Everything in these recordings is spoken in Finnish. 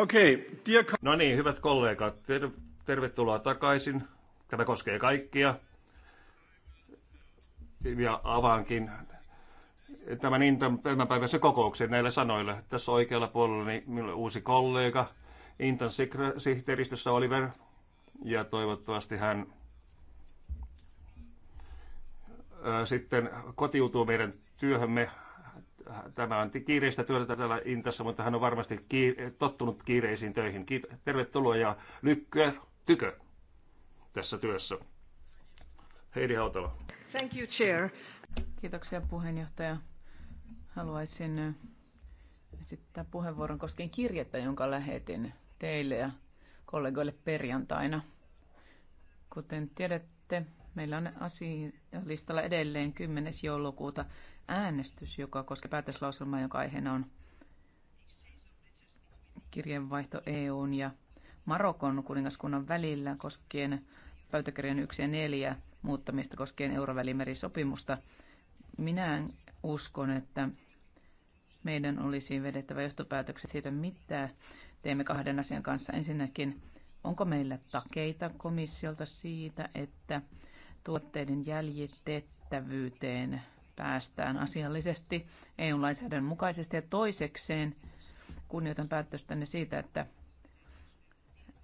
Okay, No niin, hyvät kollegat, ter- tervetuloa takaisin. Tämä koskee kaikkia. Ja avaankin tämän Intan päiväisen kokouksen näillä sanoilla. Tässä oikealla puolella niin uusi kollega Intan sihteeristössä Oliver. Ja toivottavasti hän sitten kotiutuu meidän työhömme Tämä on kiireistä työtä täällä Intassa, mutta hän on varmasti kiire, tottunut kiireisiin töihin. Kiit- tervetuloa ja lykkyä tykö tässä työssä. Heidi Hautala. Thank you, Chair. Kiitoksia puheenjohtaja. Haluaisin äh, esittää puheenvuoron koskien kirjettä, jonka lähetin teille ja kollegoille perjantaina. Kuten tiedätte, meillä on asialistalla edelleen 10. joulukuuta äänestys, joka koskee päätöslauselmaa, jonka aiheena on kirjeenvaihto EUn ja Marokon kuningaskunnan välillä koskien pöytäkirjan 1 ja 4 muuttamista koskien eurovälimerisopimusta. Minä uskon, että meidän olisi vedettävä johtopäätökset siitä, mitä teemme kahden asian kanssa. Ensinnäkin, onko meillä takeita komissiolta siitä, että tuotteiden jäljitettävyyteen päästään asiallisesti EU-lainsäädännön mukaisesti. Ja toisekseen kunnioitan päätöstänne siitä, että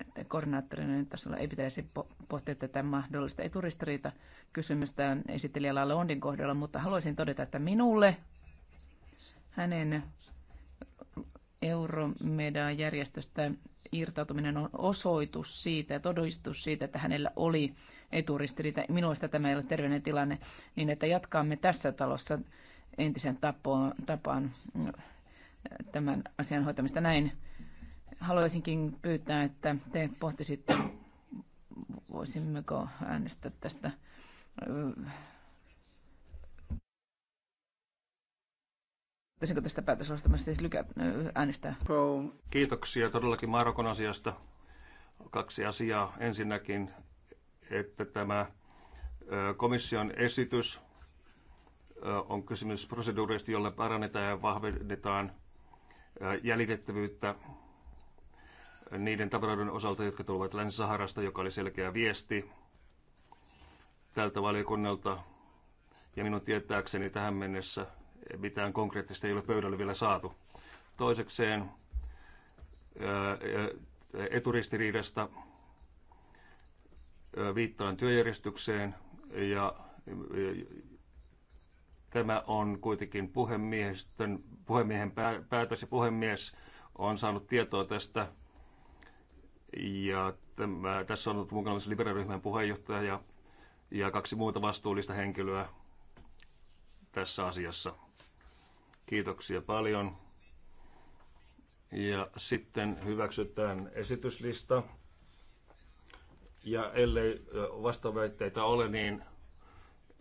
että koordinaattorinen tasolla ei pitäisi pohtia tätä mahdollista eturistiriita kysymystä esittelijällä Londin kohdalla, mutta haluaisin todeta, että minulle hänen Euromedan järjestöstä irtautuminen on osoitus siitä ja todistus siitä, että hänellä oli eturistiriita. Minusta tämä ei ole terveinen tilanne, niin että jatkaamme tässä talossa entisen tapoon, tapaan mm, tämän asian hoitamista näin. Haluaisinkin pyytää, että te pohtisitte, voisimmeko äänestää tästä Voisinko tästä päätöslauselmasta siis lykä, äänestää? Kiitoksia todellakin Marokon asiasta. Kaksi asiaa. Ensinnäkin, että tämä komission esitys on kysymys proseduurista, jolle parannetaan ja vahvennetaan jäljitettävyyttä niiden tavaroiden osalta, jotka tulevat Länsi-Saharasta, joka oli selkeä viesti tältä valiokunnalta. Ja minun tietääkseni tähän mennessä mitään konkreettista ei ole pöydälle vielä saatu. Toisekseen eturistiriidasta viittaan työjärjestykseen ja tämä on kuitenkin puhemiehistön, puhemiehen päätös ja puhemies on saanut tietoa tästä ja tämä, tässä on ollut mukana myös liberaaliryhmän puheenjohtaja ja, ja kaksi muuta vastuullista henkilöä tässä asiassa. Kiitoksia paljon. Ja sitten hyväksytään esityslista. Ja ellei vastaväitteitä ole, niin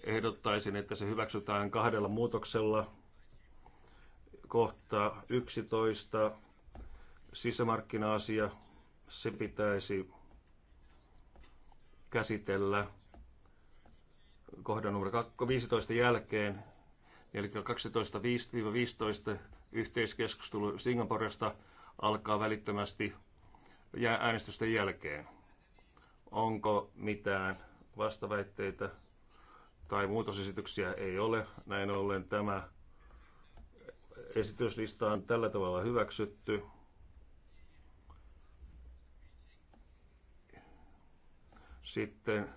ehdottaisin, että se hyväksytään kahdella muutoksella. Kohta 11 sisämarkkina-asia, se pitäisi käsitellä kohdan numero 15 jälkeen Eli 125 15 yhteiskeskustelu Singaporesta alkaa välittömästi äänestysten jälkeen. Onko mitään vastaväitteitä tai muutosesityksiä? Ei ole. Näin ollen tämä esityslista on tällä tavalla hyväksytty. Sitten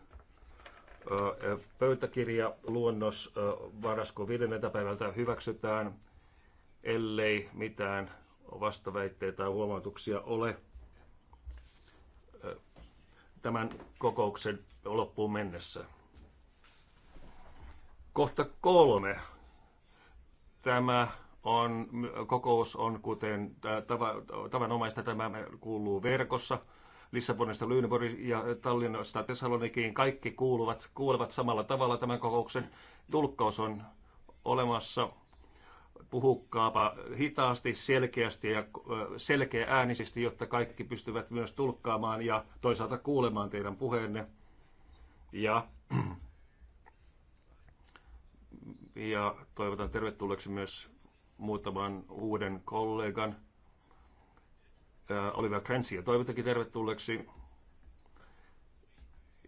Pöytäkirja luonnos marraskuun 5. päivältä hyväksytään, ellei mitään vastaväitteitä tai huomautuksia ole tämän kokouksen loppuun mennessä. Kohta kolme. Tämä on, kokous on kuten tavanomaista, tämä kuuluu verkossa. Lissabonista Lüneborg ja Tallinnasta Tesalonikiin. Kaikki kuuluvat, kuulevat samalla tavalla tämän kokouksen. Tulkkaus on olemassa. Puhukkaapa hitaasti, selkeästi ja selkeä äänisesti, jotta kaikki pystyvät myös tulkkaamaan ja toisaalta kuulemaan teidän puheenne. Ja ja toivotan tervetulleeksi myös muutaman uuden kollegan. Äh, Oliver Cransia toivotakin tervetulleeksi.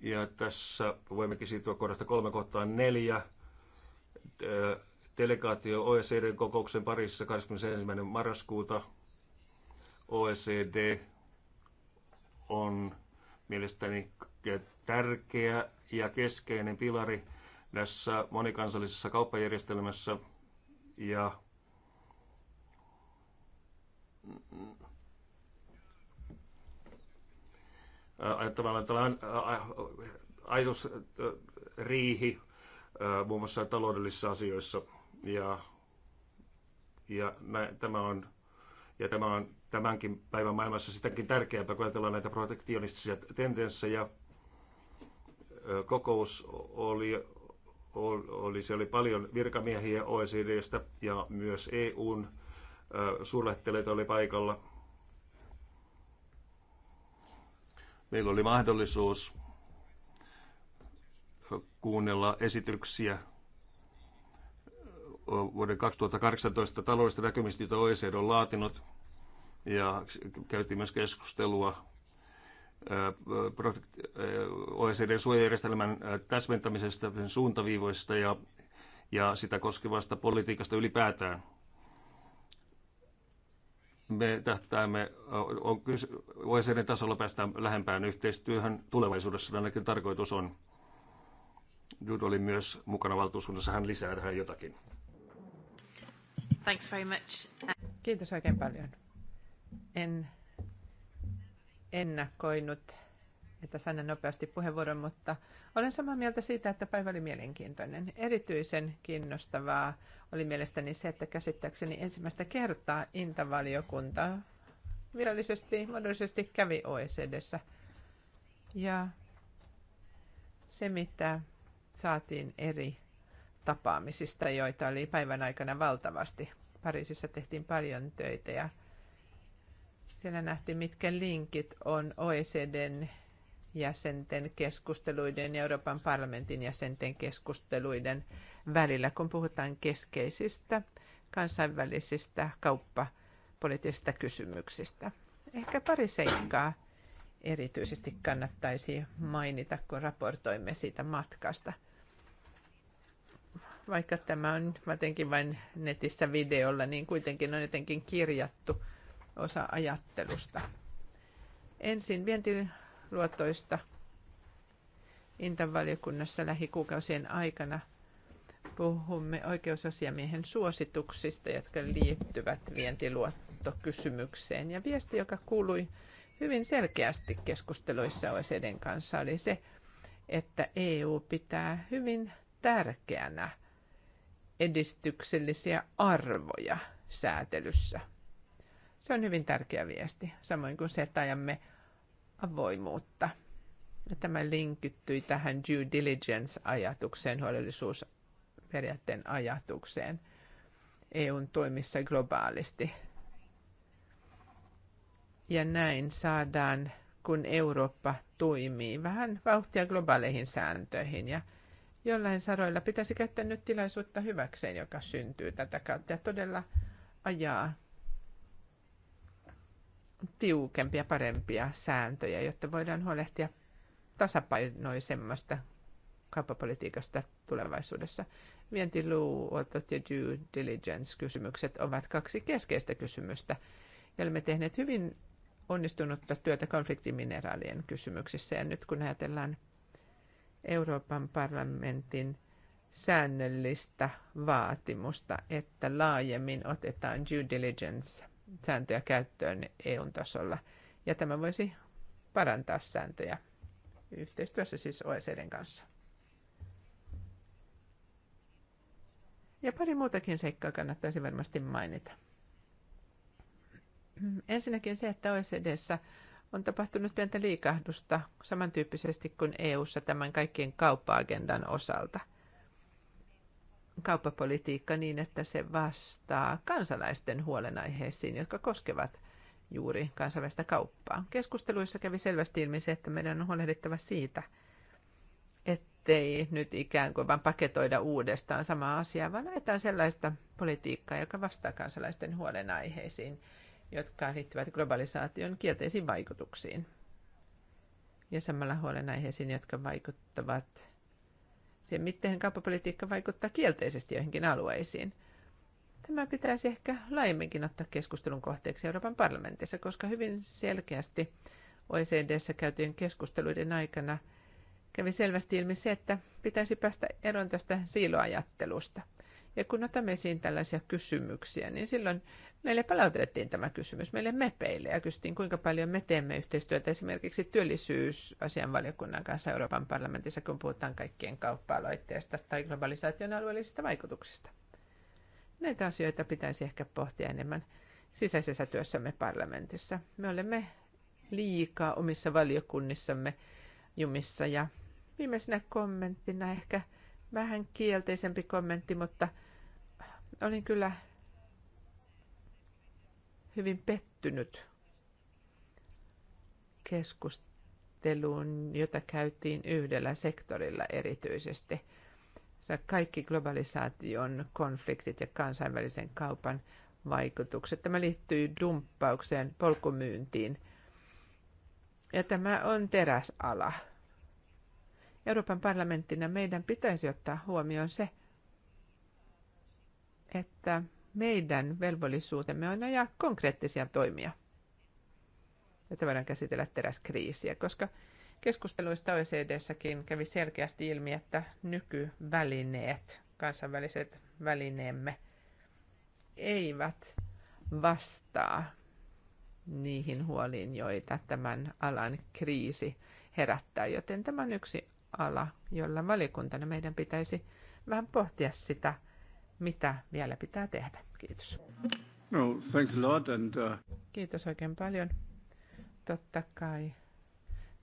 Ja tässä voimmekin siirtyä kohdasta kolme kohtaan neljä. Äh, delegaatio oecd kokouksen parissa 21. marraskuuta. OECD on mielestäni tärkeä ja keskeinen pilari tässä monikansallisessa kauppajärjestelmässä ja tavallaan tällainen ajatusriihi muun muassa taloudellisissa asioissa. Ja, ja nä, tämä on ja tämä on tämänkin päivän maailmassa sitäkin tärkeämpää, kun ajatellaan näitä protektionistisia tendenssejä. Kokous oli, oli, se oli paljon virkamiehiä OECDstä ja myös EUn suurlähteleitä oli paikalla. Meillä oli mahdollisuus kuunnella esityksiä vuoden 2018 taloudellista näkymistä, joita OECD on laatinut. Ja käytiin myös keskustelua OECD-suojajärjestelmän täsmentämisestä, sen suuntaviivoista ja, ja sitä koskevasta politiikasta ylipäätään – me tähtäämme, on kyse, e tasolla päästään lähempään yhteistyöhön. Tulevaisuudessa ainakin tarkoitus on. Jud oli myös mukana valtuuskunnassa, hän lisää tähän jotakin. Thanks very much. Kiitos oikein paljon. En ennakoinut että sain nopeasti puheenvuoron, mutta olen samaa mieltä siitä, että päivä oli mielenkiintoinen. Erityisen kiinnostavaa oli mielestäni se, että käsittääkseni ensimmäistä kertaa Intavaliokunta virallisesti mahdollisesti kävi OECDssä. Ja se, mitä saatiin eri tapaamisista, joita oli päivän aikana valtavasti. Pariisissa tehtiin paljon töitä ja siellä nähtiin, mitkä linkit on OECDn jäsenten keskusteluiden ja Euroopan parlamentin jäsenten keskusteluiden välillä, kun puhutaan keskeisistä kansainvälisistä kauppapoliittisista kysymyksistä. Ehkä pari seikkaa erityisesti kannattaisi mainita, kun raportoimme siitä matkasta. Vaikka tämä on jotenkin vain netissä videolla, niin kuitenkin on jotenkin kirjattu osa ajattelusta. Ensin vienti luotoista Intan valiokunnassa lähikuukausien aikana puhumme oikeusasiamiehen suosituksista, jotka liittyvät vientiluottokysymykseen. Ja viesti, joka kuului hyvin selkeästi keskusteluissa OECDn kanssa, oli se, että EU pitää hyvin tärkeänä edistyksellisiä arvoja säätelyssä. Se on hyvin tärkeä viesti, samoin kuin se, että ajamme avoimuutta. Tämä linkittyi tähän due diligence-ajatukseen, huolellisuusperiaatteen ajatukseen EUn toimissa globaalisti. Ja näin saadaan, kun Eurooppa toimii, vähän vauhtia globaaleihin sääntöihin ja jollain saroilla pitäisi käyttää nyt tilaisuutta hyväkseen, joka syntyy tätä kautta ja todella ajaa tiukempia, parempia sääntöjä, jotta voidaan huolehtia tasapainoisemmasta kauppapolitiikasta tulevaisuudessa. Vientiluotot ja due diligence-kysymykset ovat kaksi keskeistä kysymystä. Ja olemme tehneet hyvin onnistunutta työtä konfliktimineraalien kysymyksissä. Ja nyt kun ajatellaan Euroopan parlamentin säännöllistä vaatimusta, että laajemmin otetaan due diligence sääntöjä käyttöön eu tasolla. Ja tämä voisi parantaa sääntöjä yhteistyössä siis OECDn kanssa. Ja pari muutakin seikkaa kannattaisi varmasti mainita. Ensinnäkin se, että OECDssä on tapahtunut pientä liikahdusta samantyyppisesti kuin EU:ssa tämän kaikkien kauppa-agendan osalta kauppapolitiikka niin, että se vastaa kansalaisten huolenaiheisiin, jotka koskevat juuri kansainvälistä kauppaa. Keskusteluissa kävi selvästi ilmi se, että meidän on huolehdittava siitä, ettei nyt ikään kuin vain paketoida uudestaan samaa asiaa, vaan ajetaan sellaista politiikkaa, joka vastaa kansalaisten huolenaiheisiin, jotka liittyvät globalisaation kielteisiin vaikutuksiin. Ja samalla huolenaiheisiin, jotka vaikuttavat se, miten kauppapolitiikka vaikuttaa kielteisesti joihinkin alueisiin. Tämä pitäisi ehkä laajemminkin ottaa keskustelun kohteeksi Euroopan parlamentissa, koska hyvin selkeästi OECDssä käytyjen keskusteluiden aikana kävi selvästi ilmi se, että pitäisi päästä eroon tästä siiloajattelusta – ja kun otamme esiin tällaisia kysymyksiä, niin silloin meille palautettiin tämä kysymys meille mepeille ja kysyttiin, kuinka paljon me teemme yhteistyötä esimerkiksi työllisyysasianvaliokunnan kanssa Euroopan parlamentissa, kun puhutaan kaikkien kauppa-aloitteesta tai globalisaation alueellisista vaikutuksista. Näitä asioita pitäisi ehkä pohtia enemmän sisäisessä työssämme parlamentissa. Me olemme liikaa omissa valiokunnissamme jumissa ja viimeisenä kommenttina ehkä – vähän kielteisempi kommentti, mutta olin kyllä hyvin pettynyt keskusteluun, jota käytiin yhdellä sektorilla erityisesti. Kaikki globalisaation konfliktit ja kansainvälisen kaupan vaikutukset. Tämä liittyy dumppaukseen, polkumyyntiin. Ja tämä on teräsala. Euroopan parlamenttina meidän pitäisi ottaa huomioon se, että meidän velvollisuutemme on ajaa konkreettisia toimia, että voidaan käsitellä teräskriisiä, koska keskusteluista OECDssäkin kävi selkeästi ilmi, että nykyvälineet, kansainväliset välineemme, eivät vastaa niihin huoliin, joita tämän alan kriisi herättää, joten tämä on yksi ala, jolla valiokuntana meidän pitäisi vähän pohtia sitä, mitä vielä pitää tehdä. Kiitos. No, thanks a lot and, uh... Kiitos oikein paljon. Totta kai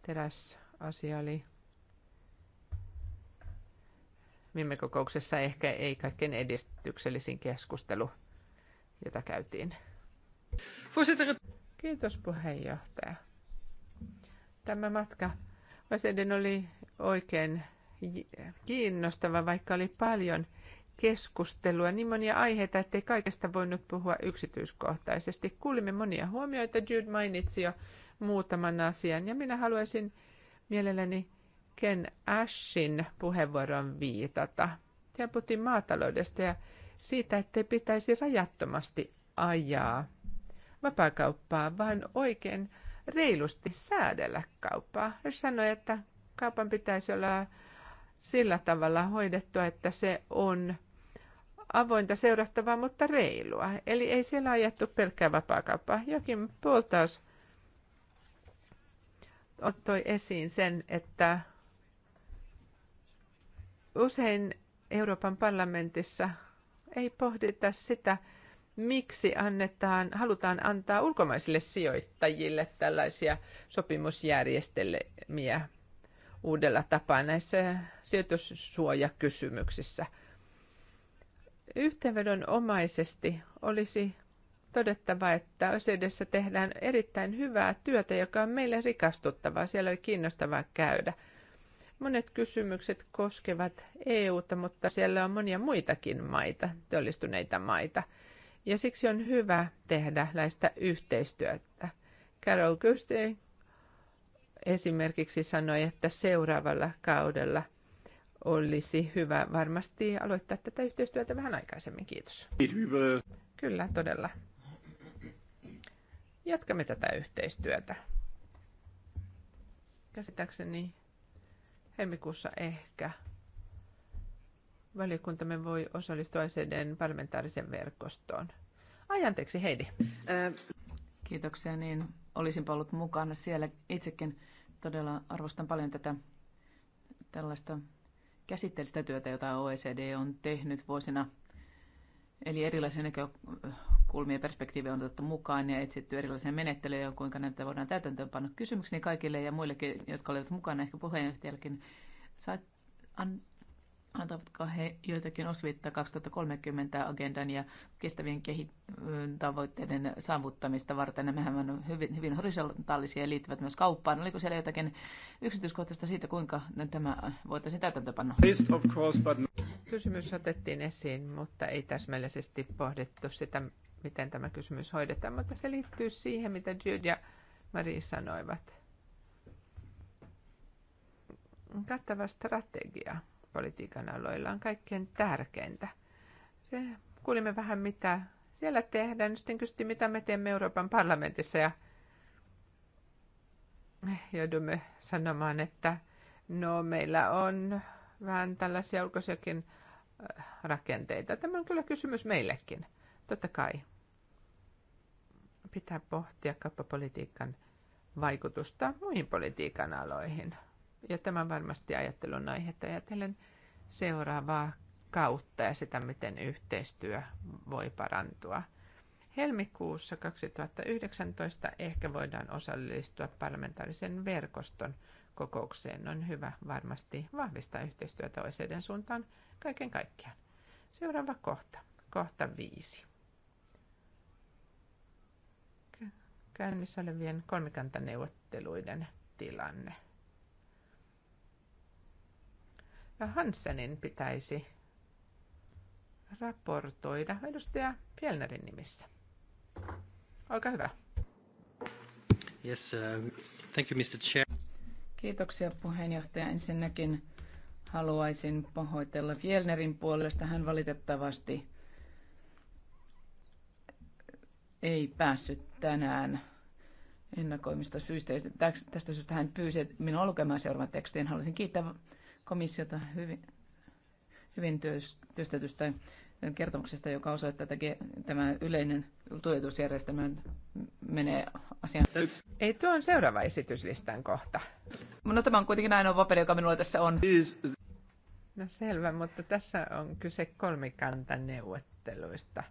teräs asia oli viime kokouksessa ehkä ei kaikkein edistyksellisin keskustelu, jota käytiin. Kiitos puheenjohtaja. Tämä matka Vaseden oli oikein kiinnostava, vaikka oli paljon keskustelua, niin monia aiheita, ettei kaikesta voinut puhua yksityiskohtaisesti. Kuulimme monia huomioita, Jude mainitsi jo muutaman asian, ja minä haluaisin mielelläni Ken Ashin puheenvuoron viitata. Siellä puhuttiin maataloudesta ja siitä, ettei pitäisi rajattomasti ajaa vapaakauppaa, vaan oikein reilusti säädellä kauppaa. Hän sanoi, että kaupan pitäisi olla sillä tavalla hoidettua, että se on avointa seurattavaa, mutta reilua. Eli ei siellä ajettu pelkkää vapaakauppaa. Jokin puoltaus ottoi esiin sen, että usein Euroopan parlamentissa ei pohdita sitä, miksi annetaan, halutaan antaa ulkomaisille sijoittajille tällaisia sopimusjärjestelmiä uudella tapaa näissä sijoitussuojakysymyksissä. Yhteenvedonomaisesti olisi todettava, että OCDssä tehdään erittäin hyvää työtä, joka on meille rikastuttavaa. Siellä oli kiinnostavaa käydä. Monet kysymykset koskevat EUta, mutta siellä on monia muitakin maita, teollistuneita maita. Ja siksi on hyvä tehdä näistä yhteistyötä. Carol Gustin, esimerkiksi sanoi, että seuraavalla kaudella olisi hyvä varmasti aloittaa tätä yhteistyötä vähän aikaisemmin. Kiitos. Kyllä, todella. Jatkamme tätä yhteistyötä. Käsittääkseni helmikuussa ehkä valiokuntamme voi osallistua ICDn parlamentaarisen verkostoon. Ai anteeksi Heidi. Kiitoksia, niin olisin ollut mukana siellä itsekin. Todella arvostan paljon tätä tällaista käsitteellistä työtä, jota OECD on tehnyt vuosina. Eli erilaisia näkökulmia ja perspektiivejä on otettu mukaan ja etsitty erilaisia menettelyjä, kuinka näitä voidaan täytäntöön panna. kaikille ja muillekin, jotka olivat mukana, ehkä puheenjohtajallekin, saat, an, antavatko he joitakin osviittaa 2030 agendan ja kestävien kehit- tavoitteiden saavuttamista varten. Nämähän ovat hyvin, hyvin horisontaalisia ja liittyvät myös kauppaan. Oliko siellä jotakin yksityiskohtaista siitä, kuinka tämä voitaisiin täytäntöpanna? No. Kysymys otettiin esiin, mutta ei täsmällisesti pohdittu sitä, miten tämä kysymys hoidetaan, mutta se liittyy siihen, mitä Jude ja Marie sanoivat. Kattava strategia politiikan aloilla on kaikkein tärkeintä. Se, kuulimme vähän mitä siellä tehdään. Sitten kysyttiin, mitä me teemme Euroopan parlamentissa ja joudumme sanomaan, että no meillä on vähän tällaisia ulkoisiakin äh, rakenteita. Tämä on kyllä kysymys meillekin, totta kai. Pitää pohtia kauppapolitiikan vaikutusta muihin politiikan aloihin – ja tämä varmasti ajattelun aihetta ajatellen seuraavaa kautta ja sitä, miten yhteistyö voi parantua. Helmikuussa 2019 ehkä voidaan osallistua parlamentaarisen verkoston kokoukseen. On hyvä varmasti vahvistaa yhteistyötä OECDn suuntaan kaiken kaikkiaan. Seuraava kohta, kohta viisi. Käynnissä olevien kolmikantaneuvotteluiden tilanne. Ja Hansenin pitäisi raportoida edustaja Fjellnerin nimissä. Olkaa hyvä. Yes, uh, thank you, Mr. Chair. Kiitoksia puheenjohtaja. Ensinnäkin haluaisin pahoitella Fjellnerin puolesta. Hän valitettavasti ei päässyt tänään ennakoimista syistä. tästä syystä hän pyysi minua lukemaan seuraavan tekstin. Haluaisin kiittää komissiota hyvin, hyvin työstetystä kertomuksesta, joka osoittaa, että tämä yleinen tuotetusjärjestelmä menee asiaan. Ei, tuo on seuraava esityslistan kohta. No tämä on kuitenkin ainoa paperi, joka minulla tässä on. No selvä, mutta tässä on kyse kolmikantaneuvotteluista.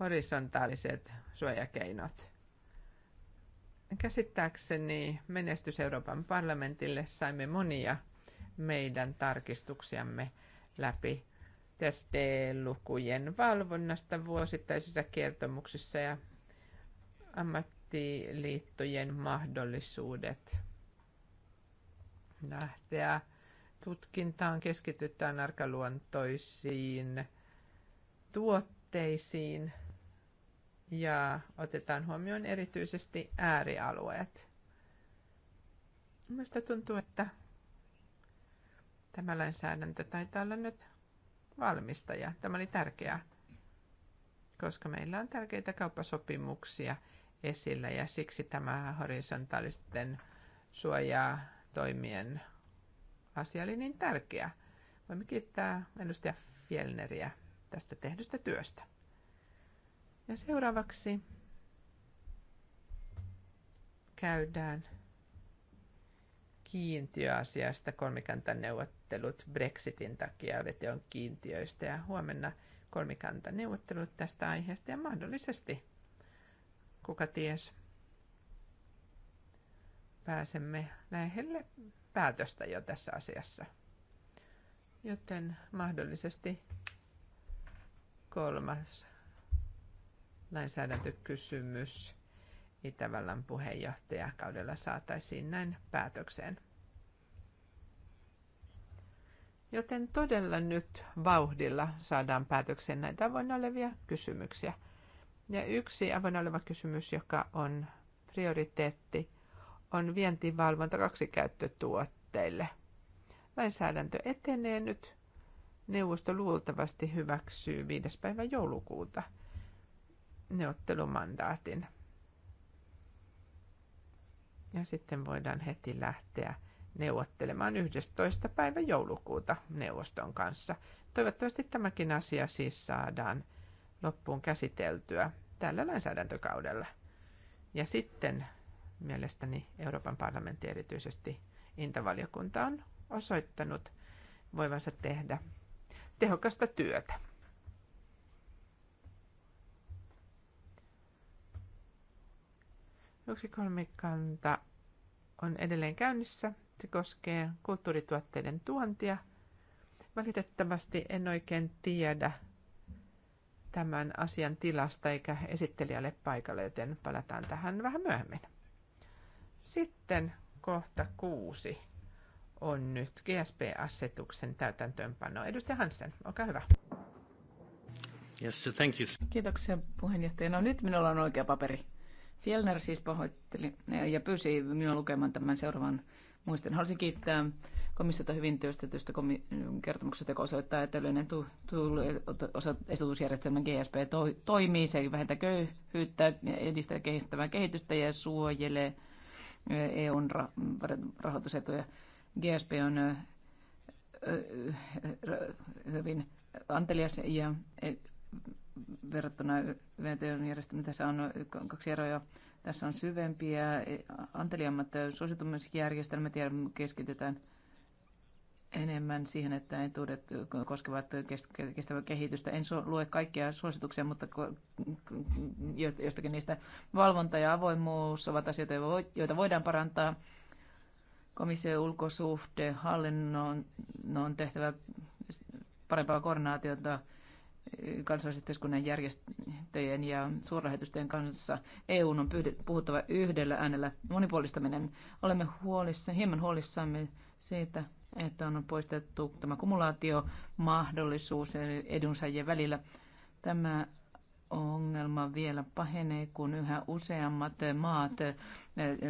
Horisontaaliset suojakeinot. Käsittääkseni menestys Euroopan parlamentille saimme monia meidän tarkistuksiamme läpi testelukujen valvonnasta vuosittaisissa kertomuksissa ja ammattiliittojen mahdollisuudet lähteä tutkintaan, keskitytään arkaluontoisiin tuotteisiin ja otetaan huomioon erityisesti äärialueet. Minusta tuntuu, että Tämä lainsäädäntö taitaa olla nyt valmista ja tämä oli tärkeää, koska meillä on tärkeitä kauppasopimuksia esillä ja siksi tämä horisontaalisten suojaa toimien asia oli niin tärkeä. Voimme kiittää edustaja Fjellneriä tästä tehdystä työstä. Ja seuraavaksi käydään kiintiöasiasta kolmikantaneuvottelut Brexitin takia on kiintiöistä ja huomenna kolmikantaneuvottelut tästä aiheesta ja mahdollisesti, kuka ties, pääsemme lähelle päätöstä jo tässä asiassa. Joten mahdollisesti kolmas lainsäädäntökysymys Itävallan puheenjohtajakaudella saataisiin näin päätökseen. Joten todella nyt vauhdilla saadaan päätökseen näitä avoinna olevia kysymyksiä. Ja yksi avoinna oleva kysymys, joka on prioriteetti, on vientivalvonta kaksikäyttötuotteille. Lainsäädäntö etenee nyt. Neuvosto luultavasti hyväksyy 5. päivä joulukuuta neuvottelumandaatin. Ja sitten voidaan heti lähteä neuvottelemaan 11. päivä joulukuuta neuvoston kanssa. Toivottavasti tämäkin asia siis saadaan loppuun käsiteltyä tällä lainsäädäntökaudella. Ja sitten mielestäni Euroopan parlamentti erityisesti Intavaliokunta on osoittanut voivansa tehdä tehokasta työtä. Yksi kolmikanta on edelleen käynnissä se koskee kulttuurituotteiden tuontia. Valitettavasti en oikein tiedä tämän asian tilasta eikä esittelijälle paikalle, joten palataan tähän vähän myöhemmin. Sitten kohta kuusi on nyt GSP-asetuksen täytäntöönpano. Edustaja Hansen, olkaa hyvä. Yes, thank you. Kiitoksia puheenjohtaja. No nyt minulla on oikea paperi. Fjellner siis pahoitteli ja pyysi minua lukemaan tämän seuraavan muistan. Haluaisin kiittää komissiota hyvin työstetystä kertomuksesta, joka osoittaa, että yleinen esitusjärjestelmä GSP to- toimii. Se vähentää köyhyyttä, edistää kehittävää kehitystä ja suojelee EUn eh, e ra- rahoitusetuja. GSP on eh, eh, hyvin antelias ja verrattuna VTOn järjestelmään tässä on kaksi eroa tässä on syvempiä, eh, anteliammat eh, suositumisjärjestelmät ja keskitytään enemmän siihen, että etuudet eh, koskevat kestävää kehitystä. En lue kaikkia suosituksia, mutta jostakin niistä valvonta ja avoimuus ovat asioita, joita voidaan parantaa. Komission ulkosuhde, hallinnon no, on tehtävä parempaa koordinaatiota kansallisyhteiskunnan järjestöjen ja suurlähetysten kanssa. EUn on puhuttava yhdellä äänellä monipuolistaminen. Olemme huolissa, hieman huolissamme siitä, että on poistettu tämä kumulaatiomahdollisuus edunsaajien välillä. Tämä ongelma vielä pahenee, kun yhä useammat maat eh,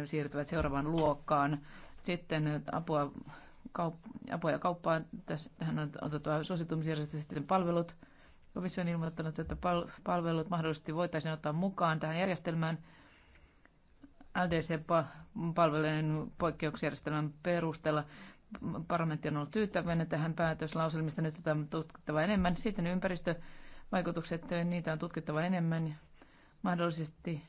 siirtyvät seuraavaan luokkaan. Sitten apua, kaup- apua ja kauppaa. Tähän on otettu suositumisjärjestelmän palvelut – Komissio on ilmoittanut, että palvelut mahdollisesti voitaisiin ottaa mukaan tähän järjestelmään LDC-palvelujen poikkeusjärjestelmän perusteella. Parlamentti on ollut tyytyväinen tähän päätöslauselmista. Nyt tätä on tutkittava enemmän. Sitten ympäristövaikutukset, niitä on tutkittava enemmän. Mahdollisesti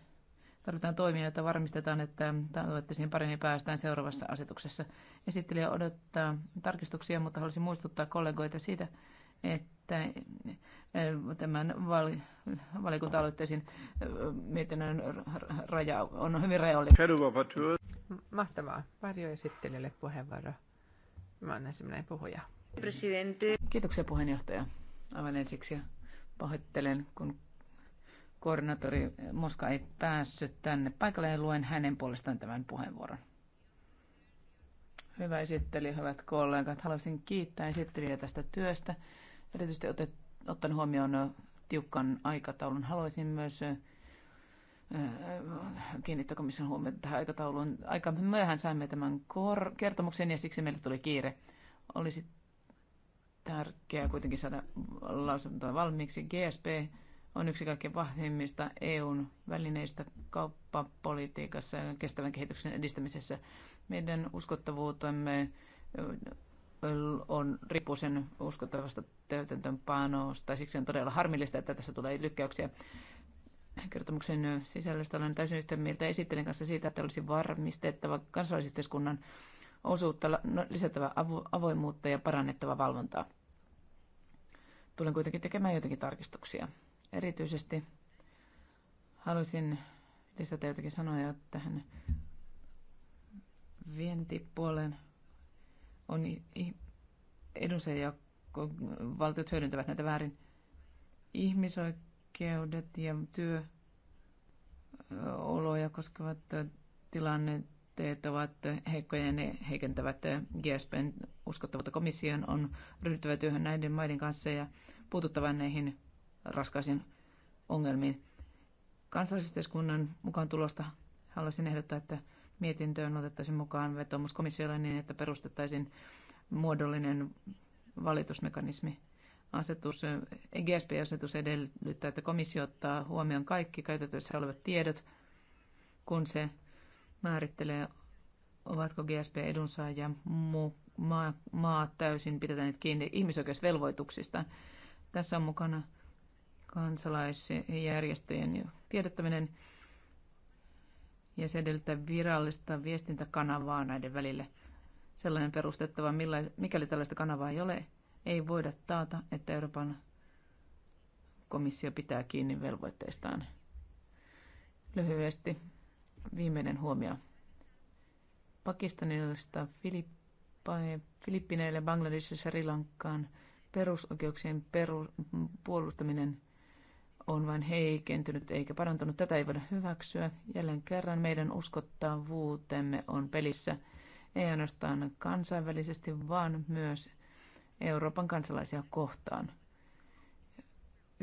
tarvitaan toimia, joita varmistetaan, että tavoitteisiin paremmin päästään seuraavassa asetuksessa. Esittelijä odottaa tarkistuksia, mutta haluaisin muistuttaa kollegoita siitä, että tämän val- valikuntaloitteisiin mietinnön raja on hyvin rajallinen. Mahtavaa. Varjo esittelijälle puheenvuoro. Mä annan semmoinen puhuja. Presidente. Kiitoksia puheenjohtaja. Aivan ensiksi pahoittelen, kun koordinaattori Moska ei päässyt tänne paikalle ja luen hänen puolestaan tämän puheenvuoron. Hyvä esittely, hyvät kollegat. Haluaisin kiittää esittelijää tästä työstä erityisesti otet, huomioon tiukan aikataulun. Haluaisin myös kiinnittää komission huomiota tähän aikatauluun. Aika myöhään saimme tämän kor- kertomuksen ja siksi meille tuli kiire. Olisi tärkeää kuitenkin saada lausuntoa valmiiksi. GSP on yksi kaikkein vahvimmista EUn välineistä kauppapolitiikassa ja kestävän kehityksen edistämisessä. Meidän uskottavuutemme on, riippuu sen uskottavasta täytäntöönpanosta. Siksi on todella harmillista, että tässä tulee lykkäyksiä. Kertomuksen sisällöstä olen täysin yhtä mieltä esittelen kanssa siitä, että olisi varmistettava kansalaisyhteiskunnan osuutta, no, lisättävä avoimuutta ja parannettava valvontaa. Tulen kuitenkin tekemään jotenkin tarkistuksia. Erityisesti haluaisin lisätä jotakin sanoja tähän vientipuolen on edunsaajia, valtiot hyödyntävät näitä väärin. Ihmisoikeudet ja työoloja koskevat tilanteet ovat heikkoja ja ne heikentävät GSPn uskottavuutta. Komission on ryhdyttävä työhön näiden maiden kanssa ja puututtava näihin raskaisiin ongelmiin. Kansallisyhteiskunnan mukaan tulosta haluaisin ehdottaa, että mietintöön otettaisiin mukaan vetomuskomissiolle niin, että perustettaisiin muodollinen valitusmekanismi. Asetus, GSP-asetus edellyttää, että komissio ottaa huomioon kaikki käytettävissä olevat tiedot, kun se määrittelee, ovatko GSP-edunsaaja muu maa, maa täysin pidetään kiinni ihmisoikeusvelvoituksista. Tässä on mukana kansalaisjärjestöjen tiedottaminen ja se edellyttää virallista viestintäkanavaa näiden välille. Sellainen perustettava, mikäli tällaista kanavaa ei ole, ei voida taata, että Euroopan komissio pitää kiinni velvoitteistaan. Lyhyesti viimeinen huomio. Pakistanilta Filippineille, ja Sri Lankaan perusoikeuksien peru- puolustaminen on vain heikentynyt eikä parantunut. Tätä ei voida hyväksyä. Jälleen kerran meidän uskottavuutemme on pelissä ei ainoastaan kansainvälisesti, vaan myös Euroopan kansalaisia kohtaan.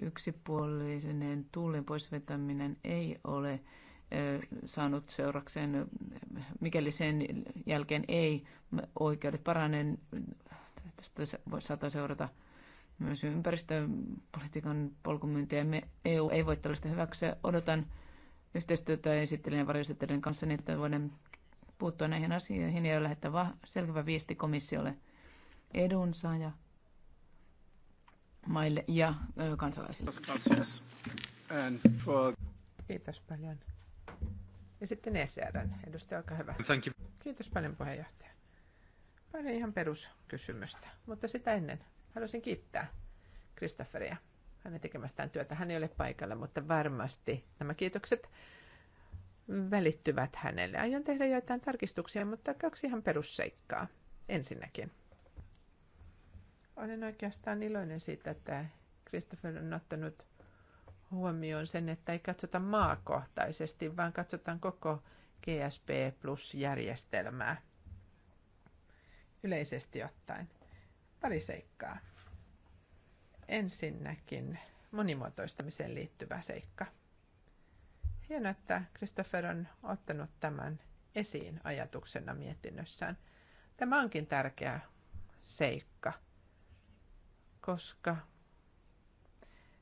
Yksipuolinen tullin poisvetäminen ei ole saanut seurakseen, mikäli sen jälkeen ei oikeudet parane, tästä saattaa seurata myös ympäristöpolitiikan polkumyyntiä. Me EU ei voi tällaista hyväksyä. Odotan yhteistyötä esittelijän varjoesittelijän kanssa, niin että voidaan puuttua näihin asioihin ja lähettää va- selkeä viesti komissiolle ja maille ja kansalaisille. Kiitos paljon. Ja sitten ECR, edustaja, olkaa hyvä. Thank you. Kiitos paljon puheenjohtaja. Paljon ihan peruskysymystä, mutta sitä ennen Haluaisin kiittää Kristofferia hänen tekemästään työtä. Hän ei ole paikalla, mutta varmasti nämä kiitokset välittyvät hänelle. Aion tehdä joitain tarkistuksia, mutta kaksi ihan perusseikkaa. Ensinnäkin. Olen oikeastaan iloinen siitä, että Christopher on ottanut huomioon sen, että ei katsota maakohtaisesti, vaan katsotaan koko GSP Plus-järjestelmää yleisesti ottaen. Pari seikkaa. Ensinnäkin monimuotoistamiseen liittyvä seikka. Hienoa, että Christopher on ottanut tämän esiin ajatuksena mietinnössään. Tämä onkin tärkeä seikka, koska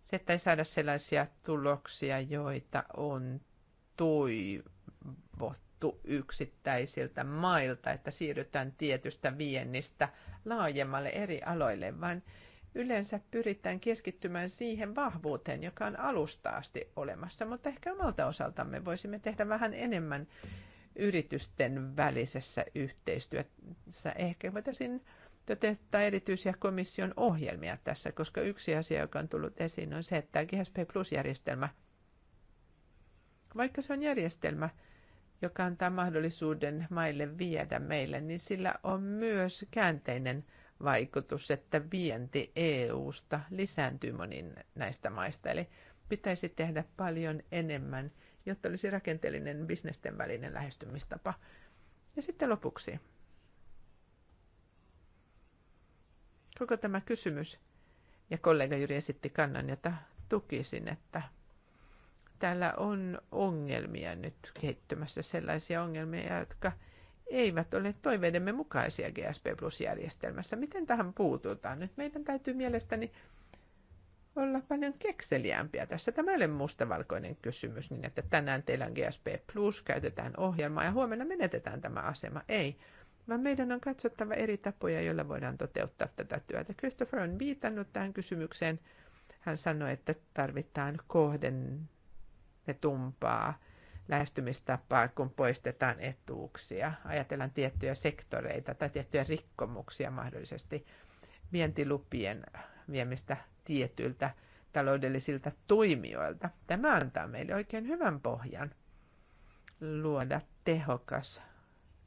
se, että ei saada sellaisia tuloksia, joita on toivottu, vaadittu yksittäisiltä mailta, että siirrytään tietystä viennistä laajemmalle eri aloille, vaan yleensä pyritään keskittymään siihen vahvuuteen, joka on alusta asti olemassa, mutta ehkä omalta osaltamme voisimme tehdä vähän enemmän yritysten välisessä yhteistyössä. Ehkä voitaisiin toteuttaa erityisiä komission ohjelmia tässä, koska yksi asia, joka on tullut esiin, on se, että GSP Plus-järjestelmä, vaikka se on järjestelmä, joka antaa mahdollisuuden maille viedä meille, niin sillä on myös käänteinen vaikutus, että vienti EU-sta lisääntyy monin näistä maista. Eli pitäisi tehdä paljon enemmän, jotta olisi rakenteellinen bisnesten välinen lähestymistapa. Ja sitten lopuksi. Koko tämä kysymys, ja kollega Jyri esitti kannan, jota tukisin, että täällä on ongelmia nyt kehittymässä, sellaisia ongelmia, jotka eivät ole toiveidemme mukaisia GSP Plus-järjestelmässä. Miten tähän puututaan nyt? Meidän täytyy mielestäni olla paljon kekseliämpiä tässä. Tämä ei ole mustavalkoinen kysymys, niin että tänään teillä on GSP Plus, käytetään ohjelmaa ja huomenna menetetään tämä asema. Ei, vaan meidän on katsottava eri tapoja, joilla voidaan toteuttaa tätä työtä. Christopher on viitannut tähän kysymykseen. Hän sanoi, että tarvitaan kohden ne tumpaa lähestymistapaa, kun poistetaan etuuksia. Ajatellaan tiettyjä sektoreita tai tiettyjä rikkomuksia mahdollisesti vientilupien viemistä tietyiltä taloudellisilta toimijoilta. Tämä antaa meille oikein hyvän pohjan luoda tehokas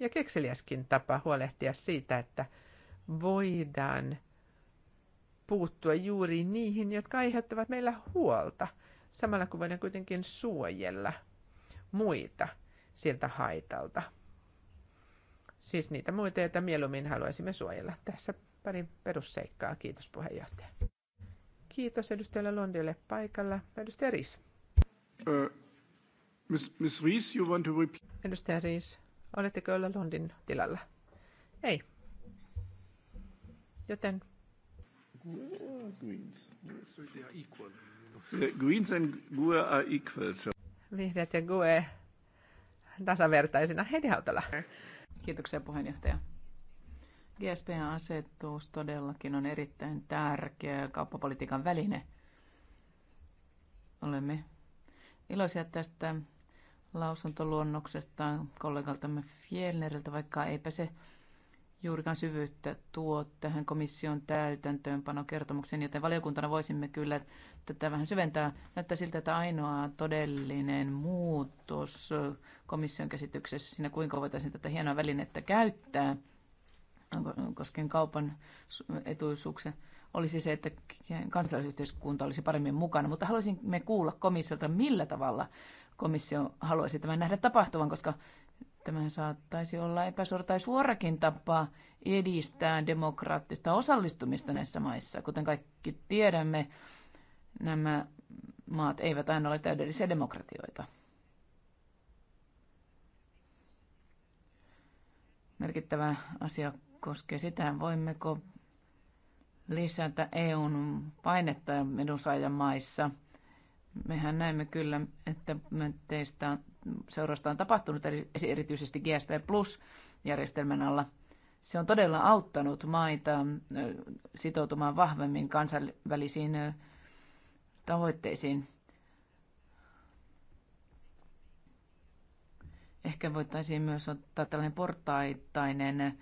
ja kekseliäskin tapa huolehtia siitä, että voidaan puuttua juuri niihin, jotka aiheuttavat meillä huolta – samalla kun voidaan kuitenkin suojella muita siltä haitalta. Siis niitä muita, joita mieluummin haluaisimme suojella. Tässä pari perusseikkaa. Kiitos puheenjohtaja. Kiitos edustajalle Londille paikalla. Edustaja Riis. Uh, miss, miss Riis, you want to repeat? Edustaja Riis, oletteko olla Londin tilalla? Ei. Joten... Greens. So they are equal. Greens and GUE are equal. So. Vihreät ja GUE tasavertaisina. Heidi Hautala. Kiitoksia puheenjohtaja. GSP-asetus todellakin on erittäin tärkeä kauppapolitiikan väline. Olemme iloisia tästä lausuntoluonnoksesta kollegaltamme Fjellneriltä, vaikka eipä se juurikaan syvyyttä tuo tähän komission täytäntöönpanokertomukseen, joten valiokuntana voisimme kyllä tätä vähän syventää. Näyttää siltä, että ainoa todellinen muutos komission käsityksessä siinä, kuinka voitaisiin tätä hienoa välinettä käyttää koskien kaupan etuisuuksia, olisi se, että kansalaisyhteiskunta olisi paremmin mukana. Mutta haluaisimme kuulla komissiolta, millä tavalla komissio haluaisi tämän nähdä tapahtuvan, koska Tämä saattaisi olla epäsuora tai suorakin tapa edistää demokraattista osallistumista näissä maissa. Kuten kaikki tiedämme, nämä maat eivät aina ole täydellisiä demokratioita. Merkittävä asia koskee sitä, voimmeko lisätä EUn painetta edunsaajan maissa. Mehän näemme kyllä, että teistä seurausta on tapahtunut, erityisesti GSP Plus-järjestelmän alla. Se on todella auttanut maita sitoutumaan vahvemmin kansainvälisiin tavoitteisiin. Ehkä voitaisiin myös ottaa tällainen portaittainen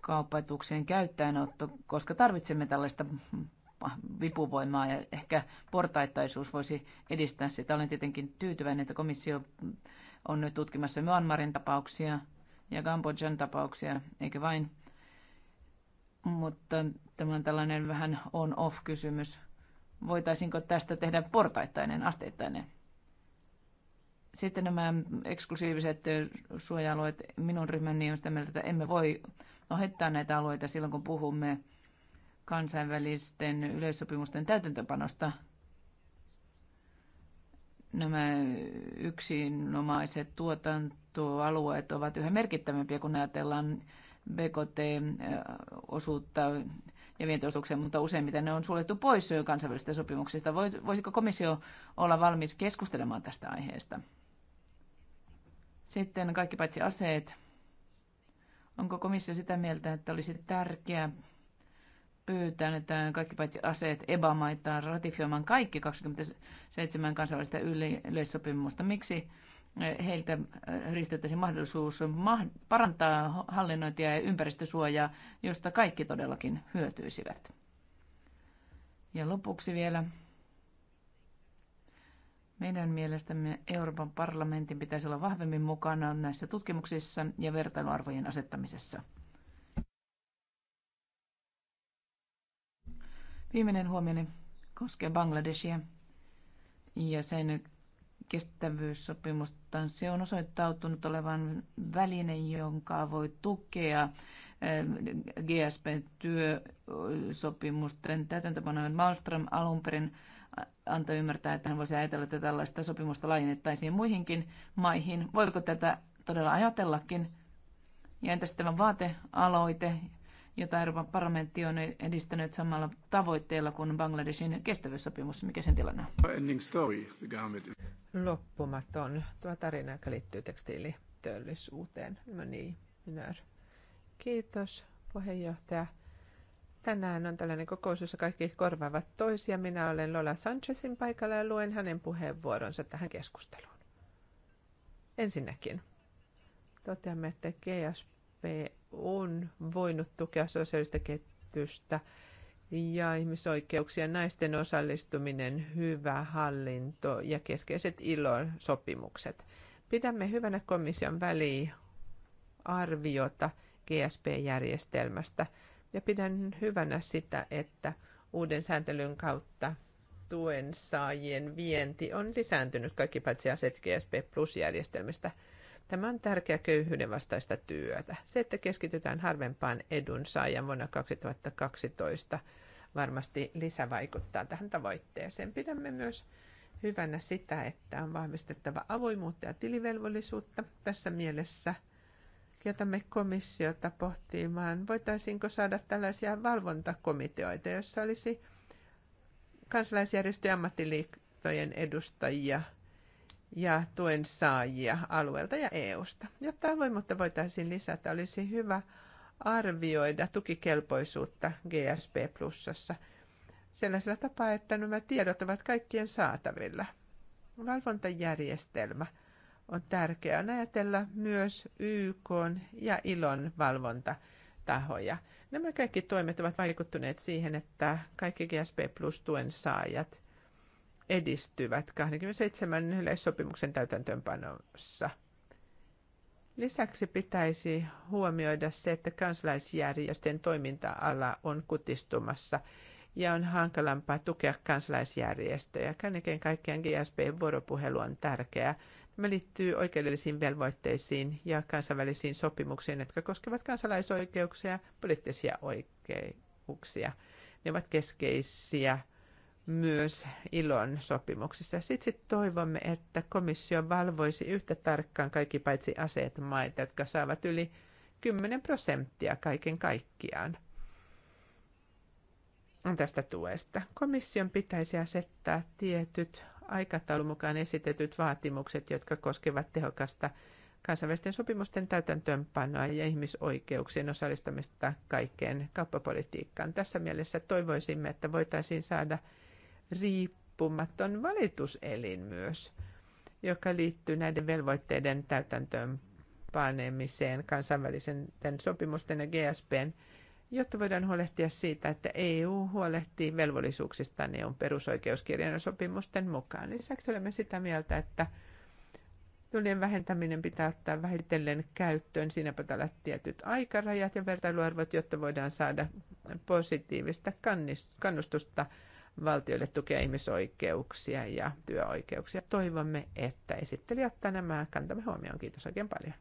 kauppatukseen käyttäenotto, koska tarvitsemme tällaista vipuvoimaa ja ehkä portaittaisuus voisi edistää sitä. Olen tietenkin tyytyväinen, että komissio on nyt tutkimassa Myanmarin tapauksia ja Kambodjan tapauksia, eikö vain? Mutta tämä on tällainen vähän on-off-kysymys. Voitaisinko tästä tehdä portaittainen, asteittainen? Sitten nämä eksklusiiviset suoja-alueet. Minun ryhmäni on sitä mieltä, että emme voi ohittaa näitä alueita silloin, kun puhumme kansainvälisten yleissopimusten täytäntöpanosta – nämä yksinomaiset tuotantoalueet ovat yhä merkittävämpiä, kun ajatellaan BKT-osuutta ja vientiosuuksia, mutta useimmiten ne on suljettu pois kansainvälisistä sopimuksista. Voisiko komissio olla valmis keskustelemaan tästä aiheesta? Sitten kaikki paitsi aseet. Onko komissio sitä mieltä, että olisi tärkeää pyytää, että kaikki paitsi aseet eba maitaan ratifioimaan kaikki 27 kansainvälistä yleissopimusta. Miksi eh, heiltä eh, ristettäisiin mahdollisuus parantaa hallinnointia ja ympäristösuojaa, josta kaikki todellakin hyötyisivät? Ja lopuksi vielä meidän mielestämme Euroopan parlamentin pitäisi olla vahvemmin mukana näissä tutkimuksissa ja vertailuarvojen asettamisessa. Viimeinen huomioni koskee Bangladesia ja sen kestävyyssopimusta. Se on osoittautunut olevan väline, jonka voi tukea eh, GSP-työsopimusten täytäntöpanojen Malmström alun perin eh, antoi ymmärtää, että hän voisi ajatella, että tällaista sopimusta laajennettaisiin muihinkin maihin. Voiko tätä todella ajatellakin? Ja entäs tämä vaatealoite, jota Euroopan parlamentti on edistänyt samalla tavoitteella kuin Bangladesin kestävyyssopimus. Mikä sen tilanne on? Loppumaton tuo tarina, joka liittyy tekstiiliteollisuuteen. No niin, minä. Kiitos, puheenjohtaja. Tänään on tällainen kokous, jossa kaikki korvaavat toisia. Minä olen Lola Sanchezin paikalla ja luen hänen puheenvuoronsa tähän keskusteluun. Ensinnäkin toteamme, että GSP on voinut tukea sosiaalista kehitystä ja ihmisoikeuksia, naisten osallistuminen, hyvä hallinto ja keskeiset ilon sopimukset. Pidämme hyvänä komission väliarviota GSP-järjestelmästä ja pidän hyvänä sitä, että uuden sääntelyn kautta tuen saajien vienti on lisääntynyt kaikki paitsi aset GSP Plus-järjestelmistä – Tämä on tärkeä köyhyyden vastaista työtä. Se, että keskitytään harvempaan edun saajan vuonna 2012 varmasti lisävaikuttaa tähän tavoitteeseen. Pidämme myös hyvänä sitä, että on vahvistettava avoimuutta ja tilivelvollisuutta tässä mielessä. Jotamme komissiota pohtimaan, voitaisiinko saada tällaisia valvontakomiteoita, joissa olisi kansalaisjärjestöjen ammattiliittojen edustajia – ja tuen saajia alueelta ja EU-sta. Jotta avoimuutta voitaisiin lisätä, olisi hyvä arvioida tukikelpoisuutta GSP Plusassa sellaisella tapaa, että nämä tiedot ovat kaikkien saatavilla. Valvontajärjestelmä on tärkeää on ajatella myös YK ja ILON valvontatahoja. Nämä kaikki toimet ovat vaikuttaneet siihen, että kaikki GSP Plus tuen saajat edistyvät 27 yleissopimuksen täytäntöönpanossa. Lisäksi pitäisi huomioida se, että kansalaisjärjestöjen toiminta-ala on kutistumassa ja on hankalampaa tukea kansalaisjärjestöjä. Kaiken kaikkiaan GSP-vuoropuhelu on tärkeää. Tämä liittyy oikeudellisiin velvoitteisiin ja kansainvälisiin sopimuksiin, jotka koskevat kansalaisoikeuksia ja poliittisia oikeuksia. Ne ovat keskeisiä myös ilon sopimuksissa. Siksi toivomme, että komissio valvoisi yhtä tarkkaan kaikki paitsi aseet maita, jotka saavat yli 10 prosenttia kaiken kaikkiaan tästä tuesta. Komission pitäisi asettaa tietyt aikataulun mukaan esitetyt vaatimukset, jotka koskevat tehokasta kansainvälisten sopimusten täytäntöönpanoa ja ihmisoikeuksien osallistamista kaikkeen kauppapolitiikkaan. Tässä mielessä toivoisimme, että voitaisiin saada – riippumaton valituselin myös, joka liittyy näiden velvoitteiden täytäntöön panemiseen kansainvälisen sopimusten ja GSPn, jotta voidaan huolehtia siitä, että EU huolehtii ne on perusoikeuskirjan ja sopimusten mukaan. Lisäksi olemme sitä mieltä, että Tulien vähentäminen pitää ottaa vähitellen käyttöön. Siinä pitää olla tietyt aikarajat ja vertailuarvot, jotta voidaan saada positiivista kannustusta valtioille tukea ihmisoikeuksia ja työoikeuksia. Toivomme, että esittelijät ottaa nämä kantamme huomioon. Kiitos oikein paljon.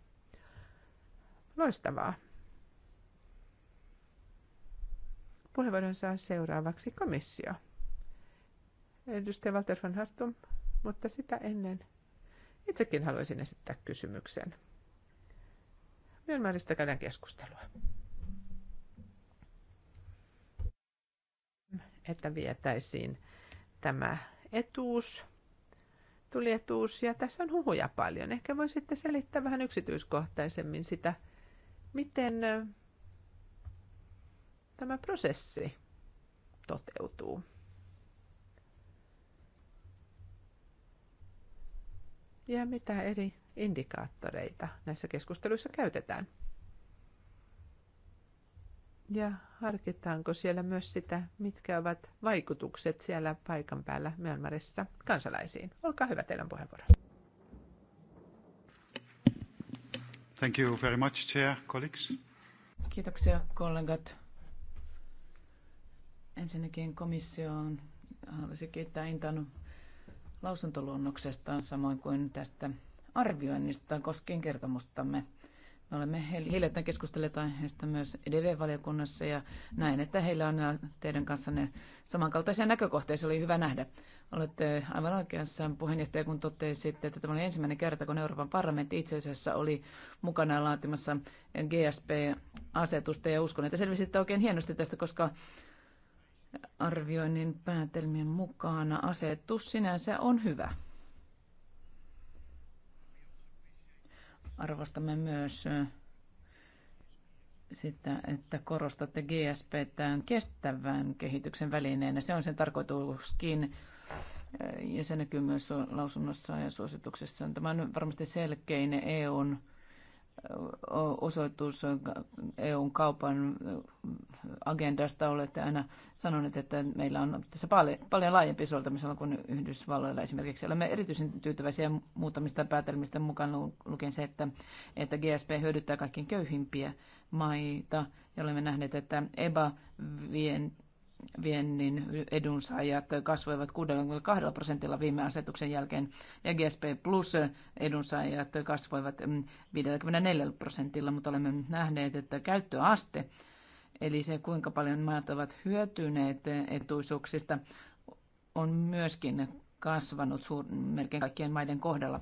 Loistavaa. Puheenvuoron saa seuraavaksi komissio. Edustaja Walter von Hartum, mutta sitä ennen itsekin haluaisin esittää kysymyksen. Myönmäristä käydään keskustelua. että vietäisiin tämä etuus, tuli etuus ja tässä on huhuja paljon. Ehkä voisitte selittää vähän yksityiskohtaisemmin sitä, miten tämä prosessi toteutuu. Ja mitä eri indikaattoreita näissä keskusteluissa käytetään. Ja harkitaanko siellä myös sitä, mitkä ovat vaikutukset siellä paikan päällä Myönmarissa kansalaisiin? Olkaa hyvä teidän puheenvuoro. Thank you very much, Chair, colleagues. Kiitoksia kollegat. Ensinnäkin komissioon haluaisin kiittää Intan lausuntoluonnoksesta samoin kuin tästä arvioinnista koskien kertomustamme – me olemme hiljattain keskustelleet aiheesta myös edv valiokunnassa ja näin, että heillä on teidän kanssanne samankaltaisia näkökohtia. Se oli hyvä nähdä. Olette aivan oikeassa puheenjohtaja, kun totesitte, että tämä oli ensimmäinen kerta, kun Euroopan parlamentti itse asiassa oli mukana laatimassa GSP-asetusta ja uskon, että selvisitte oikein hienosti tästä, koska arvioinnin päätelmien mukana asetus sinänsä on hyvä. Arvostamme myös sitä, että korostatte GSP tämän kestävän kehityksen välineenä. Se on sen tarkoituskin ja se näkyy myös lausunnossa ja suosituksessa. Tämä on varmasti selkein EUn osoitus EUn kaupan agendasta. Olette aina sanoneet, että meillä on tässä paljon, paljon laajempi soltamisella kuin Yhdysvalloilla esimerkiksi. Olemme erityisen tyytyväisiä muutamista päätelmistä mukaan lukien se, että, että GSP hyödyttää kaikkein köyhimpiä maita. Ja olemme nähneet, että EBA vien viennin edunsaajat kasvoivat 62 prosentilla viime asetuksen jälkeen ja GSP Plus edunsaajat kasvoivat 54 mm, prosentilla, mutta olemme nähneet, että käyttöaste, eli se kuinka paljon maat ovat hyötyneet etuisuuksista, on myöskin kasvanut suur- melkein kaikkien maiden kohdalla.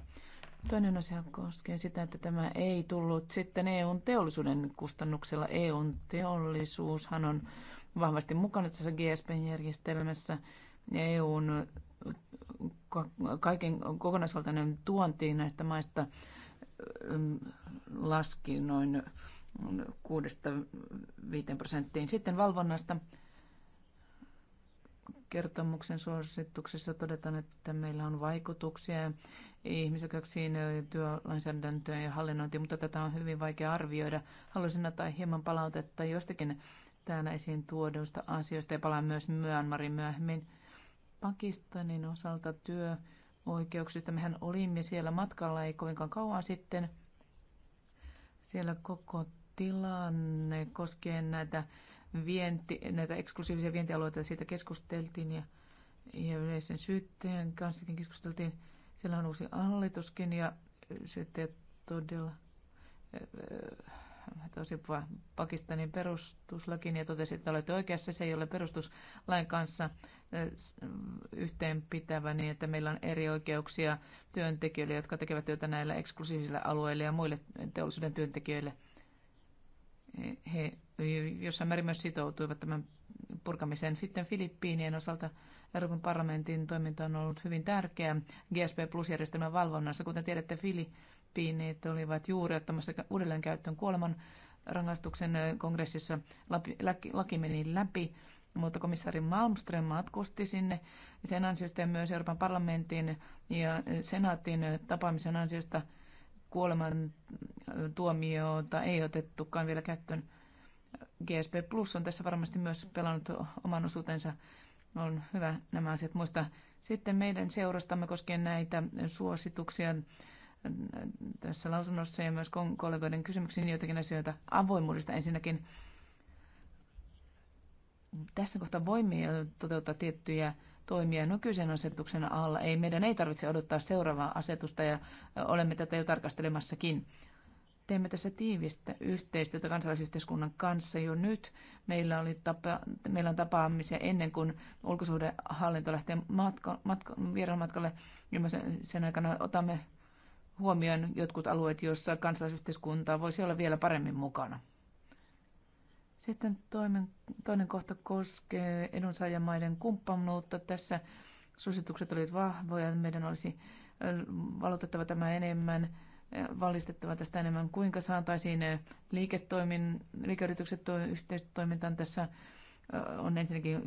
Toinen asia koskee sitä, että tämä ei tullut sitten EUn teollisuuden kustannuksella. EUn teollisuushan on vahvasti mukana tässä GSP-järjestelmässä. EUn kaiken kokonaisvaltainen tuonti näistä maista mm, laski noin 6-5 prosenttiin. Sitten valvonnasta kertomuksen suosituksessa todetaan, että meillä on vaikutuksia ihmisoikeuksiin, työlainsäädäntöön ja hallinnointiin, mutta tätä on hyvin vaikea arvioida. Haluaisin antaa hieman palautetta jostakin täällä esiin tuoduista asioista ja palaan myös Myanmarin myöhemmin. Pakistanin osalta työoikeuksista. Mehän olimme siellä matkalla ei kovinkaan kauan sitten. Siellä koko tilanne koskien näitä, vienti, näitä eksklusiivisia vientialueita, siitä keskusteltiin ja, ja yleisen syyttäjän kanssakin keskusteltiin. Siellä on uusi hallituskin ja syyttäjät todella tosi Pakistanin perustuslakiin ja totesi, että olette oikeassa, se ei ole perustuslain kanssa yhteenpitävä niin, että meillä on eri oikeuksia työntekijöille, jotka tekevät työtä näillä eksklusiivisilla alueilla ja muille teollisuuden työntekijöille. He jossain määrin myös sitoutuivat tämän purkamiseen sitten Filippiinien osalta Euroopan parlamentin toiminta on ollut hyvin tärkeä GSP Plus-järjestelmän valvonnassa. Kuten tiedätte, Filippiinit olivat juuri ottamassa uudelleen käyttöön kuoleman rangaistuksen kongressissa laki, laki, laki meni läpi, mutta komissaari Malmström matkusti sinne sen ansiosta ja myös Euroopan parlamentin ja senaatin tapaamisen ansiosta kuoleman tuomiota ei otettukaan vielä käyttöön. GSP Plus on tässä varmasti myös pelannut oman osuutensa on hyvä nämä asiat muistaa. Sitten meidän seurastamme koskien näitä suosituksia äh, tässä lausunnossa ja myös kollegoiden kysymyksiin niin joitakin asioita avoimuudesta. Ensinnäkin tässä kohtaa voimme toteuttaa tiettyjä toimia nykyisen asetuksen alla. Ei, meidän ei tarvitse odottaa seuraavaa asetusta ja olemme tätä jo tarkastelemassakin. Teemme tässä tiivistä yhteistyötä kansalaisyhteiskunnan kanssa jo nyt. Meillä, oli tapa, meillä on tapaamisia ennen kuin ulkosuhdehallinto lähtee matka, matka, vieraanmatkalle. Ja sen aikana otamme huomioon jotkut alueet, joissa kansalaisyhteiskuntaa voisi olla vielä paremmin mukana. Sitten toinen, toinen kohta koskee edunsaajamaiden kumppanuutta. Tässä suositukset olivat vahvoja. Meidän olisi valotettava tämä enemmän valistettava tästä enemmän. Kuinka saataisiin eh, liiketoimin, liikeyritykset to, yhteistoimintaan tässä eh, on ensinnäkin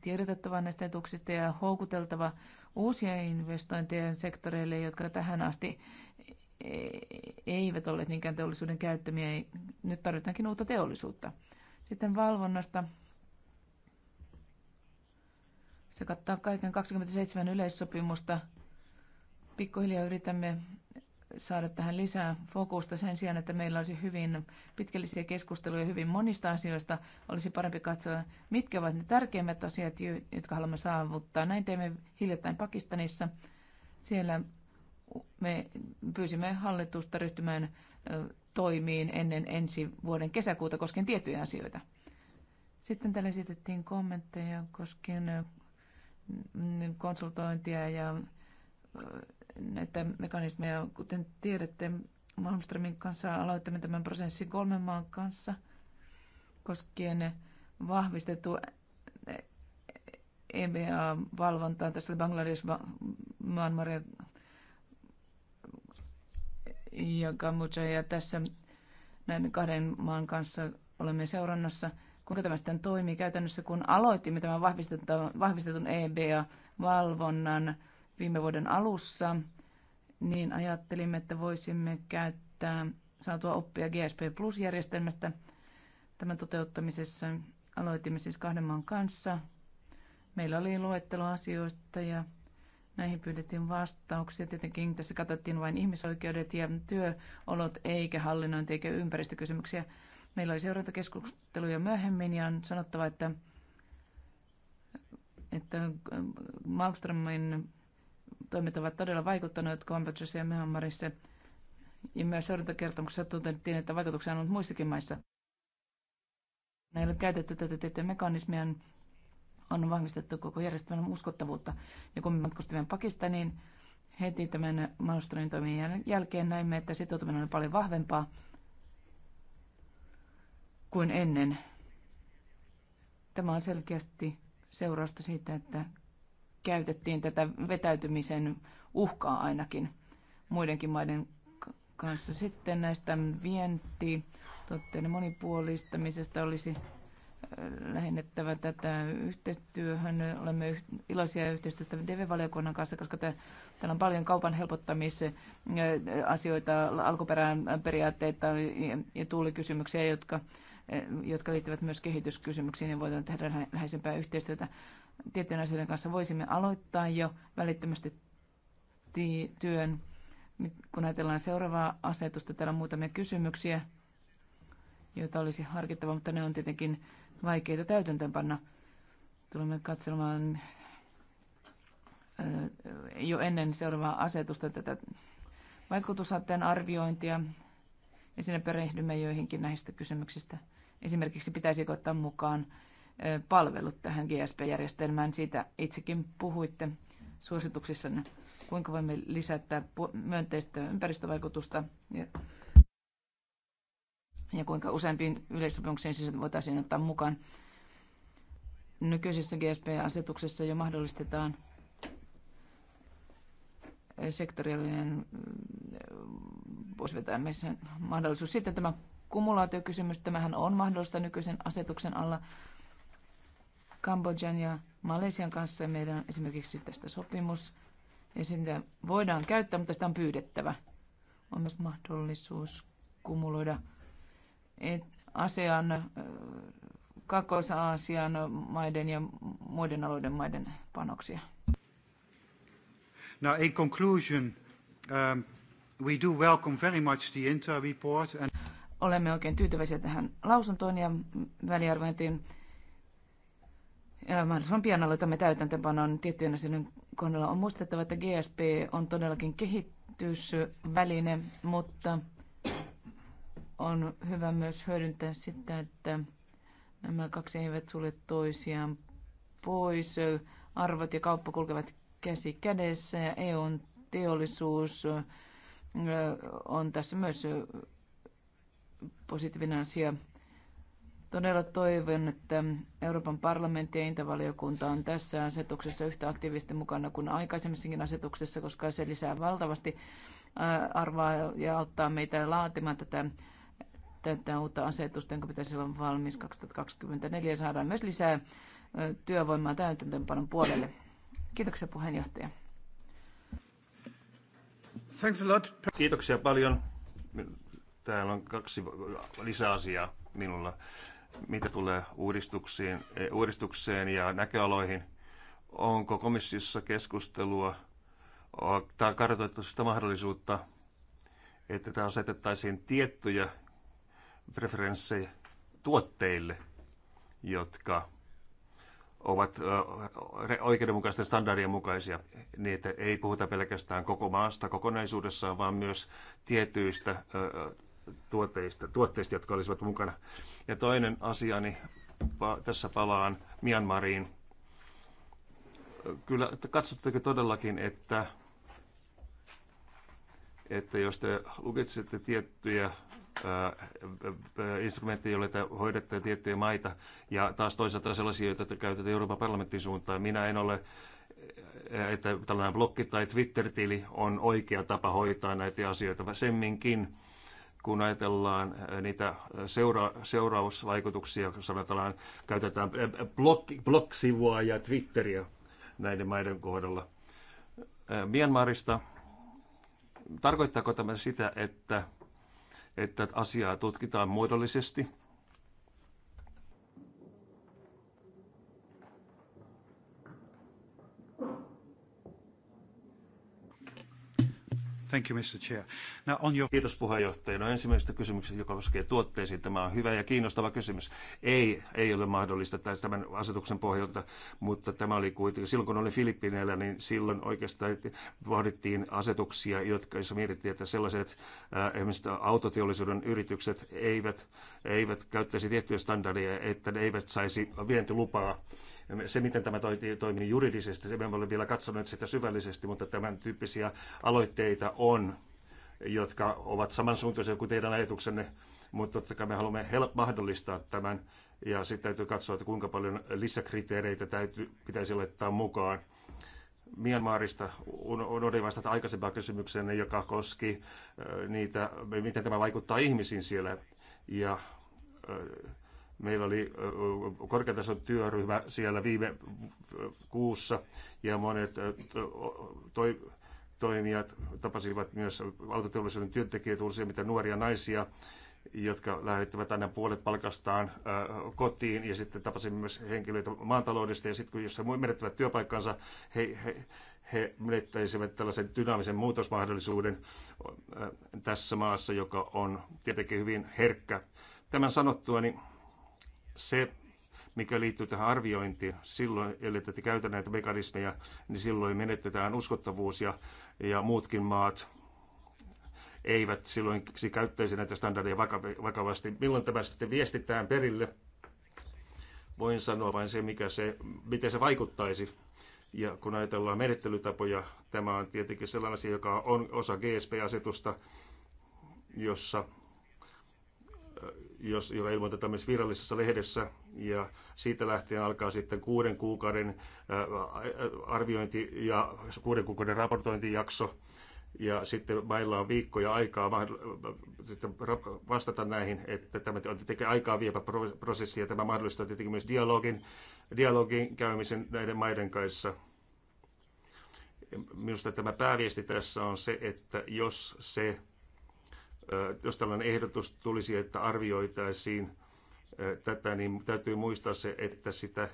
tiedotettava näistä etuuksista ja houkuteltava uusia investointeja sektoreille, jotka tähän asti e, eivät ole niinkään teollisuuden käyttämiä. Nyt tarvitaankin uutta teollisuutta. Sitten valvonnasta. Se kattaa kaiken 27 yleissopimusta. Pikkuhiljaa yritämme saada tähän lisää fokusta sen sijaan, että meillä olisi hyvin pitkällisiä keskusteluja hyvin monista asioista. Olisi parempi katsoa, mitkä ovat ne tärkeimmät asiat, jotka haluamme saavuttaa. Näin teimme hiljattain Pakistanissa. Siellä me pyysimme hallitusta ryhtymään toimiin ennen ensi vuoden kesäkuuta koskien tiettyjä asioita. Sitten täällä esitettiin kommentteja koskien konsultointia ja näitä mekanismeja. Kuten tiedätte, Malmströmin kanssa aloitamme tämän prosessin kolmen maan kanssa koskien vahvistettu eba valvontaa Tässä oli Bangladesh, Myanmar ja Kambodža ja tässä näiden kahden maan kanssa olemme seurannassa, kuinka tämä sitten toimii käytännössä, kun aloitimme tämän vahvistetun EBA-valvonnan viime vuoden alussa, niin ajattelimme, että voisimme käyttää saatua oppia GSP Plus-järjestelmästä tämän toteuttamisessa. Aloitimme siis kahden maan kanssa. Meillä oli luettelo asioista ja näihin pyydettiin vastauksia. Tietenkin tässä katsottiin vain ihmisoikeudet ja työolot, eikä hallinnointi eikä ympäristökysymyksiä. Meillä oli seurantakeskusteluja myöhemmin ja on sanottava, että, että Malmströmin toimet ovat todella vaikuttaneet Kambodžassa ja Myanmarissa. Ja myös seurantakertomuksessa todettiin, että vaikutuksia on ollut muissakin maissa. Ei ole käytetty tätä tiettyä mekanismia, on vahvistettu koko järjestelmän uskottavuutta. Ja kun me matkustimme Pakistaniin heti tämän Malmströmin toimien jälkeen, näimme, että sitoutuminen oli paljon vahvempaa kuin ennen. Tämä on selkeästi seurausta siitä, että käytettiin tätä vetäytymisen uhkaa ainakin muidenkin maiden kanssa. Sitten näistä vientituotteiden monipuolistamisesta olisi lähennettävä tätä yhteistyöhön. Olemme iloisia yhteistyöstä DV-valiokunnan kanssa, koska täällä on paljon kaupan helpottamisasioita, alkuperään periaatteita ja tuulikysymyksiä, jotka, jotka liittyvät myös kehityskysymyksiin ja niin voidaan tehdä läheisempää yhteistyötä tiettyjen asioiden kanssa voisimme aloittaa jo välittömästi työn. Kun ajatellaan seuraavaa asetusta, täällä on muutamia kysymyksiä, joita olisi harkittava, mutta ne on tietenkin vaikeita täytäntöönpanna. Tulemme katselemaan jo ennen seuraavaa asetusta tätä vaikutusatteen arviointia ja siinä perehdymme joihinkin näistä kysymyksistä. Esimerkiksi pitäisikö ottaa mukaan palvelut tähän GSP-järjestelmään. Siitä itsekin puhuitte suosituksissanne. Kuinka voimme lisätä myönteistä ympäristövaikutusta ja, ja kuinka useampiin yleissopimuksiin sisältö voitaisiin ottaa mukaan. Nykyisessä GSP-asetuksessa jo mahdollistetaan sektoriallinen mahdollisuus. Sitten tämä kumulaatiokysymys, tämähän on mahdollista nykyisen asetuksen alla, Kambodjan ja Malesian kanssa ja meidän esimerkiksi tästä sopimus. Ja sitä voidaan käyttää, mutta sitä on pyydettävä. On myös mahdollisuus kumuloida ASEAN, Kakkois-Aasian maiden ja muiden alueiden maiden panoksia. Now, in conclusion, um, we do welcome very much the inter report and Olemme oikein tyytyväisiä tähän lausuntoon ja väliarviointiin ja mahdollisimman pian aloitamme täytäntöpanon tiettyjen asioiden kohdalla. On muistettava, että GSP on todellakin kehitysväline, mutta on hyvä myös hyödyntää sitä, että nämä kaksi eivät sulje toisiaan pois. Arvot ja kauppa kulkevat käsi kädessä ja e EUn teollisuus on tässä myös positiivinen asia. Todella toivon, että Euroopan parlamentti ja intervaliokunta on tässä asetuksessa yhtä aktiivisesti mukana kuin aikaisemmissakin asetuksessa, koska se lisää valtavasti äh, arvoa ja auttaa meitä laatimaan tätä, tätä uutta asetusta, jonka pitäisi olla valmis 2024. Saadaan myös lisää äh, työvoimaa täytäntöönpanon puolelle. Kiitoksia puheenjohtaja. Thanks a lot. Kiitoksia paljon. Täällä on kaksi lisäasiaa minulla mitä tulee uudistuksiin, e, uudistukseen ja näköaloihin. Onko komissiossa keskustelua tai kartoitettu sitä mahdollisuutta, että tämä asetettaisiin tiettyjä preferenssejä tuotteille, jotka ovat oikeudenmukaisten standardien mukaisia, niin että ei puhuta pelkästään koko maasta kokonaisuudessaan, vaan myös tietyistä tuotteista, tuotteista, jotka olisivat mukana. Ja toinen asia, pa- tässä palaan Myanmariin. Kyllä, että katsotteko todellakin, että, että jos te lukitsette tiettyjä instrumentteja, joilla te hoidatte tiettyjä maita, ja taas toisaalta sellaisia, joita te käytätte Euroopan parlamentin suuntaan. Minä en ole, että tällainen blokki tai Twitter-tili on oikea tapa hoitaa näitä asioita, semminkin kun ajatellaan äh, niitä äh, seura- seurausvaikutuksia, kun sanotaan, käytetään äh, blog- sivua ja Twitteriä näiden maiden kohdalla. Myanmarista, tarkoittaako tämä sitä, että, että asiaa tutkitaan muodollisesti – Thank you, Mr. Chair. Now on your... Kiitos puheenjohtaja. No ensimmäisestä kysymyksestä, joka koskee tuotteisiin. Tämä on hyvä ja kiinnostava kysymys. Ei, ei ole mahdollista tämän asetuksen pohjalta, mutta tämä oli kuitenkin, silloin kun olin Filippiineillä, niin silloin oikeastaan vaadittiin asetuksia, jotka, jos mietittiin, että sellaiset äh, esimerkiksi autoteollisuuden yritykset eivät, eivät käyttäisi tiettyjä standardeja, että ne eivät saisi vientilupaa se, miten tämä toimii juridisesti, se me olemme vielä katsoneet sitä syvällisesti, mutta tämän tyyppisiä aloitteita on, jotka ovat samansuuntaisia kuin teidän ajatuksenne, mutta totta kai me haluamme mahdollistaa tämän ja sitten täytyy katsoa, että kuinka paljon lisäkriteereitä täytyy, pitäisi laittaa mukaan. Myanmarista unohdin vastata aikaisempaan kysymykseen, joka koski niitä, miten tämä vaikuttaa ihmisiin siellä. Ja Meillä oli korkeatason työryhmä siellä viime kuussa ja monet toi, toimijat tapasivat myös autoteollisuuden työntekijöitä, mitä nuoria naisia, jotka lähettivät aina puolet palkastaan kotiin ja sitten tapasimme myös henkilöitä maantaloudesta ja sitten kun jos he menettävät työpaikkansa, he, he, he menettäisivät tällaisen dynaamisen muutosmahdollisuuden tässä maassa, joka on tietenkin hyvin herkkä. Tämän sanottua, niin se, mikä liittyy tähän arviointiin, silloin, eli te käytä näitä mekanismeja, niin silloin menetetään uskottavuus ja, ja muutkin maat eivät silloin käyttäisi näitä standardeja vakavasti. Milloin tämä sitten viestitään perille? Voin sanoa vain se, mikä se, miten se vaikuttaisi. Ja kun ajatellaan menettelytapoja, tämä on tietenkin sellainen asia, joka on osa GSP-asetusta, jossa jos, joka ilmoitetaan myös virallisessa lehdessä. Ja siitä lähtien alkaa sitten kuuden kuukauden äh, arviointi ja kuuden kuukauden raportointijakso. Ja sitten mailla on viikkoja aikaa sitten vastata näihin, että tämä on tietenkin aikaa viepä prosessi ja tämä mahdollistaa tietenkin myös dialogin, dialogin käymisen näiden maiden kanssa minusta tämä pääviesti tässä on se, että jos se jos tällainen ehdotus tulisi, että arvioitaisiin tätä, niin täytyy muistaa se, että sitä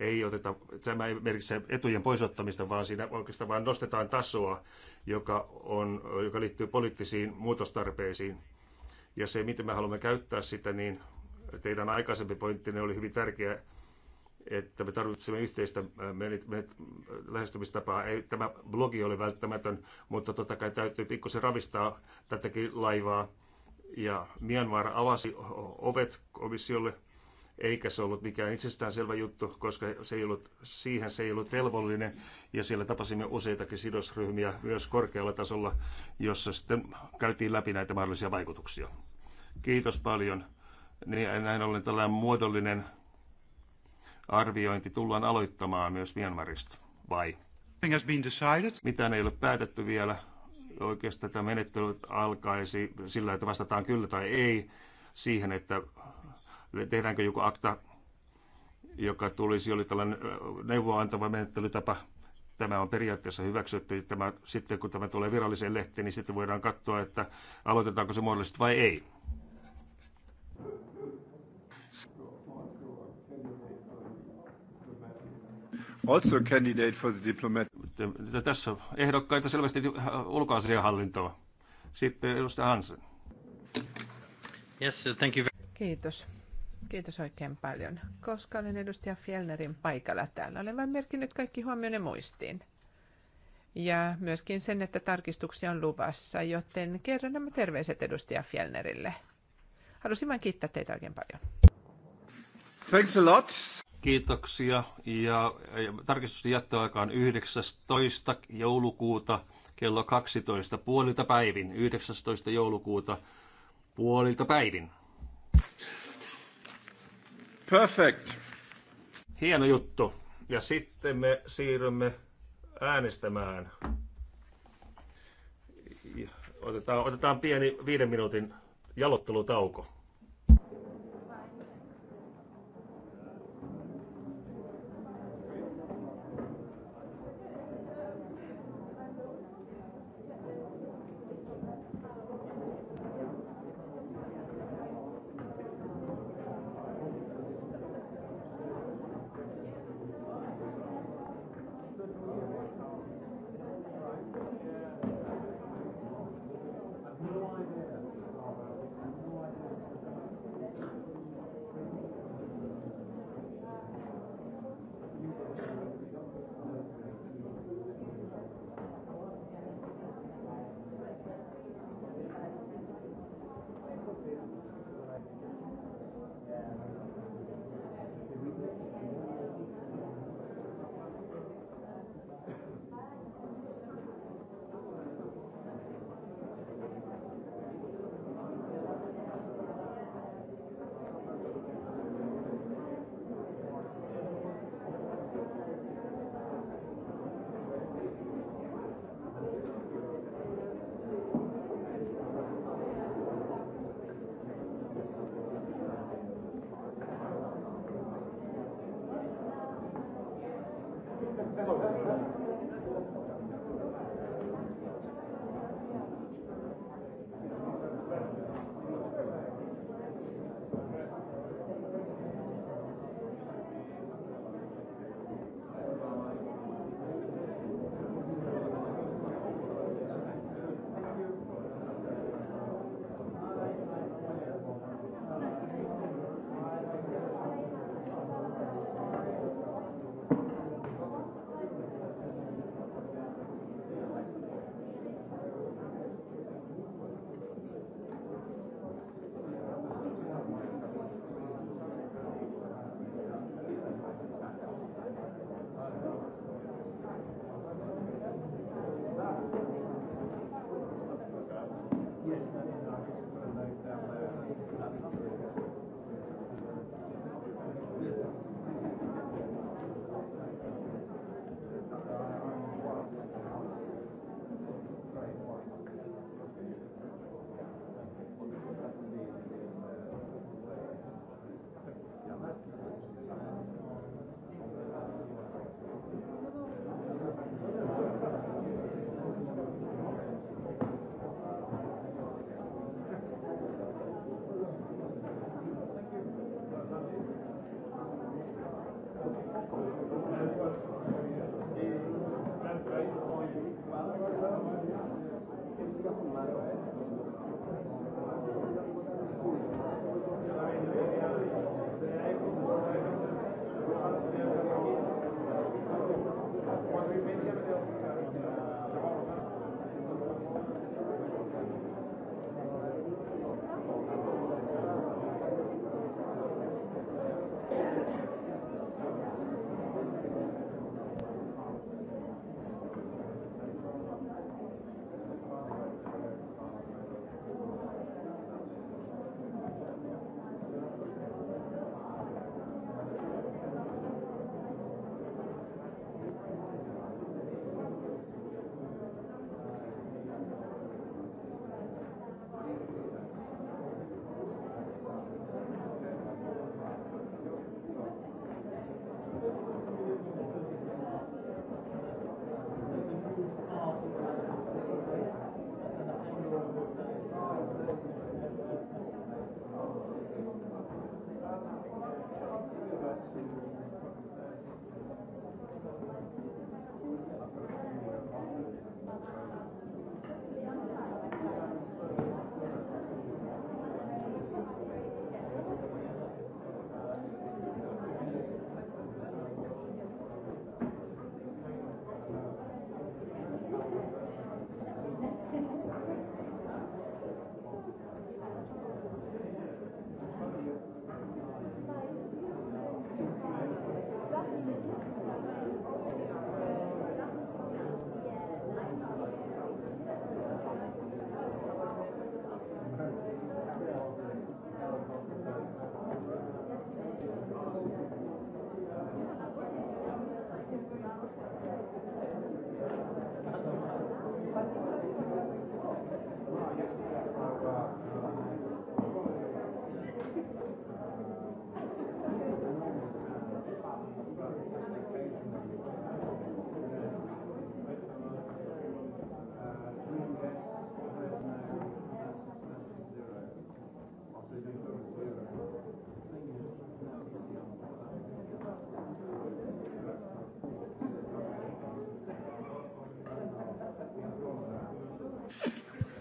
ei oteta, tämä ei merkitse etujen poisottamista, vaan siinä oikeastaan vain nostetaan tasoa, joka, on, joka liittyy poliittisiin muutostarpeisiin. Ja se, miten me haluamme käyttää sitä, niin teidän aikaisempi pointtinne oli hyvin tärkeä, että me tarvitsemme yhteistä lähestymistapaa. Ei, tämä blogi ole välttämätön, mutta totta kai täytyy pikkusen ravistaa tätäkin laivaa. Ja Myanmar avasi ovet komissiolle, eikä se ollut mikään itsestäänselvä juttu, koska se ei ollut, siihen se ei ollut velvollinen. Ja siellä tapasimme useitakin sidosryhmiä myös korkealla tasolla, jossa sitten käytiin läpi näitä mahdollisia vaikutuksia. Kiitos paljon. Niin, näin ollen tällainen muodollinen arviointi tullaan aloittamaan myös Myanmarista, vai? Mitään ei ole päätetty vielä. Oikeastaan tämä menettely alkaisi sillä, että vastataan kyllä tai ei siihen, että tehdäänkö joku akta, joka tulisi, oli tällainen neuvoa antava menettelytapa. Tämä on periaatteessa hyväksytty. Tämä, sitten kun tämä tulee viralliseen lehteen, niin sitten voidaan katsoa, että aloitetaanko se muodollisesti vai ei. Also a candidate for the diplomat. Tässä on ehdokkaita selvästi ulkoasianhallintoa. Sitten edustaja Hansen. Yes, thank you. Kiitos. Kiitos oikein paljon. Koska olen edustaja Fjellnerin paikalla täällä, olen vain merkinnyt kaikki huomionne muistiin. Ja myöskin sen, että tarkistuksia on luvassa, joten kerron nämä terveiset edustaja Fjellnerille. Halusin vain kiittää teitä oikein paljon. Thanks a lot. Kiitoksia. Ja, ja tarkistusten jättöaika on 19. joulukuuta kello 12 puolilta päivin. 19. joulukuuta puolilta päivin. Perfect. Hieno juttu. Ja sitten me siirrymme äänestämään. Otetaan, otetaan pieni viiden minuutin jalottelutauko.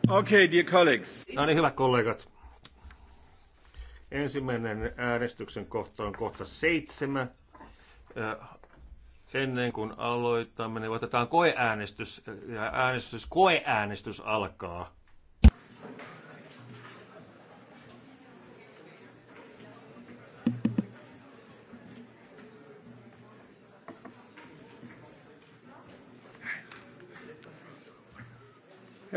Okay, dear colleagues. No niin, hyvät kollegat. Ensimmäinen äänestyksen kohta on kohta seitsemän. Ennen kuin aloitamme, niin otetaan koeäänestys. Ja äänestys, koeäänestys alkaa.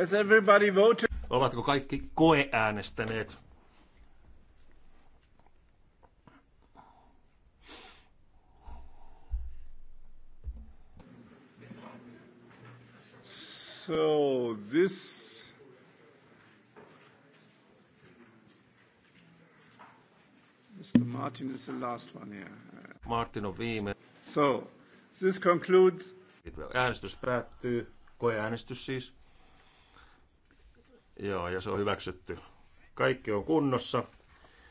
Has everybody voted? Ovatko kaikki koeäänestäneet? So this Mr. Martin is the last one here. Martin on viime. So, this concludes. Äänestys päättyy. Koeäänestys siis. Joo, ja se on hyväksytty. Kaikki on kunnossa.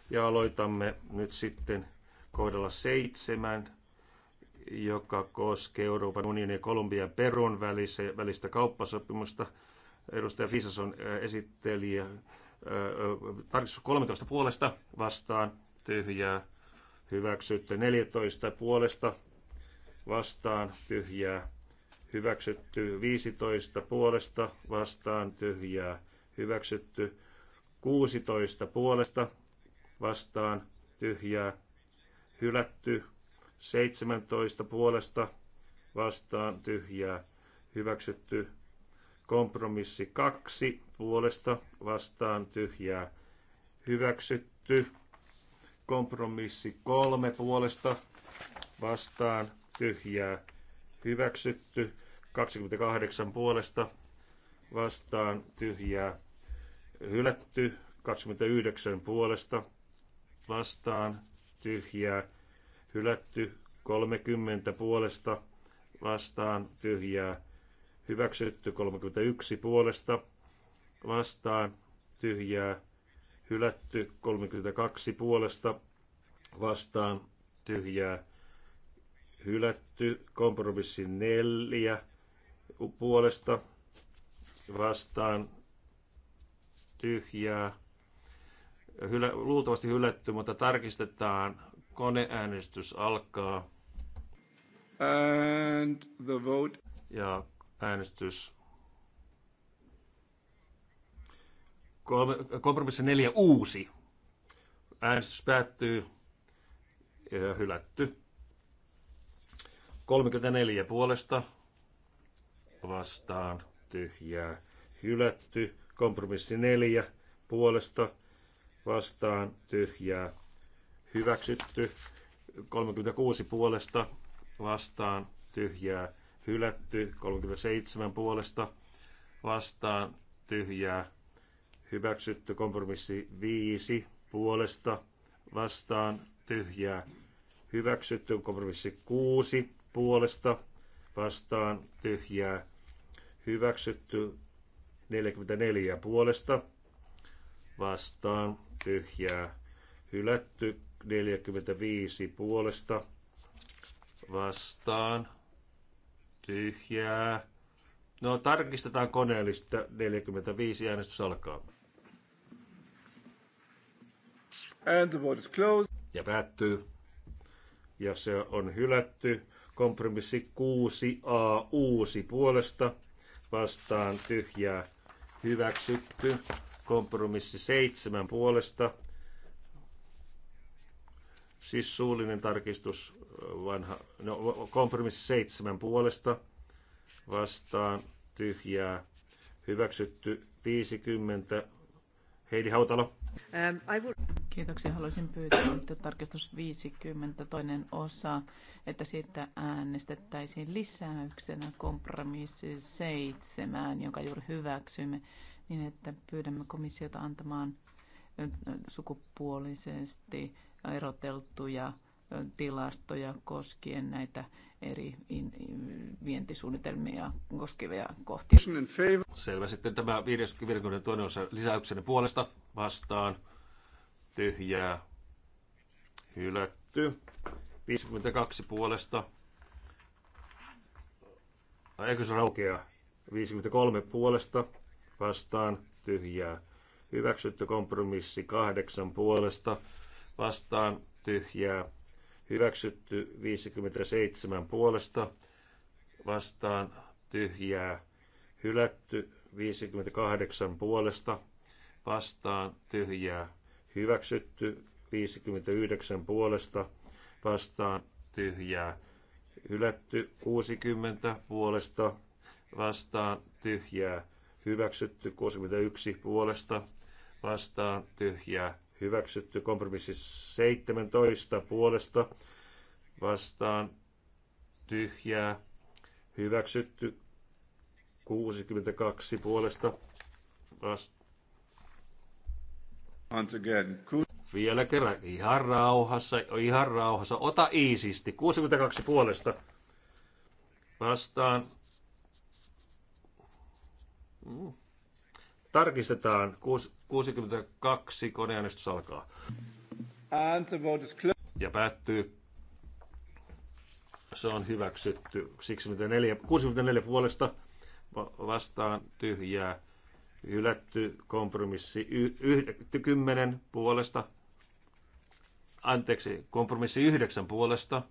Ja aloitamme nyt sitten kohdalla seitsemän, joka koskee Euroopan unionin ja Kolumbian Perun välistä kauppasopimusta. Edustaja Fisas on esittelijä. Tarkistus 13 puolesta vastaan, tyhjää. Hyväksytty 14 puolesta vastaan, tyhjää. Hyväksytty 15 puolesta vastaan, tyhjää hyväksytty 16 puolesta vastaan tyhjää hylätty 17 puolesta vastaan tyhjää hyväksytty kompromissi 2 puolesta vastaan tyhjää hyväksytty kompromissi 3 puolesta vastaan tyhjää hyväksytty 28 puolesta vastaan tyhjää hylätty, 29 puolesta vastaan tyhjää, hylätty, 30 puolesta vastaan tyhjää, hyväksytty 31 puolesta vastaan tyhjää, hylätty 32 puolesta vastaan tyhjää, hylätty kompromissi 4 puolesta vastaan tyhjää. Hylä, luultavasti hylätty, mutta tarkistetaan. Koneäänestys alkaa. And the vote. Ja äänestys. Kolme, kompromissi neljä uusi. Äänestys päättyy. Ja hylätty. 34 puolesta vastaan tyhjää hylätty. Kompromissi neljä puolesta vastaan tyhjää hyväksytty. 36 puolesta vastaan tyhjää hylätty. 37 puolesta vastaan tyhjää hyväksytty. Kompromissi 5 puolesta vastaan tyhjää hyväksytty. Kompromissi 6 puolesta vastaan tyhjää hyväksytty. 44 puolesta vastaan tyhjää hylätty 45 puolesta vastaan tyhjää. No tarkistetaan koneellista 45 äänestys alkaa. And the vote is closed. Ja päättyy. Ja se on hylätty. Kompromissi 6A uusi puolesta vastaan tyhjää hyväksytty. Kompromissi seitsemän puolesta. Siis suullinen tarkistus vanha, no, kompromissi seitsemän puolesta vastaan tyhjää hyväksytty 50. Heidi Hautalo. Um, ähm, I would... Kiitoksia. Haluaisin pyytää, että tarkistus 50 toinen osa, että siitä äänestettäisiin lisäyksenä kompromissi 7, jonka juuri hyväksymme, niin että pyydämme komissiota antamaan sukupuolisesti eroteltuja tilastoja koskien näitä eri vientisuunnitelmia koskevia kohtia. Selvä. Sitten tämä 52 osa lisäyksenä puolesta vastaan tyhjää, hylätty. 52 puolesta. Eikö se raukea? 53 puolesta vastaan tyhjää. Hyväksytty kompromissi 8 puolesta vastaan tyhjää. Hyväksytty 57 puolesta vastaan tyhjää. Hylätty 58 puolesta vastaan tyhjää hyväksytty 59 puolesta vastaan tyhjää, hylätty 60 puolesta vastaan tyhjää, hyväksytty 61 puolesta vastaan tyhjää, hyväksytty kompromissi 17 puolesta vastaan tyhjää, hyväksytty 62 puolesta vastaan Once again, good. Vielä kerran, ihan rauhassa, ihan rauhassa. Ota iisisti. 62 puolesta vastaan. Mm. Tarkistetaan. 62 koneäänestys alkaa. And the vote is closed. Ja päättyy. Se on hyväksytty. 64, 64 puolesta vastaan tyhjää hylätty kompromissi y- 10 puolesta, anteeksi, kompromissi 9 puolesta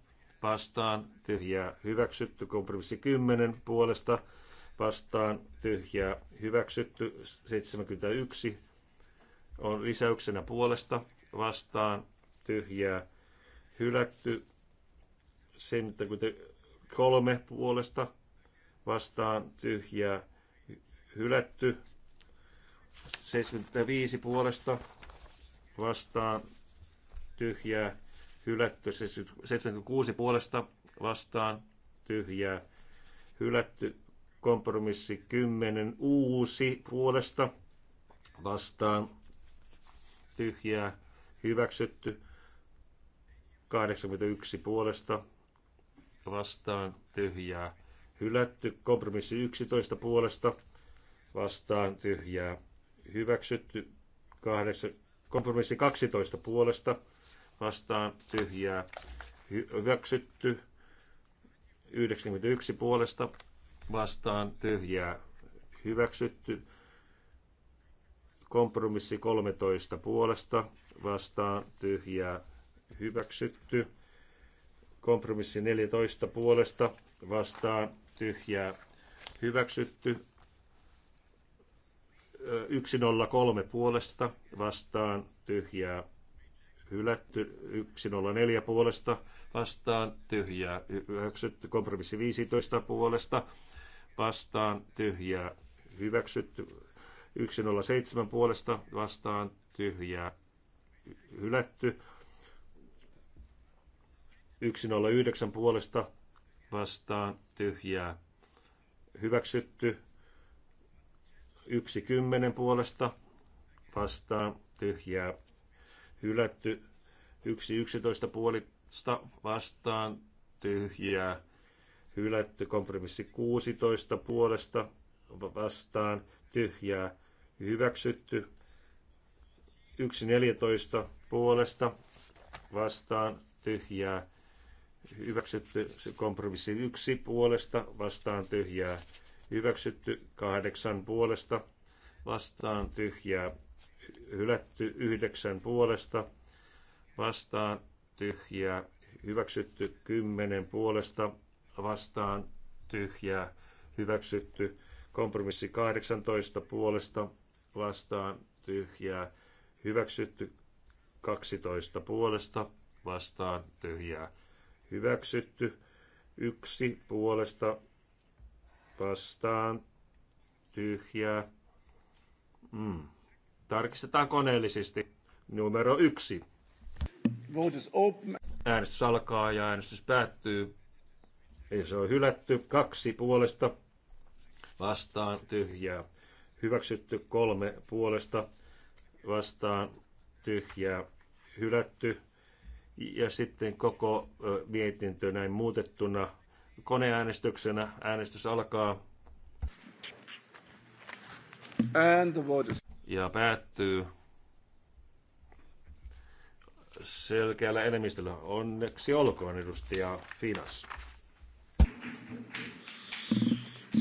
vastaan, tyhjää hyväksytty, kompromissi 10 puolesta vastaan, tyhjää hyväksytty, 71 on lisäyksenä puolesta vastaan, tyhjää hylätty, 73 puolesta vastaan, tyhjää hylätty, 75 puolesta vastaan tyhjää hylätty. 76 puolesta vastaan tyhjää hylätty. Kompromissi 10 uusi puolesta vastaan tyhjää hyväksytty. 81 puolesta vastaan tyhjää hylätty. Kompromissi 11 puolesta vastaan tyhjää hyväksytty. Kahdeksan, kompromissi 12 puolesta vastaan tyhjää hyväksytty. 91 puolesta vastaan tyhjää hyväksytty. Kompromissi 13 puolesta vastaan tyhjää hyväksytty. Kompromissi 14 puolesta vastaan tyhjää hyväksytty. 103 puolesta vastaan tyhjää hylätty, 104 puolesta vastaan tyhjää 90, kompromissi 15 puolesta vastaan tyhjää hyväksytty, 107 puolesta vastaan tyhjää hylätty, 109 puolesta vastaan tyhjää hyväksytty, Yksi kymmenen puolesta vastaan tyhjää hylätty. Yksi yksitoista puolesta vastaan tyhjää hylätty. Kompromissi 16 puolesta vastaan tyhjää hyväksytty. Yksi neljätoista puolesta vastaan tyhjää hyväksytty kompromissi yksi puolesta vastaan tyhjää hyväksytty, kahdeksan puolesta, vastaan tyhjää, hylätty, yhdeksän puolesta, vastaan tyhjää, hyväksytty, kymmenen puolesta, vastaan tyhjää, hyväksytty, kompromissi 18 puolesta, vastaan tyhjää, hyväksytty, 12 puolesta, vastaan tyhjää, hyväksytty, yksi puolesta, vastaan tyhjää. Mm. Tarkistetaan koneellisesti. Numero yksi. Vote is open. Äänestys alkaa ja äänestys päättyy. Ei se on hylätty. Kaksi puolesta vastaan tyhjää. Hyväksytty kolme puolesta vastaan tyhjää. Hylätty. Ja sitten koko mietintö näin muutettuna koneäänestyksenä. Äänestys alkaa. And the vote is... Ja päättyy selkeällä enemmistöllä. Onneksi olkoon edustaja Finas.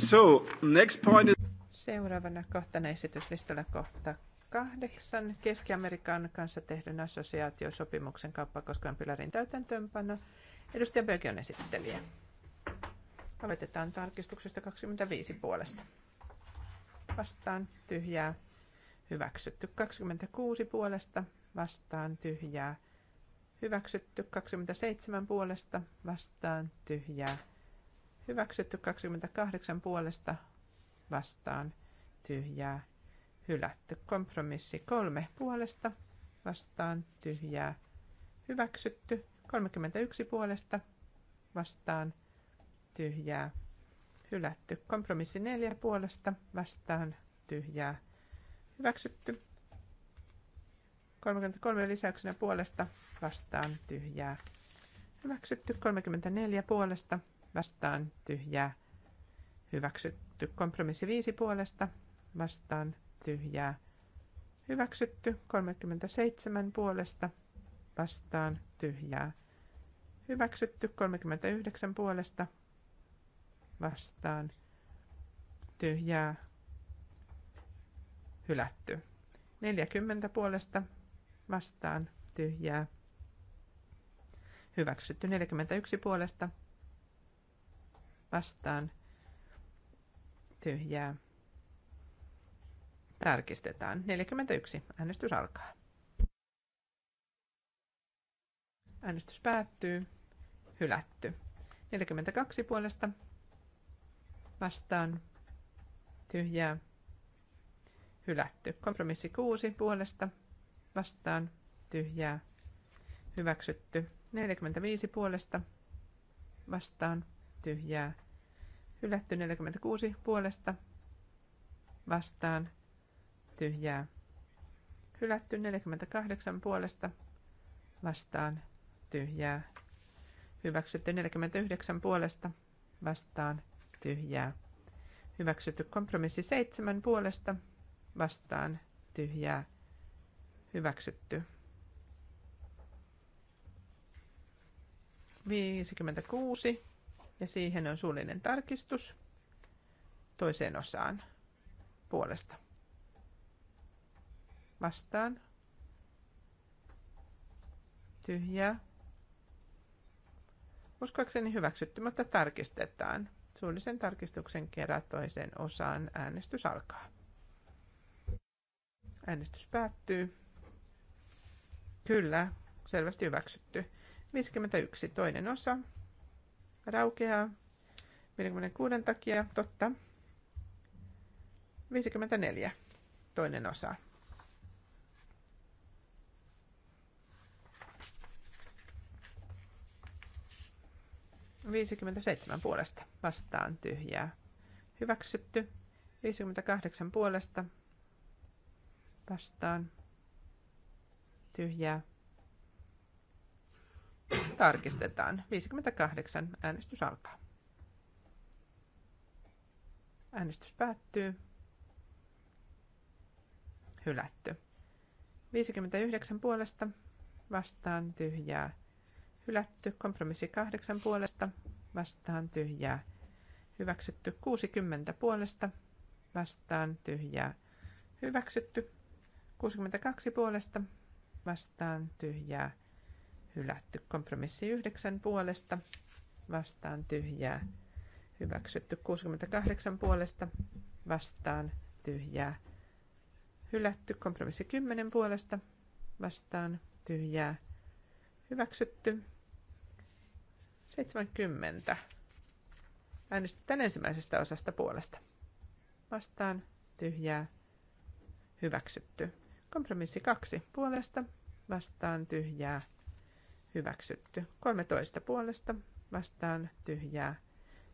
So, next point is... Seuraavana kohtana esityslistalla kohta kahdeksan Keski-Amerikan kanssa tehdyn assosiaatiosopimuksen kauppakoskaan pilarin täytäntöönpano. Edustaja Böki on esittelijä. Aloitetaan tarkistuksesta 25 puolesta. Vastaan tyhjää. Hyväksytty 26 puolesta. Vastaan tyhjää. Hyväksytty 27 puolesta. Vastaan tyhjää. Hyväksytty 28 puolesta. Vastaan tyhjää. Hylätty kompromissi 3 puolesta. Vastaan tyhjää. Hyväksytty 31 puolesta. Vastaan tyhjää tyhjää, hylätty. Kompromissi neljä puolesta vastaan tyhjää, hyväksytty. 33 lisäyksenä puolesta vastaan tyhjää, hyväksytty. 34 puolesta vastaan tyhjää, hyväksytty. Kompromissi viisi puolesta vastaan tyhjää, hyväksytty. 37 puolesta vastaan tyhjää, hyväksytty 39 puolesta vastaan tyhjää hylätty. 40 puolesta vastaan tyhjää hyväksytty. 41 puolesta vastaan tyhjää tarkistetaan. 41. Äänestys alkaa. Äänestys päättyy. Hylätty. 42 puolesta vastaan tyhjää hylätty. Kompromissi 6 puolesta vastaan tyhjää hyväksytty. 45 puolesta vastaan tyhjää hylätty. 46 puolesta vastaan tyhjää hylätty. 48 puolesta vastaan tyhjää hyväksytty. 49 puolesta vastaan tyhjää. Hyväksytty kompromissi seitsemän puolesta vastaan tyhjää. Hyväksytty. 56 ja siihen on suullinen tarkistus toiseen osaan puolesta. Vastaan. Tyhjää. Uskoakseni hyväksytty, mutta tarkistetaan. Suullisen tarkistuksen kerran toisen osaan äänestys alkaa. Äänestys päättyy. Kyllä, selvästi hyväksytty. 51, toinen osa. Raukeaa. 56 takia, totta. 54, toinen osa. 57 puolesta vastaan tyhjää. Hyväksytty. 58 puolesta vastaan tyhjää. Tarkistetaan. 58. Äänestys alkaa. Äänestys päättyy. Hylätty. 59 puolesta vastaan tyhjää Hylätty kompromissi kahdeksan puolesta vastaan tyhjää. Hyväksytty 60 puolesta vastaan tyhjää. Hyväksytty 62 puolesta vastaan tyhjää. Hylätty kompromissi 9 puolesta vastaan tyhjää. Hyväksytty 68 puolesta vastaan tyhjää. Hylätty kompromissi 10 puolesta vastaan tyhjää. Hyväksytty 70. Äänestetään ensimmäisestä osasta puolesta. Vastaan tyhjää. Hyväksytty. Kompromissi 2 puolesta. Vastaan tyhjää. Hyväksytty. 13 puolesta. Vastaan tyhjää.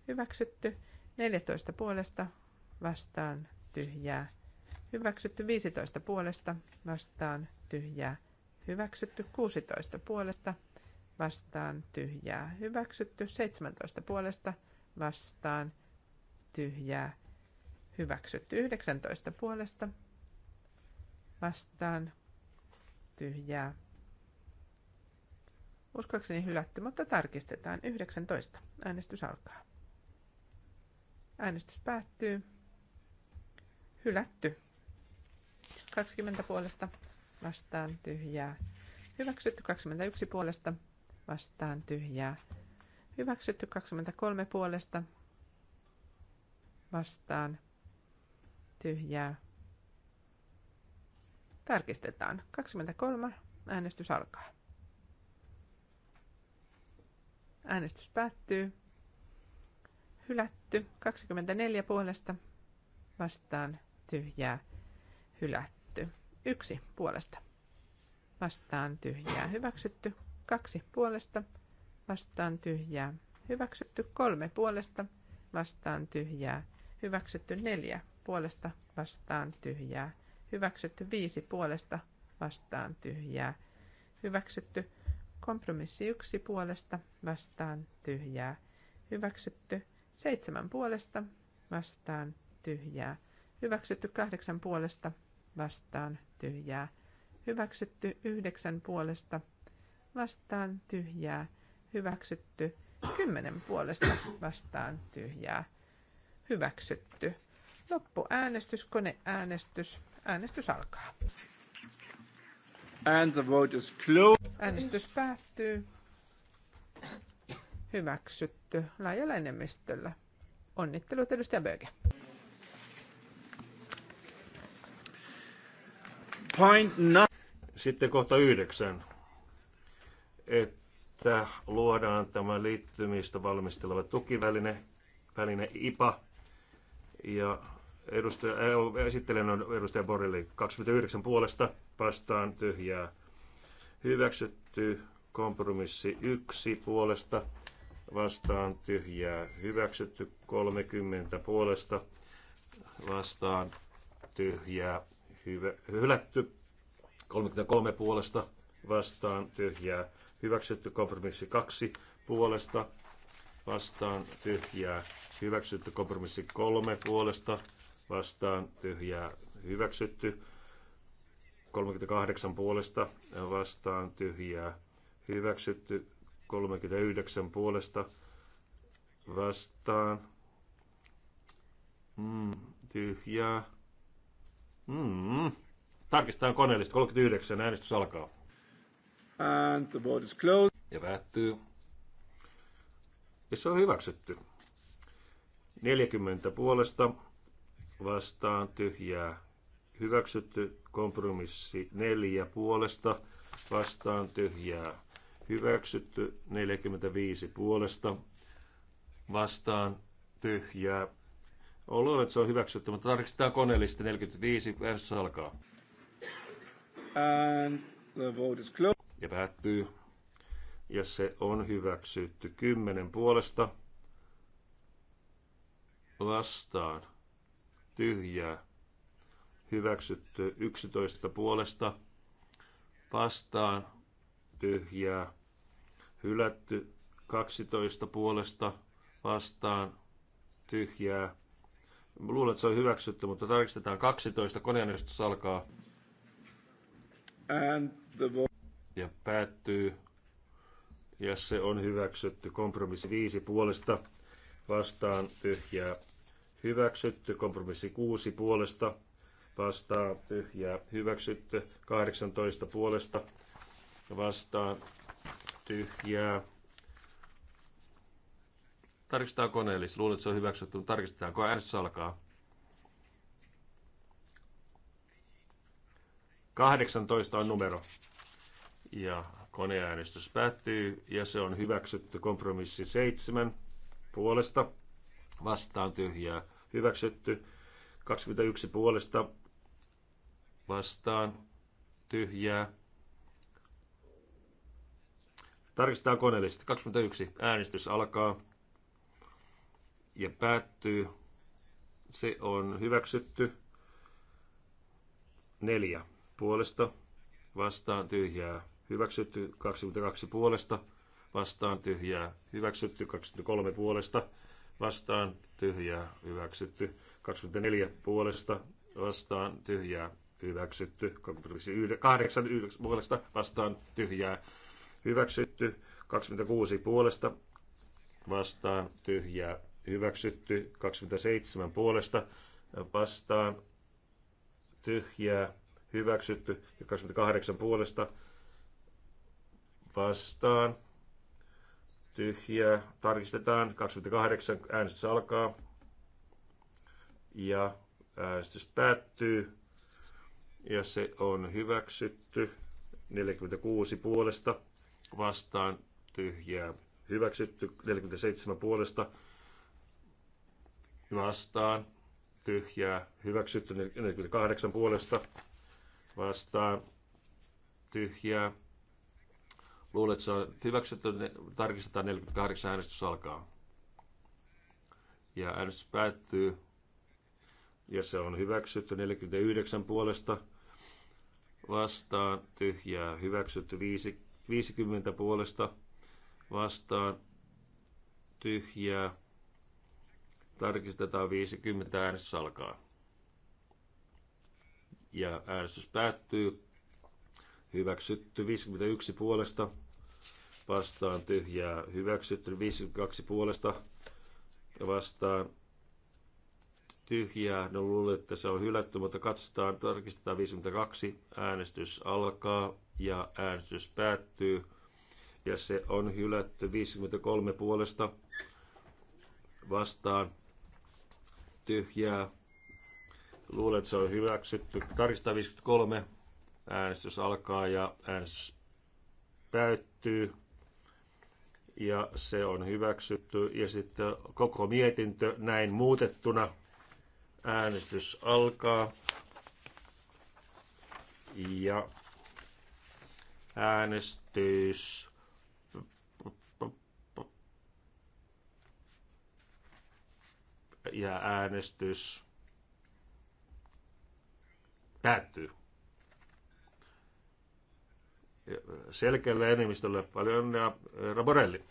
Hyväksytty. 14 puolesta. Vastaan tyhjää. Hyväksytty 15 puolesta. Vastaan tyhjää. Hyväksytty 16 puolesta vastaan tyhjää hyväksytty. 17 puolesta vastaan tyhjää hyväksytty. 19 puolesta vastaan tyhjää. Uskoakseni hylätty, mutta tarkistetaan. 19. Äänestys alkaa. Äänestys päättyy. Hylätty. 20 puolesta vastaan tyhjää. Hyväksytty 21 puolesta vastaan tyhjää. Hyväksytty 23 puolesta vastaan tyhjää. Tarkistetaan. 23. Äänestys alkaa. Äänestys päättyy. Hylätty. 24 puolesta vastaan tyhjää. Hylätty. 1 puolesta vastaan tyhjää. Hyväksytty. Kaksi puolesta vastaan tyhjää. Hyväksytty kolme puolesta vastaan tyhjää. Hyväksytty neljä puolesta vastaan tyhjää. Hyväksytty viisi puolesta vastaan tyhjää. Hyväksytty kompromissi yksi puolesta vastaan tyhjää. Hyväksytty seitsemän puolesta vastaan tyhjää. Hyväksytty kahdeksan puolesta vastaan tyhjää. Hyväksytty yhdeksän puolesta vastaan, vastaan tyhjää, hyväksytty. kymmenen puolesta vastaan tyhjää, hyväksytty. Loppuäänestys, koneäänestys. Äänestys alkaa. And the vote is closed. Äänestys päättyy. Hyväksytty laajalla enemmistöllä. Onnittelut edustaja Böge. Point nine. Sitten kohta yhdeksän että luodaan tämä liittymistä valmisteleva tukiväline, väline IPA, ja edustaja, äh, esittelen on edustaja Borrelli 29 puolesta vastaan tyhjää hyväksytty, kompromissi 1 puolesta vastaan tyhjää hyväksytty, 30 puolesta vastaan tyhjää hyvä, hylätty, 33 puolesta vastaan tyhjää hyväksytty kompromissi 2 puolesta vastaan tyhjää, hyväksytty kompromissi 3 puolesta vastaan tyhjää, hyväksytty 38 puolesta vastaan tyhjää, hyväksytty 39 puolesta vastaan mm, tyhjää. Mm. Tarkistetaan koneellista. 39 äänestys alkaa. And the vote is closed. Ja päättyy. Ja se on hyväksytty. 40 puolesta vastaan tyhjää hyväksytty. Kompromissi 4 puolesta vastaan tyhjää hyväksytty. 45 puolesta vastaan tyhjää. Olen että se on hyväksytty, mutta tarkistetaan koneellista 45. Äänestys alkaa. And the vote is closed ja päättyy. Ja se on hyväksytty kymmenen puolesta vastaan tyhjää. Hyväksytty 11 puolesta vastaan tyhjää. Hylätty 12 puolesta vastaan tyhjää. Luulen, että se on hyväksytty, mutta tarkistetaan 12. Koneäänestys alkaa. And the ja päättyy ja se on hyväksytty. Kompromissi 5 puolesta vastaan tyhjää hyväksytty. Kompromissi 6 puolesta vastaan tyhjää hyväksytty. 18 puolesta vastaan tyhjää. Tarkistetaan koneellis. Luulen, että se on hyväksytty, tarkistetaan kun äänestys alkaa. 18 on numero ja koneäänestys päättyy ja se on hyväksytty kompromissi seitsemän puolesta vastaan tyhjää hyväksytty 21 puolesta vastaan tyhjää. Tarkistetaan koneellisesti. 21 äänestys alkaa ja päättyy. Se on hyväksytty. Neljä puolesta vastaan tyhjää hyväksytty 22 puolesta, vastaan tyhjää, hyväksytty 23 puolesta, vastaan tyhjää, hyväksytty 24 puolesta, vastaan tyhjää, hyväksytty 8 puolesta, vastaan tyhjää, hyväksytty 26 puolesta, vastaan tyhjää, hyväksytty 27 puolesta, vastaan tyhjää, hyväksytty ja 28 puolesta, vastaan. Tyhjää. Tarkistetaan. 28. Äänestys alkaa. Ja äänestys päättyy. Ja se on hyväksytty. 46 puolesta vastaan tyhjää. Hyväksytty 47 puolesta vastaan tyhjää. Hyväksytty 48 puolesta vastaan tyhjää. Luulen, että se on hyväksytty. Tarkistetaan 48 äänestys alkaa. Ja äänestys päättyy. Ja se on hyväksytty 49 puolesta vastaan tyhjää. Hyväksytty 50 puolesta vastaan tyhjää. Tarkistetaan 50 äänestys alkaa. Ja äänestys päättyy. Hyväksytty 51 puolesta vastaan tyhjää hyväksytty. 52 puolesta vastaan tyhjää. No luulen, että se on hylätty, mutta katsotaan, tarkistetaan 52. Äänestys alkaa ja äänestys päättyy. Ja se on hylätty 53 puolesta vastaan tyhjää. Luulen, että se on hyväksytty. Tarkistetaan 53. Äänestys alkaa ja äänestys päättyy ja se on hyväksytty. Ja sitten koko mietintö näin muutettuna. Äänestys alkaa. Ja äänestys ja äänestys päättyy. Selkeälle enemmistölle. Paljon onnea, herra eh, Borelli.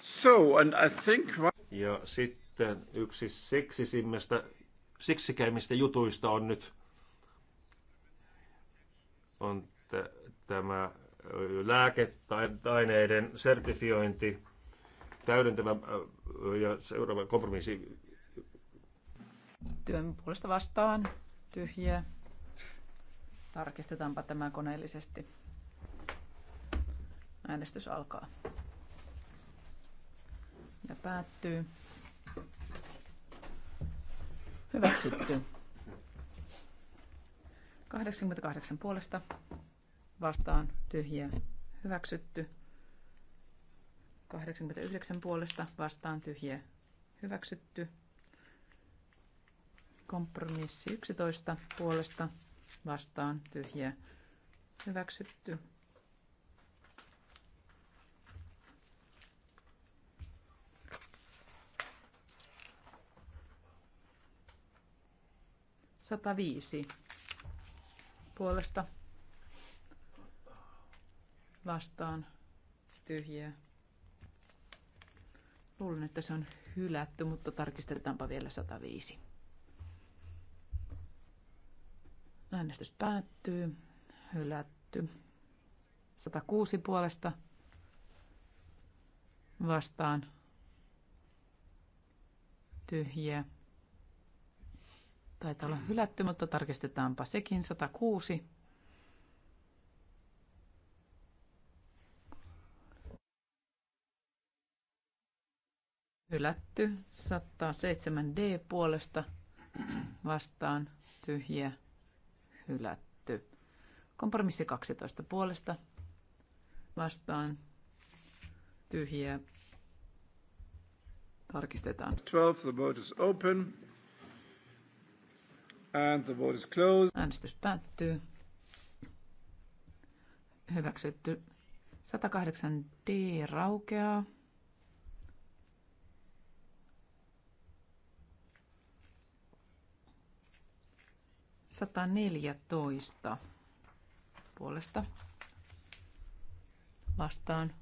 So, and I think... Ja sitten yksi seksisimmistä, seksikäimmistä jutuista on nyt on tämä lääketaineiden sertifiointi, täydentävä ja seuraava kompromissi. Työn puolesta vastaan, tyhjää, Tarkistetaanpa tämä koneellisesti. Äänestys alkaa. Ja päättyy. Hyväksytty. 88 puolesta vastaan tyhjiä hyväksytty. 89 puolesta vastaan tyhjiä hyväksytty. Kompromissi 11 puolesta vastaan tyhjä hyväksytty. Sata viisi puolesta vastaan tyhjä. Luulen, että se on hylätty, mutta tarkistetaanpa vielä 105. Äänestys päättyy. Hylätty. 106 puolesta vastaan. Tyhjiä. Taitaa olla hylätty, mutta tarkistetaanpa sekin. 106. Hylätty. 107D puolesta vastaan tyhjiä hylätty. Kompromissi 12 puolesta vastaan tyhjiä tarkistetaan. 12, the vote is open. And the vote is closed. Äänestys päättyy. Hyväksytty. 108D raukeaa. 114 puolesta vastaan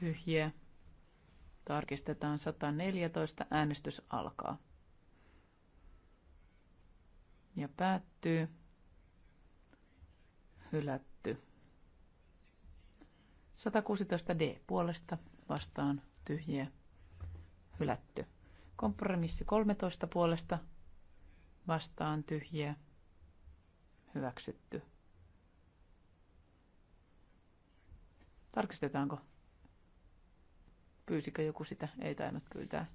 tyhjiä. Tarkistetaan 114. Äänestys alkaa. Ja päättyy. Hylätty. 116D puolesta vastaan tyhjiä. Hylätty. Kompromissi 13 puolesta vastaan tyhjiä, hyväksytty. Tarkistetaanko? Pyysikö joku sitä? Ei tainnut pyytää.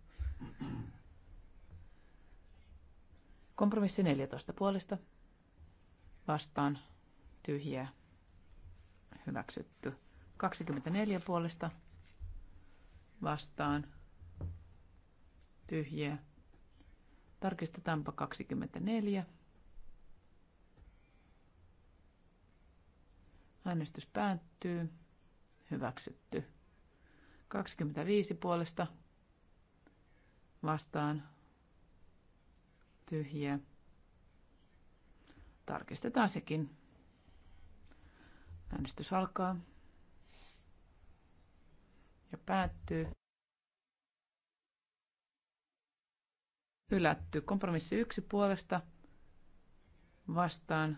Kompromissi 14 puolesta. Vastaan tyhjiä. Hyväksytty. 24 puolesta. Vastaan tyhjiä Tarkistetaanpa 24. Äänestys päättyy. Hyväksytty. 25 puolesta vastaan tyhjiä. Tarkistetaan sekin. Äänestys alkaa ja päättyy. Hylätty. Kompromissi yksi puolesta vastaan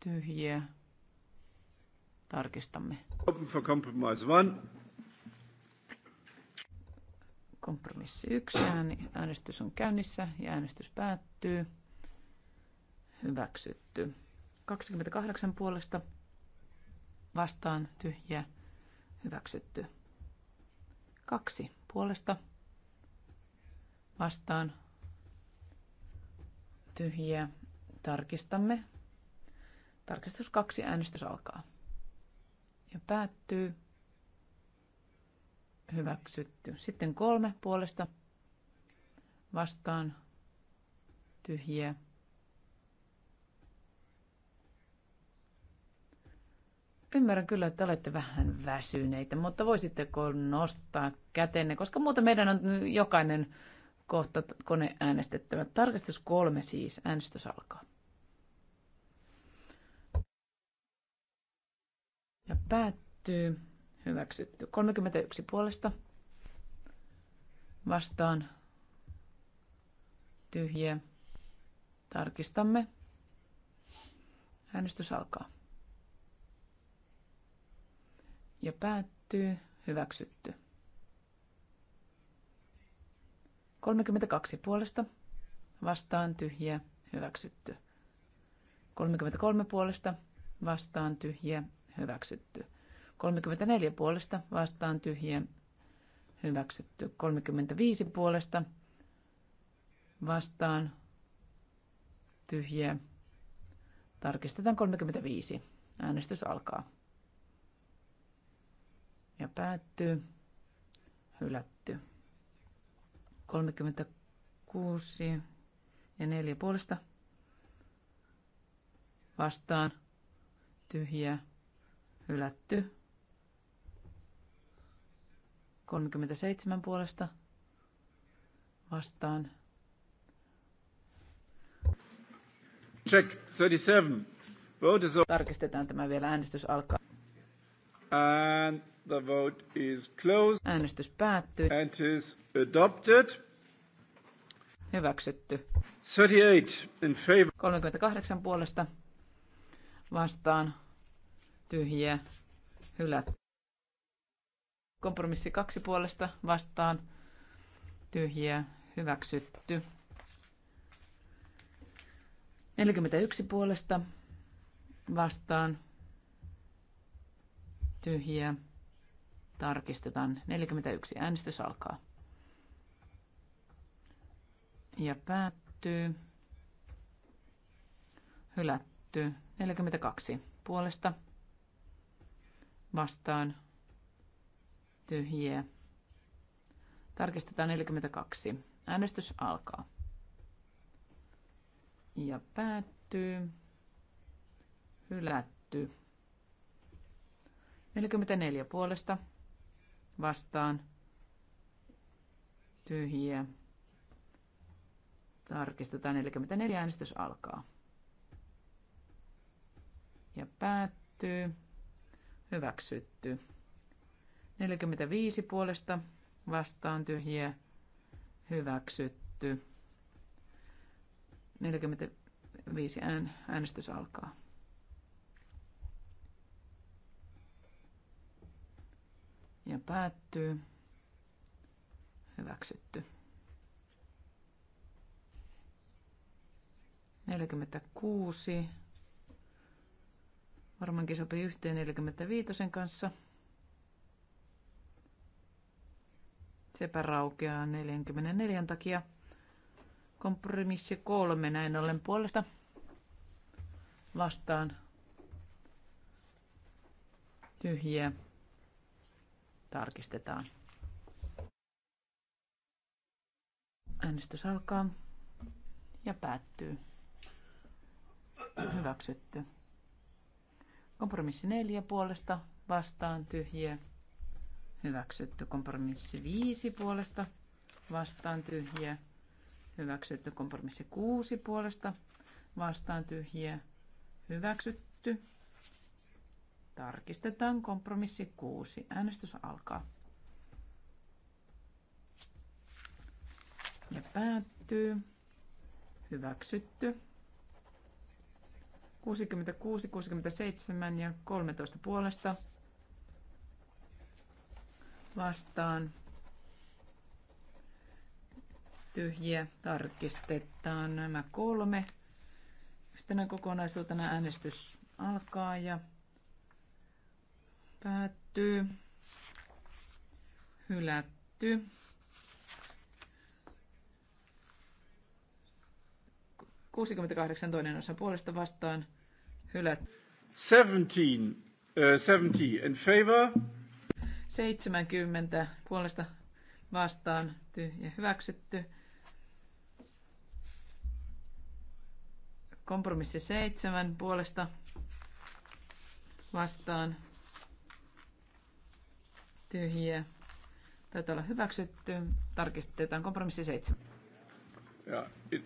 tyhjiä. Tarkistamme. Open for compromise one. Kompromissi yksi. Äänestys on käynnissä ja äänestys päättyy. Hyväksytty. 28 puolesta vastaan tyhjiä. Hyväksytty. Kaksi puolesta vastaan tyhjiä. Tarkistamme. Tarkistus kaksi äänestys alkaa. Ja päättyy. Hyväksytty. Sitten kolme puolesta vastaan tyhjiä. Ymmärrän kyllä, että olette vähän väsyneitä, mutta voisitteko nostaa kätenne, koska muuten meidän on jokainen kohta kone äänestettävä. Tarkastus kolme siis. Äänestys alkaa. Ja päättyy. Hyväksytty. 31 puolesta. Vastaan. Tyhjä. Tarkistamme. Äänestys alkaa. Ja päättyy. Hyväksytty. 32 puolesta vastaan tyhjiä hyväksytty. 33 puolesta vastaan tyhjiä hyväksytty. 34 puolesta vastaan tyhjiä hyväksytty. 35 puolesta vastaan tyhjiä. Tarkistetaan 35. Äänestys alkaa. Ja päättyy. Hylätty. 36 ja 4 puolesta vastaan tyhjä hylätty. 37 puolesta vastaan. Check 37. Vote is... Tarkistetaan tämä vielä. Äänestys alkaa. And The vote is closed. Äänestys päättyy. And is adopted. Hyväksytty. 38 in favor. 38 puolesta vastaan tyhjiä hylät. Kompromissi kaksi puolesta vastaan tyhjiä hyväksytty. 41 puolesta vastaan tyhjiä Tarkistetaan. 41. Äänestys alkaa. Ja päättyy. Hylätty. 42. Puolesta. Vastaan. Tyhjiä. Tarkistetaan 42. Äänestys alkaa. Ja päättyy. Hylätty. 44 puolesta vastaan tyhjiä. Tarkistetaan 44 äänestys alkaa. Ja päättyy. Hyväksytty. 45 puolesta vastaan tyhjiä. Hyväksytty. 45 äänestys alkaa. päättyy. Hyväksytty. 46. Varmaankin sopii yhteen 45 kanssa. Sepä raukeaa 44 takia. Kompromissi kolme näin ollen puolesta vastaan tyhjiä tarkistetaan. Äänestys alkaa ja päättyy. Hyväksytty. Kompromissi neljä puolesta vastaan tyhjiä. Hyväksytty. Kompromissi viisi puolesta vastaan tyhjiä. Hyväksytty. Kompromissi kuusi puolesta vastaan tyhjiä. Hyväksytty. Tarkistetaan kompromissi 6. Äänestys alkaa. Ja päättyy. Hyväksytty. 66, 67 ja 13 puolesta vastaan. Tyhjiä tarkistetaan nämä kolme. Yhtenä kokonaisuutena äänestys alkaa ja Päättyy. Hylätty. Kuusikymmentäkahdeksan toinen osa puolesta vastaan. Hylätty. Seventeen, uh, 70 in favor. 70 puolesta vastaan tyhjä hyväksytty. Kompromissi 7 puolesta vastaan tyhjiä. Taitaa olla hyväksytty. Tarkistetaan kompromissi 7. Ja, it,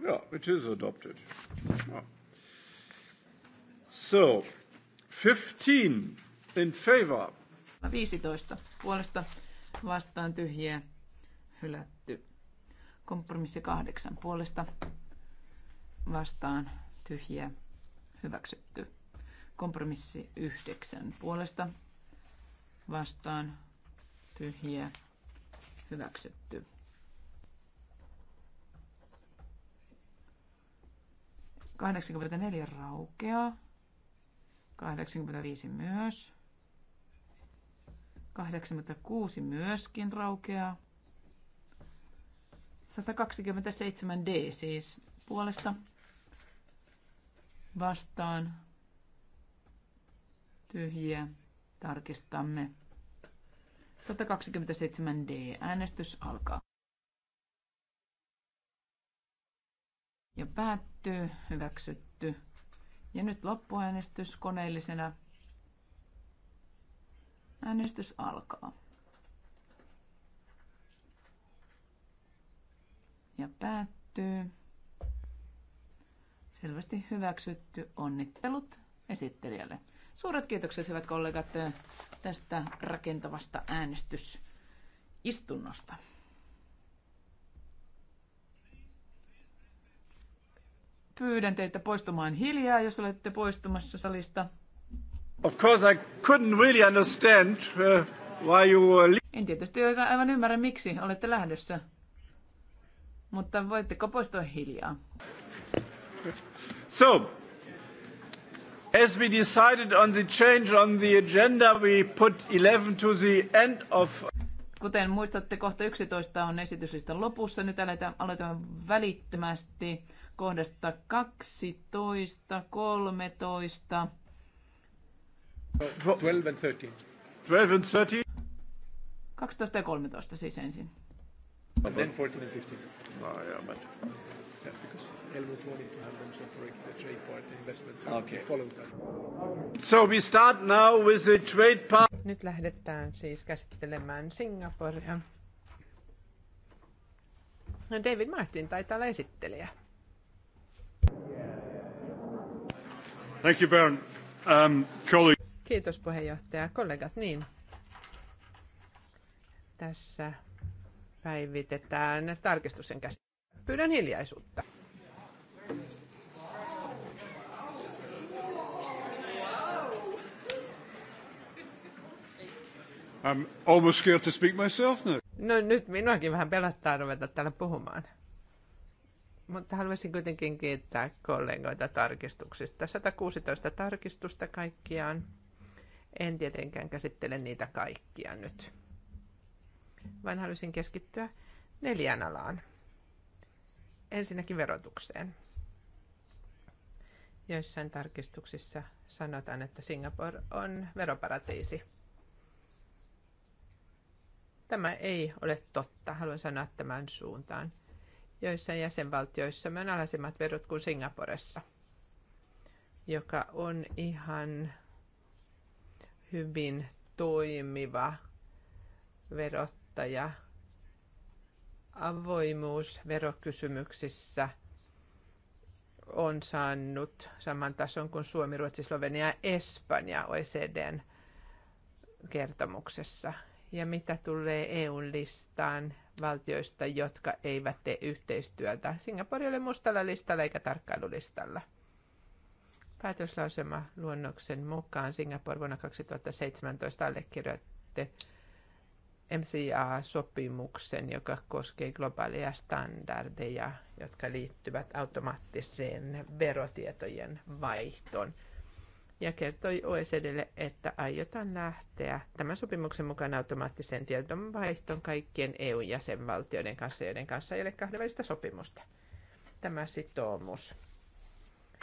yeah, it is adopted. Yeah. So, 15 in favor. 15 puolesta vastaan tyhjiä hylätty. Kompromissi 8 puolesta vastaan tyhjiä hyväksytty. Kompromissi yhdeksän puolesta vastaan tyhjiä hyväksytty. Kahdeksankymmentäneljä raukeaa. 85 myös. 86 myöskin raukeaa. 127D siis puolesta vastaan tyhjiä. Tarkistamme. 127D. Äänestys alkaa. Ja päättyy. Hyväksytty. Ja nyt loppuäänestys koneellisena. Äänestys alkaa. Ja päättyy. Selvästi hyväksytty. Onnittelut esittelijälle. Suuret kiitokset, hyvät kollegat, tästä rakentavasta äänestysistunnosta. Pyydän teitä poistumaan hiljaa, jos olette poistumassa salista. Of course I couldn't really understand uh, why you were... En tietysti aivan ymmärrä, miksi olette lähdössä. Mutta voitteko poistua hiljaa? So, As we decided on the change on the agenda, we put 11 to the end of... Kuten muistatte, kohta 11 on esityslistan lopussa. Nyt aletaan, aloitamme välittömästi kohdasta 12, 13. 12 and 13. 12 and 13. 12 ja 13 siis ensin. And then 14 and 15. No, yeah, but because Helmut wanted to have them separate the trade part and investment, so okay. we follow that. So we start now with the trade part. Nyt lähdetään siis käsittelemään Singaporea. No David Martin taitaa olla esittelijä. Thank you, Baron. Um, colleague. Kiitos puheenjohtaja. Kollegat, niin. Tässä päivitetään tarkistuksen käsittely. Pyydän hiljaisuutta. I'm almost scared to speak myself now. No nyt minuakin vähän pelottaa ruveta täällä puhumaan. Mutta haluaisin kuitenkin kiittää kollegoita tarkistuksista. 116 tarkistusta kaikkiaan. En tietenkään käsittele niitä kaikkia nyt, vaan haluaisin keskittyä neljään alaan. Ensinnäkin verotukseen. Joissain tarkistuksissa sanotaan, että Singapore on veroparatiisi – Tämä ei ole totta, haluan sanoa tämän suuntaan. Joissain jäsenvaltioissa on alhaisemmat verot kuin Singaporessa, joka on ihan hyvin toimiva verottaja. Avoimuus verokysymyksissä on saanut saman tason kuin Suomi, Ruotsi, Slovenia ja Espanja OECDn kertomuksessa. Ja mitä tulee EU-listaan valtioista, jotka eivät tee yhteistyötä? Singapore oli mustalla listalla eikä tarkkailulistalla. Päätöslausema luonnoksen mukaan Singapore vuonna 2017 allekirjoitti MCA-sopimuksen, joka koskee globaaleja standardeja, jotka liittyvät automaattiseen verotietojen vaihtoon – ja kertoi OECDlle, että aiotaan lähteä tämän sopimuksen mukaan automaattiseen tiedonvaihtoon kaikkien EU-jäsenvaltioiden kanssa, joiden kanssa ei ole kahdenvälistä sopimusta. Tämä sitoumus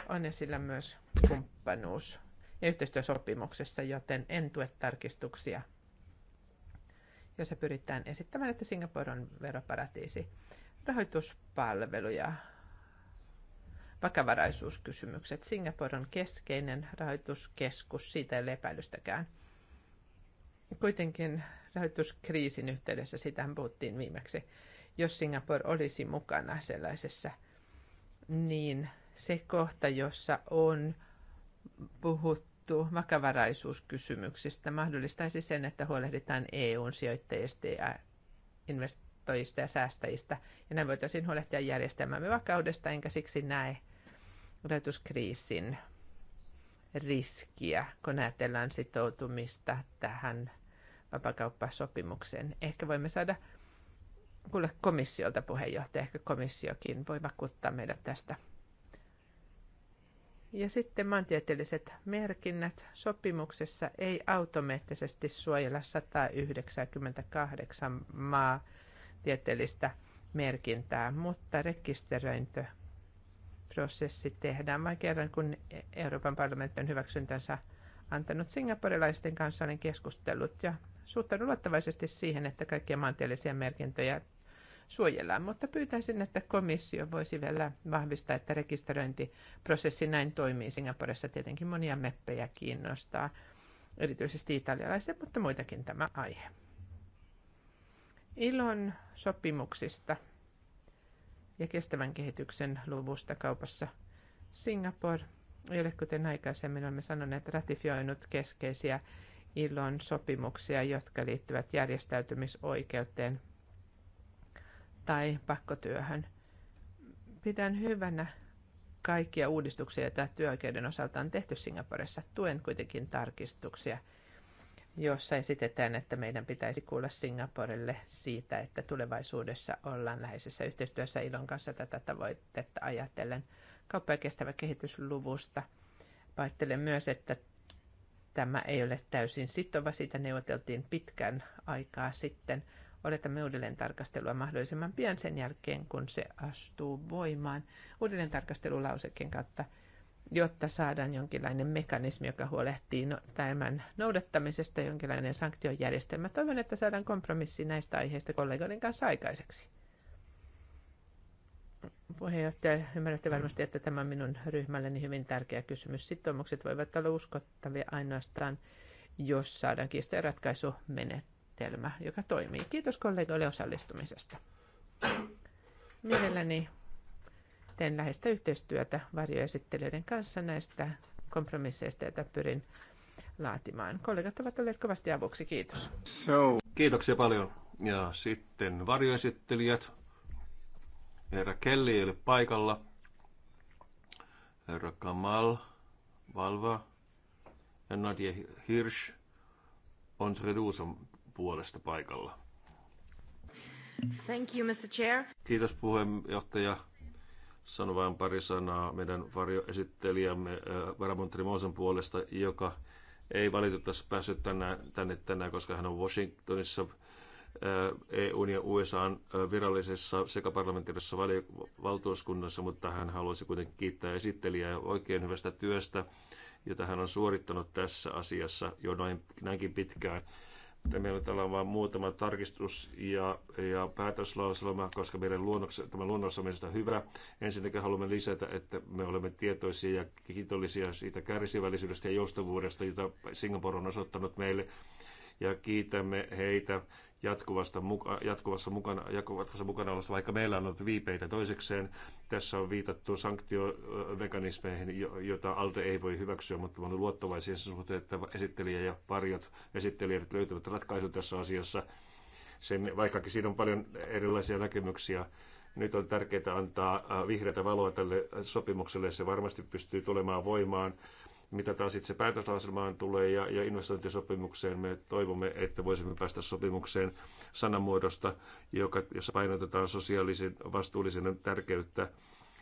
on esillä myös kumppanuus- ja yhteistyösopimuksessa, joten en tue tarkistuksia, jossa pyritään esittämään, että Singapore on veroparatiisi. Rahoituspalveluja vakavaraisuuskysymykset. Singapore on keskeinen rahoituskeskus, siitä ei ole epäilystäkään. Kuitenkin rahoituskriisin yhteydessä, sitähän puhuttiin viimeksi, jos Singapore olisi mukana sellaisessa, niin se kohta, jossa on puhuttu vakavaraisuuskysymyksistä, mahdollistaisi sen, että huolehditaan EUn sijoittajista ja investoijista ja säästäjistä, ja näin voitaisiin huolehtia järjestelmämme vakaudesta, enkä siksi näe rahoituskriisin riskiä, kun ajatellaan sitoutumista tähän vapakauppasopimukseen. Ehkä voimme saada kuule komissiolta puheenjohtaja, ehkä komissiokin voi vakuuttaa meidät tästä. Ja sitten maantieteelliset merkinnät. Sopimuksessa ei automaattisesti suojella 198 tieteellistä merkintää, mutta rekisteröintö prosessi tehdään Mä kerran, kun Euroopan parlamentti on hyväksyntänsä antanut singaporelaisten kanssa olen keskustellut ja suhtaudun luottavaisesti siihen, että kaikkia maantieteellisiä merkintöjä suojellaan, mutta pyytäisin, että komissio voisi vielä vahvistaa, että rekisteröintiprosessi näin toimii. Singaporessa tietenkin monia meppejä kiinnostaa, erityisesti italialaisia, mutta muitakin tämä aihe. Ilon sopimuksista – ja kestävän kehityksen luvusta kaupassa. Singapore ei ole, kuten aikaisemmin olemme sanoneet, ratifioinut keskeisiä ilon sopimuksia, jotka liittyvät järjestäytymisoikeuteen tai pakkotyöhön. Pidän hyvänä kaikkia uudistuksia, joita työoikeuden osalta on tehty Singaporessa. Tuen kuitenkin tarkistuksia – jossa esitetään, että meidän pitäisi kuulla Singaporelle siitä, että tulevaisuudessa ollaan läheisessä yhteistyössä ilon kanssa tätä tavoitetta ajatellen. Kauppa- ja kestävä kehitysluvusta. Paittelen myös, että tämä ei ole täysin sitova. Siitä neuvoteltiin pitkän aikaa sitten. Oletamme uudelleen tarkastelua mahdollisimman pian sen jälkeen, kun se astuu voimaan. Uudelleen tarkastelulausekkeen kautta jotta saadaan jonkinlainen mekanismi, joka huolehtii no, tämän noudattamisesta, jonkinlainen sanktiojärjestelmä. Toivon, että saadaan kompromissi näistä aiheista kollegoiden kanssa aikaiseksi. Puheenjohtaja, ymmärrätte varmasti, että tämä on minun ryhmälleni hyvin tärkeä kysymys. Sitoumukset voivat olla uskottavia ainoastaan, jos saadaan kiisteen ratkaisumenetelmä, joka toimii. Kiitos kollegoille osallistumisesta. Mielelläni teen läheistä yhteistyötä varjoesittelijöiden kanssa näistä kompromisseista, joita pyrin laatimaan. Kollegat ovat olleet kovasti avuksi, kiitos. So. Kiitoksia paljon. Ja sitten varjoesittelijät. Herra Kelly ei ole paikalla. Herra Kamal, Valva ja Nadia Hirsch on Tredusan puolesta paikalla. Thank you, Mr. Chair. Kiitos puheenjohtaja sanon vain pari sanaa meidän varjoesittelijämme äh, varamontri Moosen puolesta, joka ei valitettavasti päässyt tänään, tänne tänään, koska hän on Washingtonissa äh, EUn ja USAn äh, virallisessa sekä parlamentaarisessa valtuuskunnassa, mutta hän haluaisi kuitenkin kiittää esittelijää oikein hyvästä työstä, jota hän on suorittanut tässä asiassa jo noin, näinkin pitkään että meillä täällä on vain muutama tarkistus ja, ja päätöslauselma, koska meidän luonnoks, tämä luonnos on mielestäni hyvä. Ensinnäkin haluamme lisätä, että me olemme tietoisia ja kiitollisia siitä kärsivällisyydestä ja joustavuudesta, jota Singapore on osoittanut meille. Ja kiitämme heitä jatkuvasta muka, jatkuvassa mukana, jatkuvassa mukana olossa, vaikka meillä on ollut viipeitä. Toisekseen tässä on viitattu sanktiomekanismeihin, joita ALDE ei voi hyväksyä, mutta on luottavaisia sen suhteen, että esittelijä ja varjot esittelijät löytävät ratkaisun tässä asiassa. Sen, vaikkakin siinä on paljon erilaisia näkemyksiä, nyt on tärkeää antaa äh, vihreätä valoa tälle sopimukselle. Se varmasti pystyy tulemaan voimaan mitä taas itse päätöslauselmaan tulee ja, ja investointisopimukseen, me toivomme, että voisimme päästä sopimukseen sanamuodosta, joka, jossa painotetaan sosiaalisen vastuullisen tärkeyttä,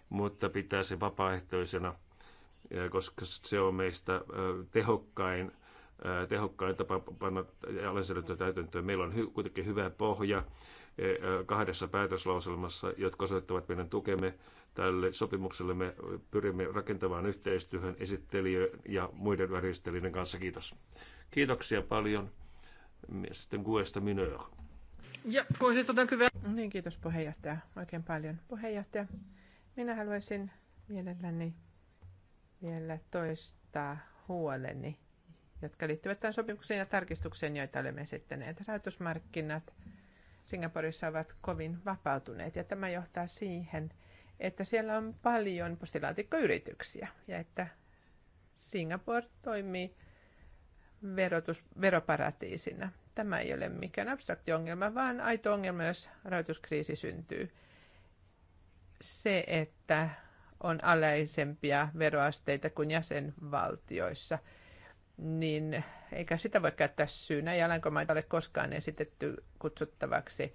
mutta pitää se vapaaehtoisena, koska se on meistä tehokkain tehokkain tapa panna lainsäädäntöä täytäntöön. Meillä on hy- kuitenkin hyvä pohja e, kahdessa päätöslauselmassa, jotka osoittavat meidän tukemme tälle sopimukselle. Me pyrimme rakentavaan yhteistyöhön esittelijöiden ja muiden järjestelijöiden kanssa. Kiitos. Kiitoksia paljon. Sitten Guesta Mineur. Ja, no niin, kiitos puheenjohtaja oikein paljon. Puheenjohtaja, minä haluaisin mielelläni vielä toistaa huoleni, jotka liittyvät tämän sopimukseen ja tarkistukseen, joita olemme esittäneet. Rahoitusmarkkinat Singaporessa ovat kovin vapautuneet ja tämä johtaa siihen, että siellä on paljon postilaatikkoyrityksiä ja että Singapore toimii verotus, veroparatiisina. Tämä ei ole mikään abstrakti ongelma, vaan aito ongelma, jos rahoituskriisi syntyy. Se, että on alaisempia veroasteita kuin jäsenvaltioissa, niin eikä sitä voi käyttää syynä. Ja Alankomaita ole koskaan esitetty kutsuttavaksi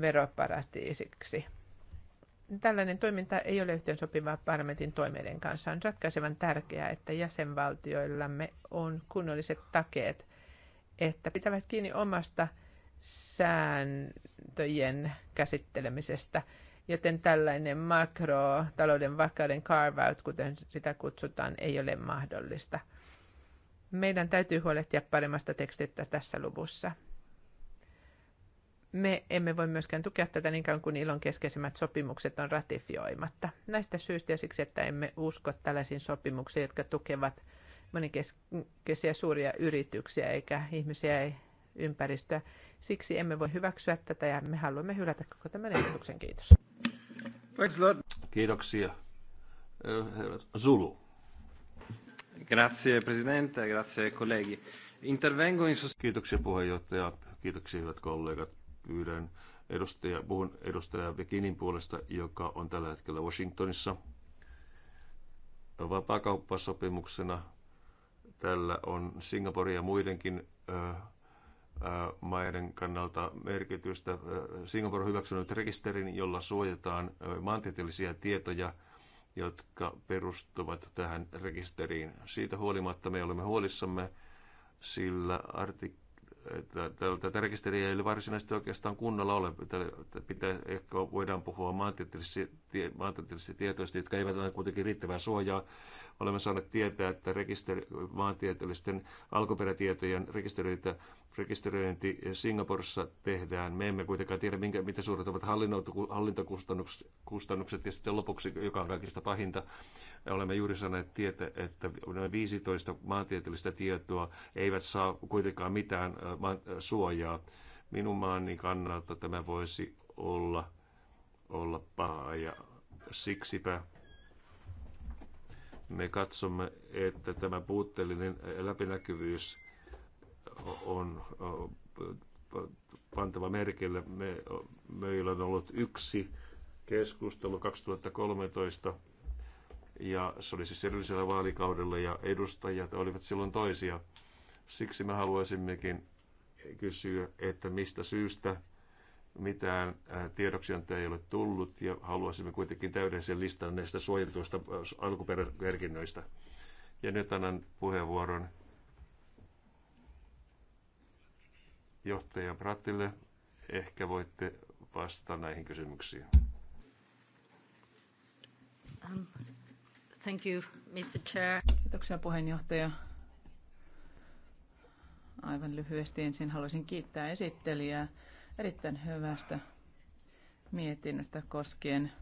veroparatiisiksi tällainen toiminta ei ole yhteensopivaa parlamentin toimeiden kanssa. On ratkaisevan tärkeää, että jäsenvaltioillamme on kunnolliset takeet, että pitävät kiinni omasta sääntöjen käsittelemisestä, joten tällainen makrotalouden vakauden carve-out, kuten sitä kutsutaan, ei ole mahdollista. Meidän täytyy huolehtia paremmasta tekstistä tässä luvussa. Me emme voi myöskään tukea tätä niin kauan kuin ilon keskeisimmät sopimukset on ratifioimatta. Näistä syistä ja siksi, että emme usko tällaisiin sopimuksiin, jotka tukevat monikeskeisiä suuria yrityksiä eikä ihmisiä ei ympäristöä. Siksi emme voi hyväksyä tätä ja me haluamme hylätä koko tämän ehdotuksen. Kiitos. Kiitoksia. Äh, Zulu. Grazie presidente, grazie colleghi. Intervengo in Kiitoksia puheenjohtaja, kiitoksia hyvät kollegat pyydän edustaja, puhun edustaja Vekinin puolesta, joka on tällä hetkellä Washingtonissa vapaakauppasopimuksena. Tällä on Singapore ja muidenkin ö, maiden kannalta merkitystä. Singapore on hyväksynyt rekisterin, jolla suojataan maantieteellisiä tietoja, jotka perustuvat tähän rekisteriin. Siitä huolimatta me olemme huolissamme, sillä artik- Tätä rekisteriä ei ole varsinaisesti oikeastaan kunnolla ole. Pitää, ehkä voidaan puhua maantieteellisistä tietoista, jotka eivät ole kuitenkin riittävää suojaa. Olemme saaneet tietää, että rekisteri, maantieteellisten alkuperätietojen rekisteröitä rekisteröinti Singaporessa tehdään. Me emme kuitenkaan tiedä, minkä, mitä suuret ovat hallintokustannukset. Ja sitten lopuksi, joka on kaikista pahinta, olemme juuri saaneet tietää, että noin 15 maantieteellistä tietoa eivät saa kuitenkaan mitään suojaa. Minun maani kannalta tämä voisi olla, olla paha ja siksipä me katsomme, että tämä puutteellinen läpinäkyvyys – on pantava merkille. Me, meillä on ollut yksi keskustelu 2013 ja se oli siis edellisellä vaalikaudella ja edustajat olivat silloin toisia. Siksi me haluaisimmekin kysyä, että mistä syystä mitään tiedoksiantoja ei ole tullut ja haluaisimme kuitenkin täydellisen listan näistä suojeltuista alkuperämerkinnöistä. Ja nyt annan puheenvuoron johtaja Bratille. Ehkä voitte vastata näihin kysymyksiin. Um, thank you, Mr. Chair. Kiitoksia puheenjohtaja. Aivan lyhyesti ensin haluaisin kiittää esittelijää erittäin hyvästä mietinnöstä koskien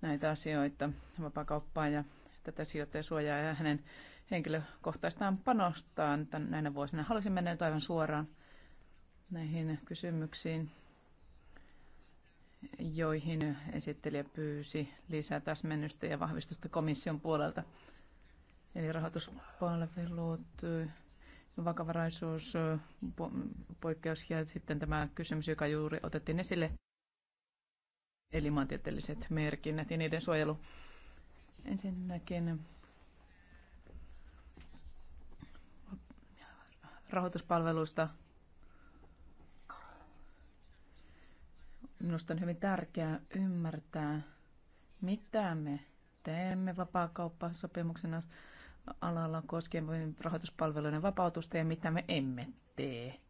näitä asioita, vapakauppaa ja tätä sijoittajasuojaa ja hänen henkilökohtaistaan panostaan näinä vuosina. Haluaisin mennä nyt aivan suoraan näihin kysymyksiin, joihin esittelijä pyysi lisää täsmennystä ja vahvistusta komission puolelta. Eli rahoituspalvelut, vakavaraisuus, poikkeus ja sitten tämä kysymys, joka juuri otettiin esille, eli maantieteelliset merkinnät ja niiden suojelu. Ensinnäkin rahoituspalveluista Minusta on hyvin tärkeää ymmärtää, mitä me teemme vapaakauppasopimuksen alalla koskien rahoituspalveluiden vapautusta ja mitä me emme tee.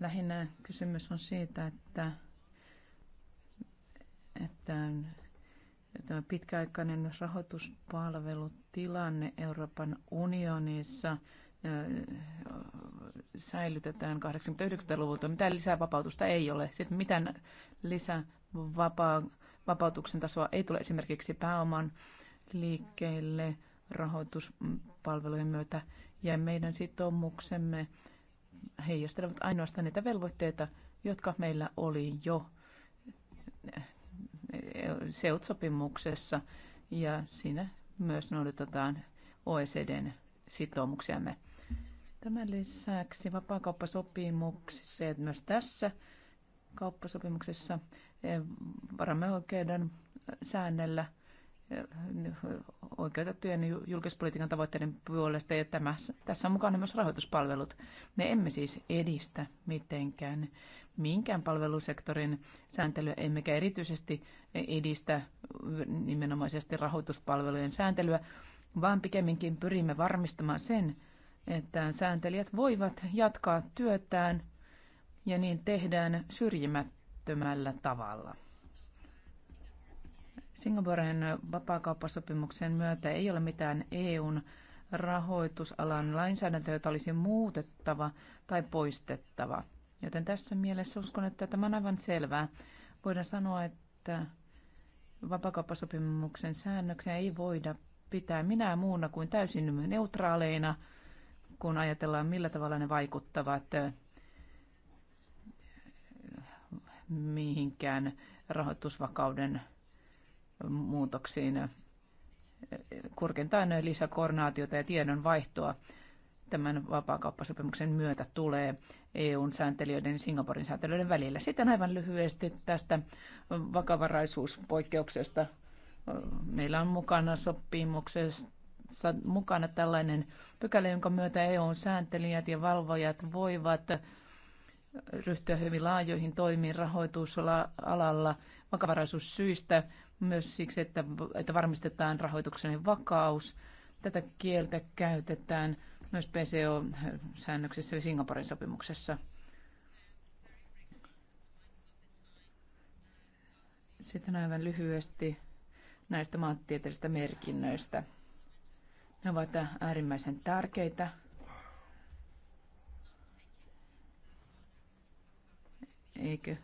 Lähinnä kysymys on siitä, että, että tämä pitkäaikainen rahoituspalvelutilanne Euroopan unionissa – säilytetään 89-luvulta. Mitään vapautusta ei ole. Sitten mitään lisävapautuksen tasoa ei tule esimerkiksi pääoman liikkeelle rahoituspalvelujen myötä. Ja meidän sitoumuksemme heijastelevat ainoastaan niitä velvoitteita, jotka meillä oli jo seutsopimuksessa ja siinä myös noudatetaan OECDn sitoumuksiamme. Tämän lisäksi vapaakauppasopimuksissa ja myös tässä kauppasopimuksessa eh, varamme oikeuden eh, säännellä eh, oikeutettujen julkispolitiikan tavoitteiden puolesta, ja tämä, tässä on mukana myös rahoituspalvelut. Me emme siis edistä mitenkään minkään palvelusektorin sääntelyä, emmekä erityisesti edistä nimenomaisesti rahoituspalvelujen sääntelyä, vaan pikemminkin pyrimme varmistamaan sen, että sääntelijät voivat jatkaa työtään ja niin tehdään syrjimättömällä tavalla. Singaporen vapaakauppasopimuksen myötä ei ole mitään EUn rahoitusalan lainsäädäntöä, jota olisi muutettava tai poistettava. Joten tässä mielessä uskon, että tämä on aivan selvää. Voidaan sanoa, että vapaakauppasopimuksen säännöksiä ei voida pitää minä muuna kuin täysin neutraaleina – kun ajatellaan, millä tavalla ne vaikuttavat mihinkään rahoitusvakauden muutoksiin. lisää lisäkoordinaatiota ja tiedon vaihtoa tämän vapaakauppasopimuksen myötä tulee EUn sääntelijöiden ja Singaporen sääntelijöiden välillä. Sitten aivan lyhyesti tästä vakavaraisuuspoikkeuksesta. Meillä on mukana sopimuksessa mukana tällainen pykälä, jonka myötä eu sääntelijät ja valvojat voivat ryhtyä hyvin laajoihin toimiin rahoitusalalla vakavaraisuussyistä, myös siksi, että, että varmistetaan rahoituksen vakaus. Tätä kieltä käytetään myös PCO-säännöksissä ja Singaporen sopimuksessa. Sitten aivan lyhyesti näistä maantieteellisistä merkinnöistä. Ne ovat äärimmäisen tärkeitä. Eikö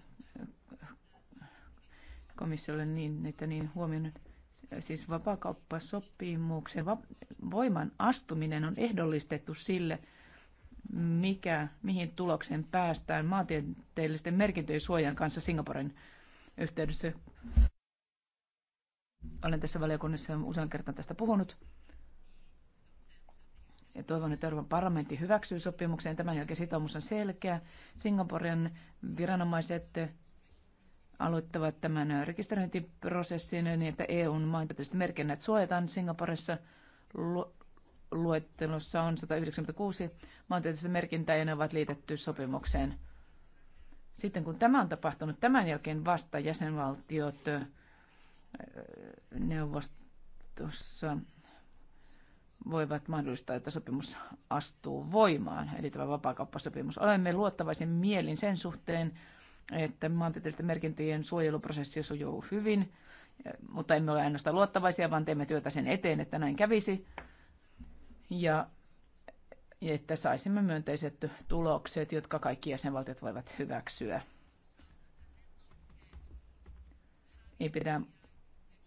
komissiolle niin, että niin huomioon, siis vapakauppasopimuksen voiman astuminen on ehdollistettu sille, mikä, mihin tulokseen päästään maantieteellisten merkintöjen suojan kanssa Singaporen yhteydessä. Olen tässä valiokunnassa usean kertaan tästä puhunut ja toivon, että Euroopan parlamentti hyväksyy sopimuksen. Tämän jälkeen sitoumus on selkeä. Singaporen viranomaiset aloittavat tämän rekisteröintiprosessin niin, että EUn maantieteelliset merkinnät suojataan Singaporessa. Luettelossa on 196 maantieteellistä merkintää ja ne ovat liitetty sopimukseen. Sitten kun tämä on tapahtunut, tämän jälkeen vasta jäsenvaltiot äh, neuvostossa voivat mahdollistaa, että sopimus astuu voimaan, eli tämä vapaakauppasopimus. Olemme luottavaisen mielin sen suhteen, että maantieteellisten merkintöjen suojeluprosessi sujuu hyvin, mutta emme ole ainoastaan luottavaisia, vaan teemme työtä sen eteen, että näin kävisi. Ja että saisimme myönteiset tulokset, jotka kaikki jäsenvaltiot voivat hyväksyä. Ei pidä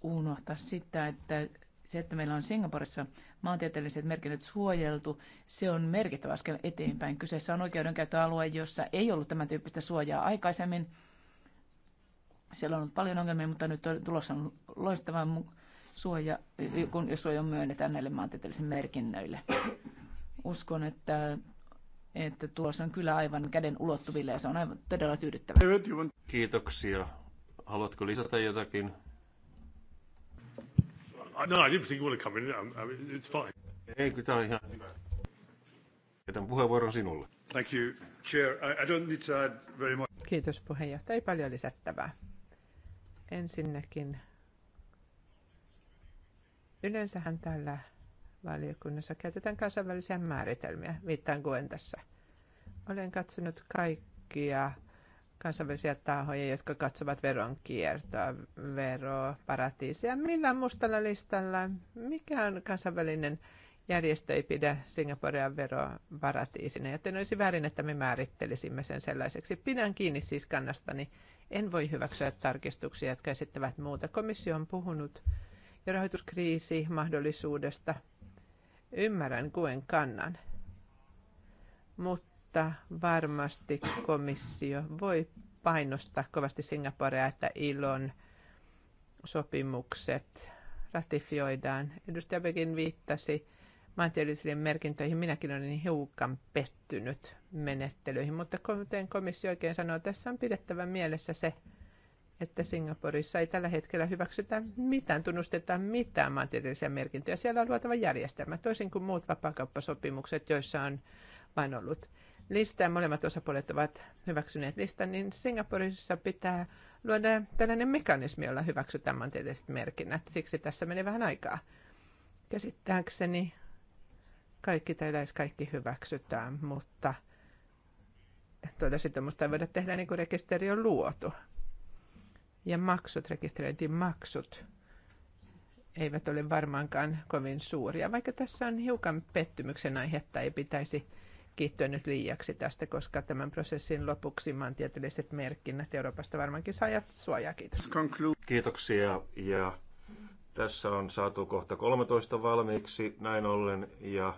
unohtaa sitä, että se, että meillä on Singaporessa maantieteelliset merkinnät suojeltu, se on merkittävä askel eteenpäin. Kyseessä on oikeudenkäyttöalue, jossa ei ollut tämän tyyppistä suojaa aikaisemmin. Siellä on ollut paljon ongelmia, mutta nyt tulossa on loistava suoja, kun jos suoja myönnetään näille maantieteellisille merkinnöille. Uskon, että että tuossa on kyllä aivan käden ulottuville ja se on aivan todella tyydyttävää. Kiitoksia. Haluatko lisätä jotakin? No, I didn't think you want to come in. Um, I mean, it's fine. Ei, kyllä tämä on ihan hyvä. Jätän puheenvuoron sinulle. Thank you, Chair. I, I don't need to add very much. Kiitos puheenjohtaja. Ei paljon lisättävää. Ensinnäkin yleensähän täällä valiokunnassa käytetään kansainvälisiä määritelmiä, viittaan Guentassa. Olen katsonut kaikkia kansainvälisiä tahoja, jotka katsovat veronkiertoa, veroparatiisia. Millä mustalla listalla, mikä on kansainvälinen järjestö ei pidä Singaporea veroparatiisina, joten olisi väärin, että me määrittelisimme sen sellaiseksi. Pidän kiinni siis kannastani. En voi hyväksyä tarkistuksia, jotka esittävät muuta. Komissio on puhunut jo rahoituskriisi mahdollisuudesta. Ymmärrän kuen kannan, mutta mutta varmasti komissio voi painostaa kovasti Singaporea, että ilon sopimukset ratifioidaan. Edustaja Begin viittasi maantieteellisiin merkintöihin. Minäkin olin hiukan pettynyt menettelyihin, mutta kuten komissio oikein sanoo, tässä on pidettävä mielessä se, että Singaporissa ei tällä hetkellä hyväksytä mitään, tunnusteta mitään maantieteellisiä merkintöjä. Siellä on luotava järjestelmä, toisin kuin muut vapaakauppasopimukset, joissa on vain ollut lista molemmat osapuolet ovat hyväksyneet listan, niin Singaporessa pitää luoda tällainen mekanismi, jolla hyväksytään maantieteelliset merkinnät. Siksi tässä meni vähän aikaa. Käsittääkseni kaikki tai yleis kaikki hyväksytään, mutta tuota sitoumusta ei voida tehdä niin kuin rekisteri on luotu. Ja maksut, rekisteröintimaksut maksut eivät ole varmaankaan kovin suuria, vaikka tässä on hiukan pettymyksen aihetta, ei pitäisi kiihtynyt liiaksi tästä, koska tämän prosessin lopuksi maantieteelliset merkinnät Euroopasta varmaankin saajat suojaa. Kiitos. Kiitoksia ja tässä on saatu kohta 13 valmiiksi näin ollen ja,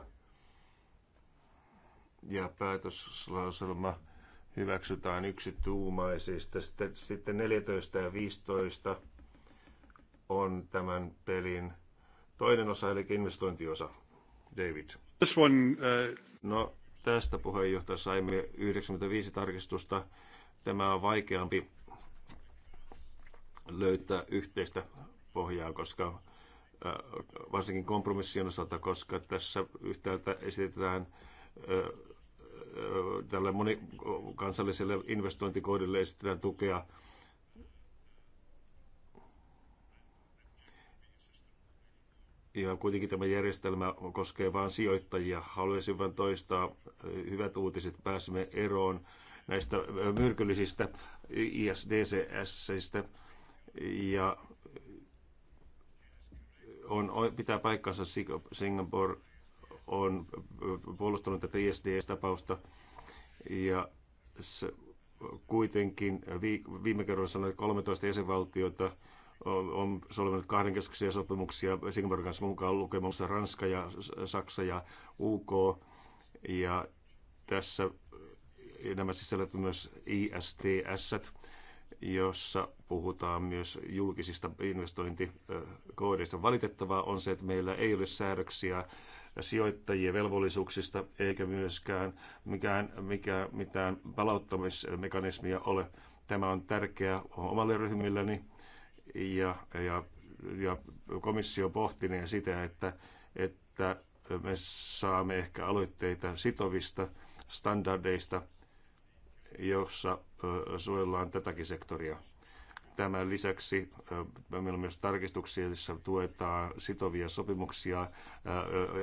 ja päätöslauselma hyväksytään yksituumaisista. Sitten, sitten 14 ja 15 on tämän pelin toinen osa, eli investointiosa. David. This one, uh... No, Tästä puheenjohtaja saimme 95 tarkistusta. Tämä on vaikeampi löytää yhteistä pohjaa, koska varsinkin kompromissien osalta, koska tässä yhtäältä esitetään tälle monikansalliselle investointikoodille esitetään tukea ja kuitenkin tämä järjestelmä koskee vain sijoittajia. Haluaisin vain toistaa eh, hyvät uutiset, pääsemme eroon näistä eh, myrkyllisistä ISDCSistä ja eh, on, pitää paikkansa Singapore on puolustanut tätä ISDS-tapausta ja se kuitenkin viime kerralla sanoi 13 jäsenvaltiota on solminut kahdenkeskisiä sopimuksia Singaporen kanssa mukaan lukemassa Ranska ja Saksa ja UK. Ja tässä nämä sisällöt myös ISTS, jossa puhutaan myös julkisista investointikoodeista. Valitettavaa on se, että meillä ei ole säädöksiä sijoittajien velvollisuuksista eikä myöskään mikään, mikään, mitään palauttamismekanismia ole. Tämä on tärkeää omalle ryhmilleni ja, ja, ja komissio pohtineen sitä, että, että me saamme ehkä aloitteita sitovista standardeista, jossa suojellaan tätäkin sektoria. Tämän lisäksi meillä on myös tarkistuksia, joissa tuetaan sitovia sopimuksia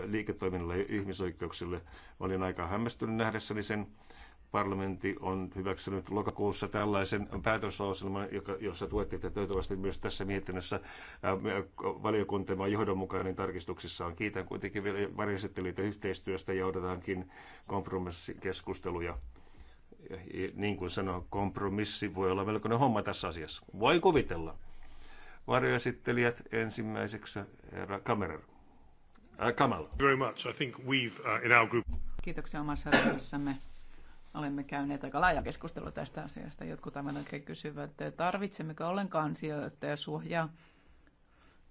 liiketoiminnalle ja ihmisoikeuksille. Olin aika hämmästynyt nähdessäni sen, parlamentti on hyväksynyt lokakuussa tällaisen päätöslauselman, joka, jossa tuettiin että toivottavasti myös tässä mietinnössä valiokuntema johdonmukainen tarkistuksissaan. Kiitän kuitenkin vielä varjoesittelijöitä yhteistyöstä ja odotankin kompromissikeskusteluja. Ja, niin kuin sanoin, kompromissi voi olla melkoinen homma tässä asiassa. Voi kuvitella. Varjoesittelijät ensimmäiseksi, herra Kamerer. Äh, Kamal. Very much. I think we've, uh, in our group... Kiitoksia omassa ryhmässämme Olemme käyneet aika laaja keskustelu tästä asiasta. Jotkut aivan oikein kysyvät, että tarvitsemmeko ollenkaan sijoittajasuojaa.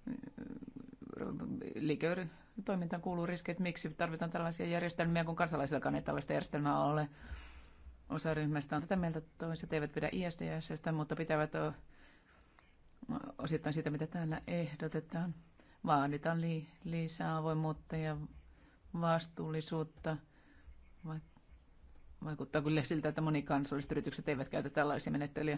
Mm, Liiketoimintaan kuuluu riski, että miksi tarvitaan tällaisia järjestelmiä, kun kansalaisillakaan ei tällaista järjestelmää ole. Osa ryhmästä on tätä mieltä, toiset eivät pidä ISDSstä, mutta pitävät osittain sitä, mitä täällä ehdotetaan. Vaaditaan li- lisää avoimuutta ja vastuullisuutta, vaikka Vaikuttaa kyllä siltä, että monikansalliset yritykset eivät käytä tällaisia menettelyjä.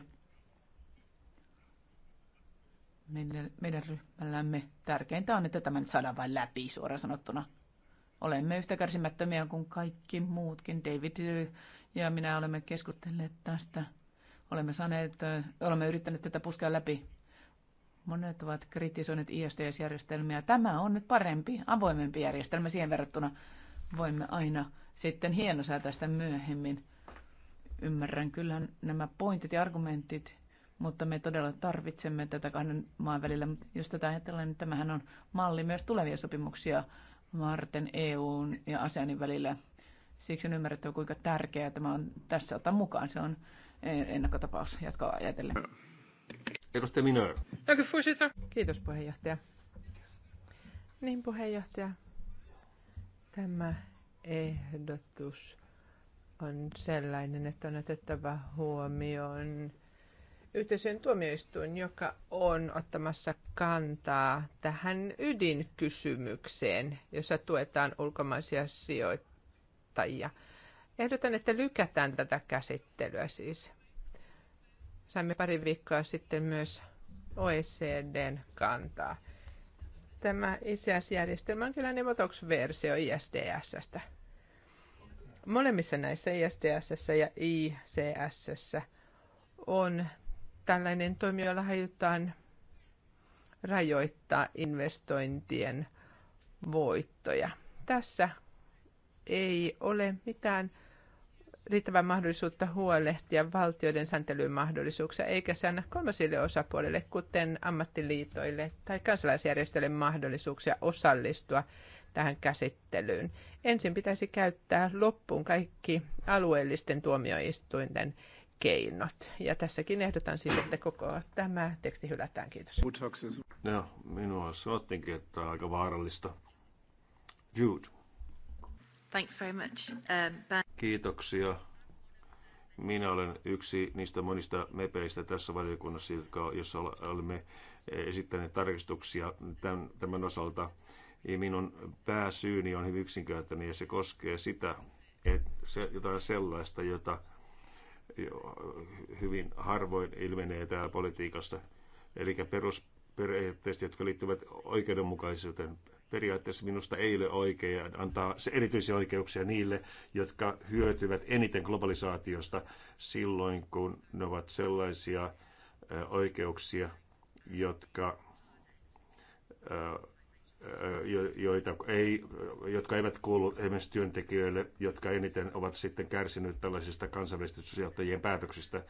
Meidän, meidän ryhmällämme tärkeintä on, että tämä nyt saadaan vain läpi suoraan sanottuna. Olemme yhtä kärsimättömiä kuin kaikki muutkin. David ja minä olemme keskustelleet tästä. Olemme, saaneet, olemme yrittäneet tätä puskea läpi. Monet ovat kritisoineet ISDS-järjestelmiä. Tämä on nyt parempi, avoimempi järjestelmä siihen verrattuna. Voimme aina sitten hienosäätäistä myöhemmin. Ymmärrän kyllä nämä pointit ja argumentit, mutta me todella tarvitsemme tätä kahden maan välillä. Jos tätä ajatellaan, niin tämähän on malli myös tulevia sopimuksia varten EUn ja ASEANin välillä. Siksi on ymmärrettävä, kuinka tärkeää tämä on tässä ottaa mukaan. Se on e, ennakkotapaus jatkoa ajatellen. Edustaja Minör. Kiitos puheenjohtaja. Niin puheenjohtaja. Tämä ehdotus on sellainen, että on otettava huomioon yhteisön tuomioistuin, joka on ottamassa kantaa tähän ydinkysymykseen, jossa tuetaan ulkomaisia sijoittajia. Ehdotan, että lykätään tätä käsittelyä siis. Saimme pari viikkoa sitten myös OECDn kantaa. Tämä ICS-järjestelmä on kyllä versio ISDSstä. Molemmissa näissä ISTS ja ICS on tällainen toimi, jolla halutaan rajoittaa investointien voittoja. Tässä ei ole mitään riittävää mahdollisuutta huolehtia valtioiden sääntelymahdollisuuksia, eikä anna kolmasille osapuolille, kuten ammattiliitoille tai kansalaisjärjestöille mahdollisuuksia osallistua tähän käsittelyyn. Ensin pitäisi käyttää loppuun kaikki alueellisten tuomioistuinten keinot. Ja tässäkin ehdotan siis, että koko tämä teksti hylätään. Kiitos. No, minua sanottiinkin, että on aika vaarallista. Jude. Thanks very much. Um, Kiitoksia. Minä olen yksi niistä monista mepeistä tässä valiokunnassa, jotka, jossa olemme esittäneet tarkistuksia tämän, tämän osalta minun pääsyyni on hyvin yksinkertainen ja se koskee sitä, että se, jotain sellaista, jota hyvin harvoin ilmenee täällä politiikasta. Eli perusperiaatteista, jotka liittyvät oikeudenmukaisuuteen. Periaatteessa minusta ei ole oikein antaa erityisiä oikeuksia niille, jotka hyötyvät eniten globalisaatiosta silloin, kun ne ovat sellaisia oikeuksia, jotka joita ei, jotka eivät kuulu esimerkiksi työntekijöille, jotka eniten ovat sitten kärsineet tällaisista kansainvälisten sijoittajien päätöksistä.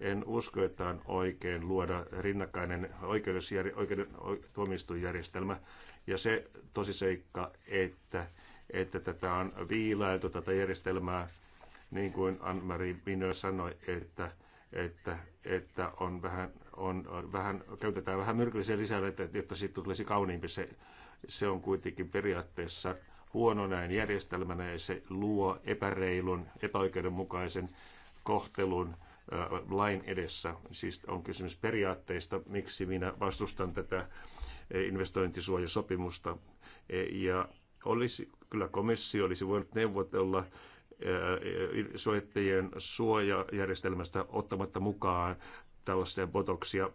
En usko, että on oikein luoda rinnakkainen oikeuden, oikeuden tuomioistuinjärjestelmä. Ja se tosiseikka, että, että tätä on viilailtu, tätä järjestelmää, niin kuin Anne-Marie Minö sanoi, että, että, että on vähän, on, vähän, käytetään vähän myrkyllisiä että jotta siitä tulisi kauniimpi se se on kuitenkin periaatteessa huono näin järjestelmänä ja se luo epäreilun, epäoikeudenmukaisen kohtelun lain edessä. Siis on kysymys periaatteista, miksi minä vastustan tätä e, investointisuojasopimusta. E, ja olisi, kyllä komissio olisi voinut neuvotella e, soittajien suojajärjestelmästä ottamatta mukaan tällaisia botoksia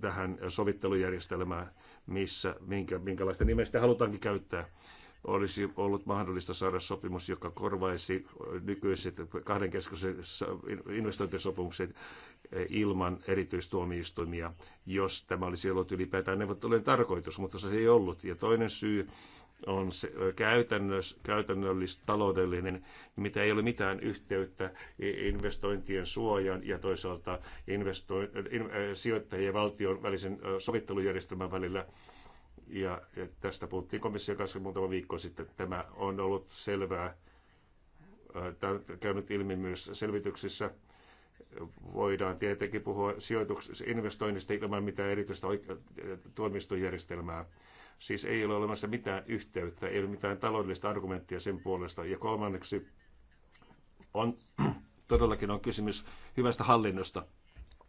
tähän sovittelujärjestelmään, missä, minkä, minkälaista nimeä sitä halutaankin käyttää. Olisi ollut mahdollista saada sopimus, joka korvaisi nykyiset kahdenkeskeiset investointisopimukset eh, ilman erityistuomioistuimia, jos tämä olisi ollut ylipäätään neuvottelujen tarkoitus, mutta se ei ollut. Ja toinen syy on se käytännöllis, taloudellinen, mitä ei ole mitään yhteyttä investointien suojan ja toisaalta in, sijoittajien ja valtion välisen sovittelujärjestelmän välillä. Ja, ja tästä puhuttiin komission kanssa muutama viikko sitten. Tämä on ollut selvää, tämä on käynyt ilmi myös selvityksissä voidaan tietenkin puhua sijoituksista, investoinnista ilman mitään erityistä tuomistojärjestelmää. Siis ei ole olemassa mitään yhteyttä, ei ole mitään taloudellista argumenttia sen puolesta. Ja kolmanneksi on, todellakin on kysymys hyvästä hallinnosta.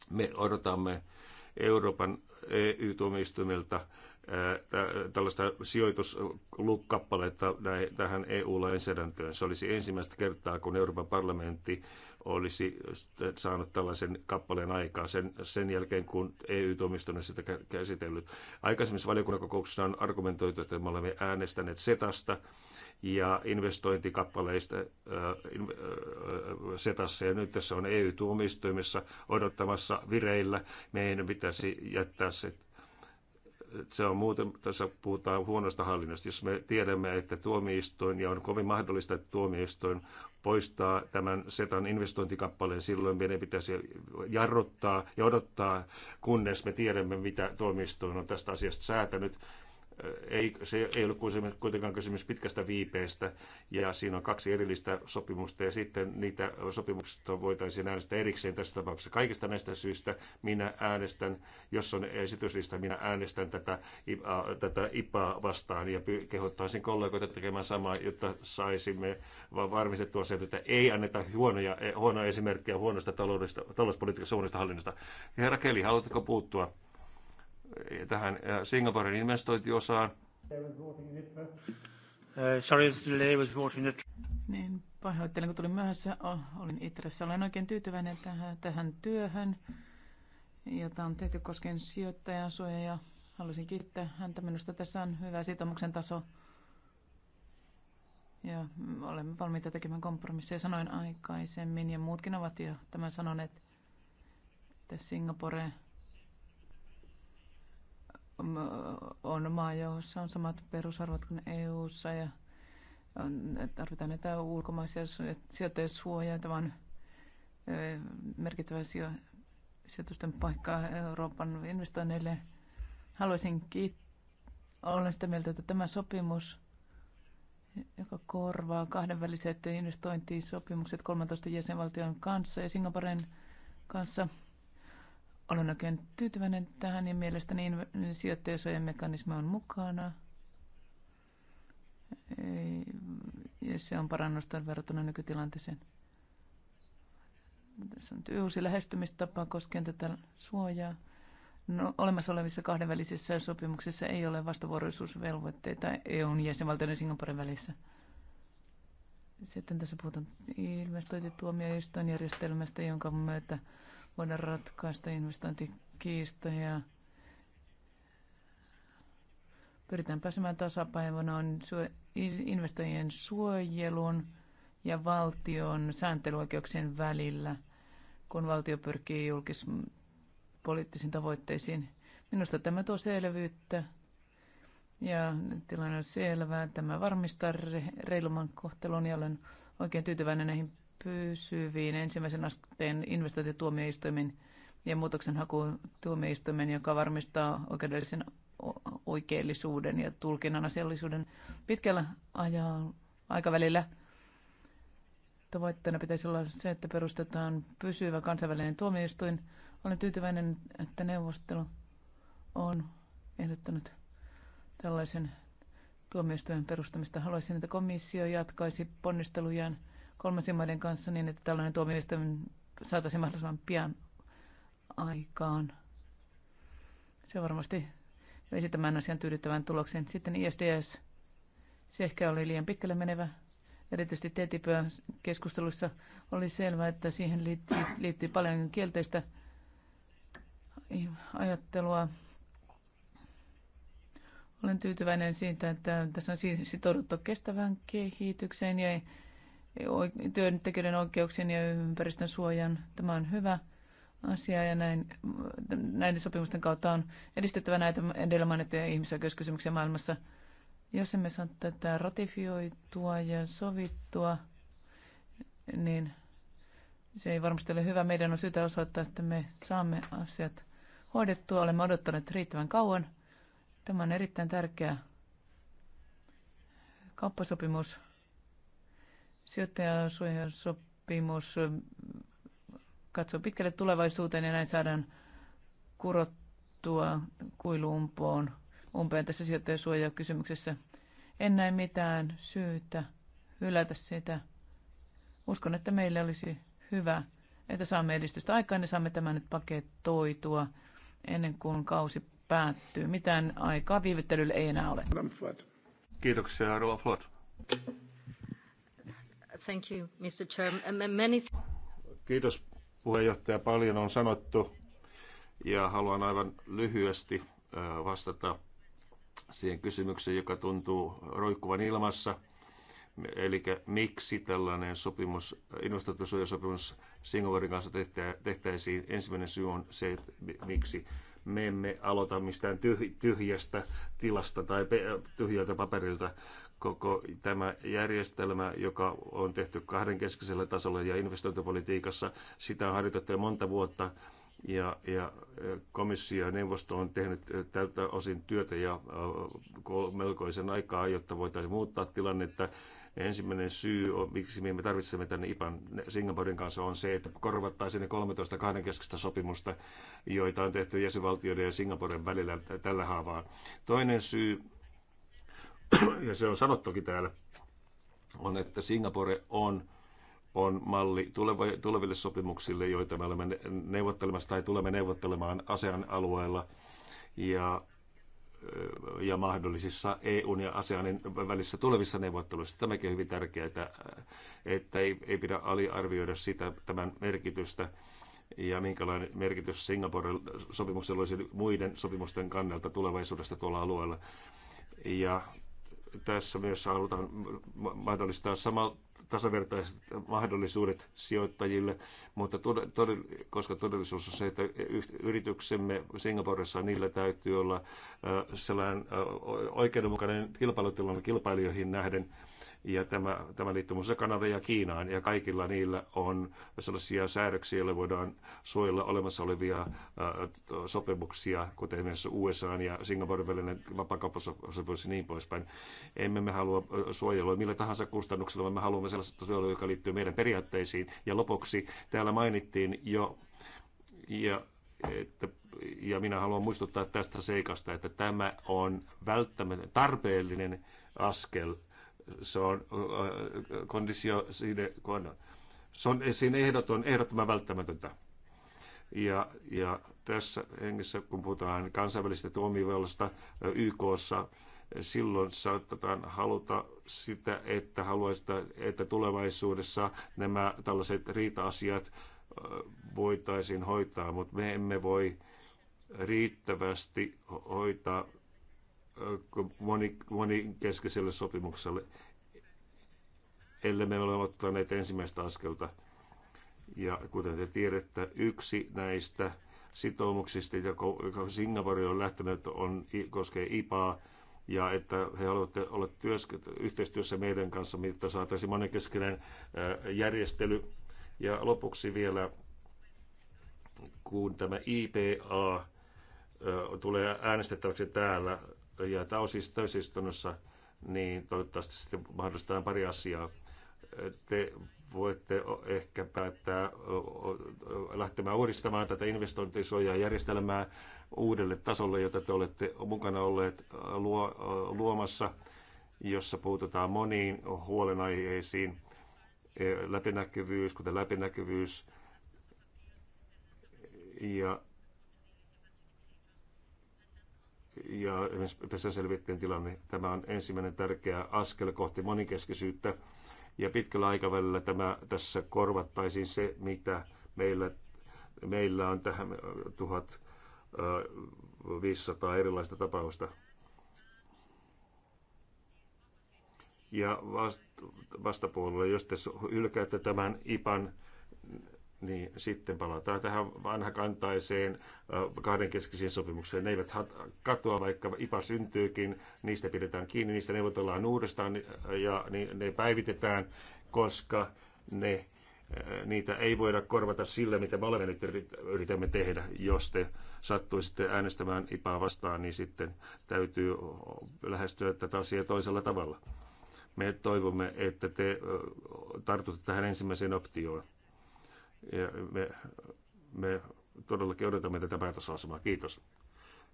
Me odotamme Euroopan EU-tuomioistuimelta tällaista sijoituslukappaletta tähän EU-lainsäädäntöön. Se olisi ensimmäistä kertaa, kun Euroopan parlamentti olisi saanut tällaisen kappaleen aikaa sen, sen jälkeen, kun eu on sitä käsitellyt. Aikaisemmissa valiokunnan kokouksissa on argumentoitu, että me olemme äänestäneet setasta ja investointikappaleista setassa ja nyt tässä on EU-tuomioistuimessa odottamassa vireillä. Meidän pitäisi jättää se se on muuten, tässä puhutaan huonosta hallinnosta. Jos me tiedämme, että tuomioistuin, ja on kovin mahdollista, että tuomioistuin poistaa tämän SETAn investointikappaleen, silloin meidän pitäisi jarruttaa ja odottaa, kunnes me tiedämme, mitä tuomioistuin on tästä asiasta säätänyt ei, se ei ole kuitenkaan kysymys pitkästä viipeestä, ja siinä on kaksi erillistä sopimusta, ja sitten niitä sopimuksia voitaisiin äänestää erikseen tässä tapauksessa. Kaikista näistä syistä minä äänestän, jos on esityslista, minä äänestän tätä, tätä IPAa vastaan, ja kehottaisin kollegoita tekemään samaa, jotta saisimme varmistettua se, että ei anneta huonoja, eh, huonoja esimerkkejä huonosta taloudesta, talouspolitiikasta, huonosta hallinnasta. Herra Keli, haluatteko puuttua? Eh, tähän eh, Singaporen investointiosaan. Eh, sorry, delay was voting it. Niin, pahoittelen, kun tulin myöhässä. Olin Itressä. Olen oikein tyytyväinen tähän, tähän työhön, jota on tehty koskien sijoittajan suojaa. ja haluaisin kiittää häntä. Minusta tässä on hyvä sitoumuksen taso ja mm, olemme valmiita tekemään kompromisseja. Sanoin aikaisemmin ja muutkin ovat jo tämän sanoneet, että Singapore on maa, jossa on samat perusarvot kuin EU:ssa ja on, tarvitaan näitä ulkomaisia sijoittajasuojaa. Tämä on merkittävä sijoitusten paikka Euroopan investoinneille. Haluaisin kiittää. Olen sitä mieltä, että tämä sopimus, joka korvaa kahdenväliset investointisopimukset 13 jäsenvaltion kanssa ja Singaporen kanssa – olen oikein tyytyväinen tähän ja mielestäni sijoittajasuojan mekanismi on mukana. Ja se on parannusta verrattuna nykytilanteeseen. Tässä on uusi lähestymistapa koskien tätä suojaa. No, olemassa olevissa kahdenvälisissä sopimuksissa ei ole vastavuoroisuusvelvoitteita EUn jäsenvaltioiden Singaporen välissä. Sitten tässä puhutaan investointituomioistuinjärjestelmästä, jonka myötä voida ratkaista investointikiistoja. Pyritään pääsemään tasapainoon investoijien suojelun ja valtion sääntelyoikeuksien välillä, kun valtio pyrkii julkispoliittisiin tavoitteisiin. Minusta tämä tuo selvyyttä ja tilanne on selvää. Tämä varmistaa reilumman kohtelun ja olen oikein tyytyväinen näihin pysyviin ensimmäisen asteen investointituomioistuimen ja muutoksenhakutuomioistuimen, joka varmistaa oikeudellisen oikeellisuuden ja tulkinnan asiallisuuden pitkällä ajan aikavälillä. Tavoitteena pitäisi olla se, että perustetaan pysyvä kansainvälinen tuomioistuin. Olen tyytyväinen, että neuvostelu on ehdottanut tällaisen tuomioistuimen perustamista. Haluaisin, että komissio jatkaisi ponnistelujaan – kolmansien maiden kanssa niin, että tällainen tuomioistuin saataisiin mahdollisimman pian aikaan. Se varmasti veisi tämän asian tyydyttävän tuloksen. Sitten ISDS. Se ehkä oli liian pitkälle menevä. Erityisesti TTIP-keskustelussa oli selvää, että siihen liittyy, liittyy paljon kielteistä ajattelua. Olen tyytyväinen siitä, että tässä on sitouduttu kestävään kehitykseen ja työntekijöiden oikeuksien ja ympäristön suojan. Tämä on hyvä asia ja näin, näiden sopimusten kautta on edistettävä näitä edellä mainittuja ihmisoikeuskysymyksiä maailmassa. Jos emme saa tätä ratifioitua ja sovittua, niin se ei varmasti ole hyvä. Meidän on syytä osoittaa, että me saamme asiat hoidettua. Olemme odottaneet riittävän kauan. Tämä on erittäin tärkeä kauppasopimus sopimus katsoo pitkälle tulevaisuuteen ja näin saadaan kurottua kuiluumpoon umpeen tässä sijoittajansuojakysymyksessä. En näe mitään syytä hylätä sitä. Uskon, että meillä olisi hyvä, että saamme edistystä aikaan ja saamme tämän nyt paketoitua ennen kuin kausi päättyy. Mitään aikaa viivyttelylle ei enää ole. Kiitoksia, Rova Flot. Thank you, Mr. Many... Kiitos puheenjohtaja, paljon on sanottu ja haluan aivan lyhyesti vastata siihen kysymykseen, joka tuntuu roikkuvan ilmassa. Eli miksi tällainen sopimus, investointisuojasopimus Singaporen kanssa tehtäisiin. Ensimmäinen syy on se, että miksi me emme aloita mistään tyhjästä tilasta tai tyhjältä paperilta, koko tämä järjestelmä, joka on tehty kahdenkeskisellä tasolla ja investointipolitiikassa, sitä on harjoitettu jo monta vuotta ja, ja komissio ja neuvosto on tehnyt tältä osin työtä ja melkoisen aikaa, jotta voitaisiin muuttaa tilannetta. Ensimmäinen syy, miksi me tarvitsemme tänne IPAN Singaporen kanssa, on se, että korvattaisiin ne 13 kahdenkeskistä sopimusta, joita on tehty jäsenvaltioiden ja Singaporen välillä tällä haavaa. Toinen syy ja se on sanottukin täällä, on, että Singapore on, on malli tuleville sopimuksille, joita me olemme neuvottelemassa tai tulemme neuvottelemaan ASEAN alueella ja, ja mahdollisissa EUn ja ASEANin välissä tulevissa neuvotteluissa. Tämäkin on hyvin tärkeää, että, että ei, ei pidä aliarvioida sitä, tämän merkitystä ja minkälainen merkitys Singaporen sopimuksella olisi muiden sopimusten kannalta tulevaisuudesta tuolla alueella. Ja tässä myös halutaan mahdollistaa sama tasavertaiset mahdollisuudet sijoittajille, mutta tod- koska todellisuus on se, että yrityksemme Singaporessa niillä täytyy olla sellainen oikeudenmukainen kilpailutilanne kilpailijoihin nähden, ja tämä, tämä liittyy muun muassa Kanadaan ja Kiinaan, ja kaikilla niillä on sellaisia säädöksiä, joilla voidaan suojella olemassa olevia sopimuksia, kuten esimerkiksi USA ja Singaporen välinen vapaakauppasopimus ja niin poispäin. Emme me halua suojelua millä tahansa kustannuksella, vaan me haluamme sellaista suojelua, joka liittyy meidän periaatteisiin. Ja lopuksi täällä mainittiin jo, ja että, ja minä haluan muistuttaa tästä seikasta, että tämä on välttämätön, tarpeellinen askel se on kondisio siinä, kun se on siinä ehdoton, ehdottoman välttämätöntä. Ja, ja tässä hengessä, kun puhutaan kansainvälisestä tuomioivallosta YKssa, silloin saatetaan haluta sitä, että haluaisitte, että tulevaisuudessa nämä tällaiset riita-asiat voitaisiin hoitaa, mutta me emme voi riittävästi hoitaa monikeskeiselle sopimukselle, ellei me ole ottaneet ensimmäistä askelta. Ja kuten te tiedätte, yksi näistä sitoumuksista, joka Singapore on lähtenyt, on, koskee IPAa, ja että he haluavat olla työsk- yhteistyössä meidän kanssa, mitä saataisiin monenkeskinen järjestely. Ja lopuksi vielä, kun tämä IPA tulee äänestettäväksi täällä, ja tämä täysistunnossa, niin toivottavasti sitten mahdollistetaan pari asiaa. Te voitte ehkä päättää lähtemään uudistamaan tätä järjestelmää uudelle tasolle, jota te olette mukana olleet luo, luomassa, jossa puututaan moniin huolenaiheisiin. E, läpinäkyvyys, kuten läpinäkyvyys ja ja tässä pesänselvittäjien tilanne. Tämä on ensimmäinen tärkeä askel kohti monikeskisyyttä ja pitkällä aikavälillä tämä tässä korvattaisiin se, mitä meillä, meillä on tähän 1500 erilaista tapausta. Ja vastapuolella, jos te hylkäätte tämän IPAN niin sitten palataan tähän vanhakantaiseen kahdenkeskisiin sopimukseen. Ne eivät katoa, vaikka IPA syntyykin, niistä pidetään kiinni, niistä neuvotellaan uudestaan ja ne päivitetään, koska ne, niitä ei voida korvata sillä, mitä me olemme nyt yritämme tehdä. Jos te sattuisitte äänestämään IPAa vastaan, niin sitten täytyy lähestyä tätä asiaa toisella tavalla. Me toivomme, että te tartutte tähän ensimmäiseen optioon ja me, me todellakin odotamme tätä päätösasemaa. Kiitos.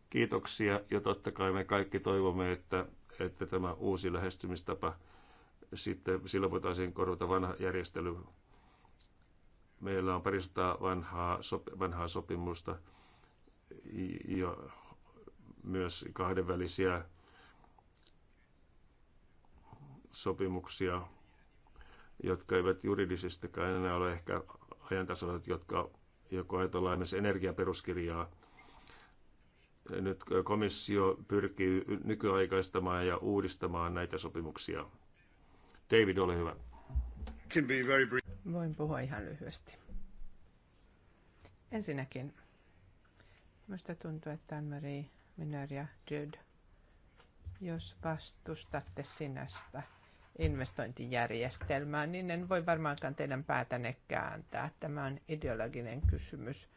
Kiitoksia ja totta kai me kaikki toivomme, että, että tämä uusi lähestymistapa sitten sillä voitaisiin korvata vanha järjestely. Meillä on parisataa vanhaa, sop, vanhaa sopimusta ja myös kahdenvälisiä sopimuksia, jotka eivät juridisestikaan enää ole ehkä ajan jotka, joko ajatellaan myös energiaperuskirjaa. Nyt komissio pyrkii nykyaikaistamaan ja uudistamaan näitä sopimuksia. David, ole hyvä. Voin puhua ihan lyhyesti. Ensinnäkin, minusta tuntuu, että Anne-Marie, Minör ja Jude, jos vastustatte sinästä – investointijärjestelmään, niin en voi varmaankaan teidän päätänne kääntää. Tämä on ideologinen kysymys.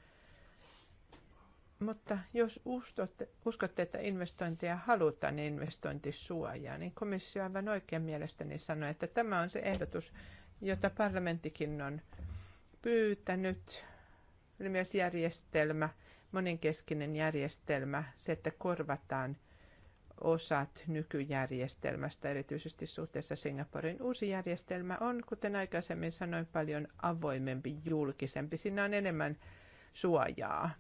Mutta jos uskotte, uskotte, että investointeja halutaan niin investointisuojaa, niin komissio aivan oikein mielestäni sanoi, että tämä on se ehdotus, jota parlamenttikin on pyytänyt. Eli myös järjestelmä, monenkeskinen järjestelmä, se, että korvataan – osat nykyjärjestelmästä, erityisesti suhteessa Singaporen. Uusi järjestelmä on, kuten aikaisemmin sanoin, paljon avoimempi, julkisempi. Siinä on enemmän suojaa.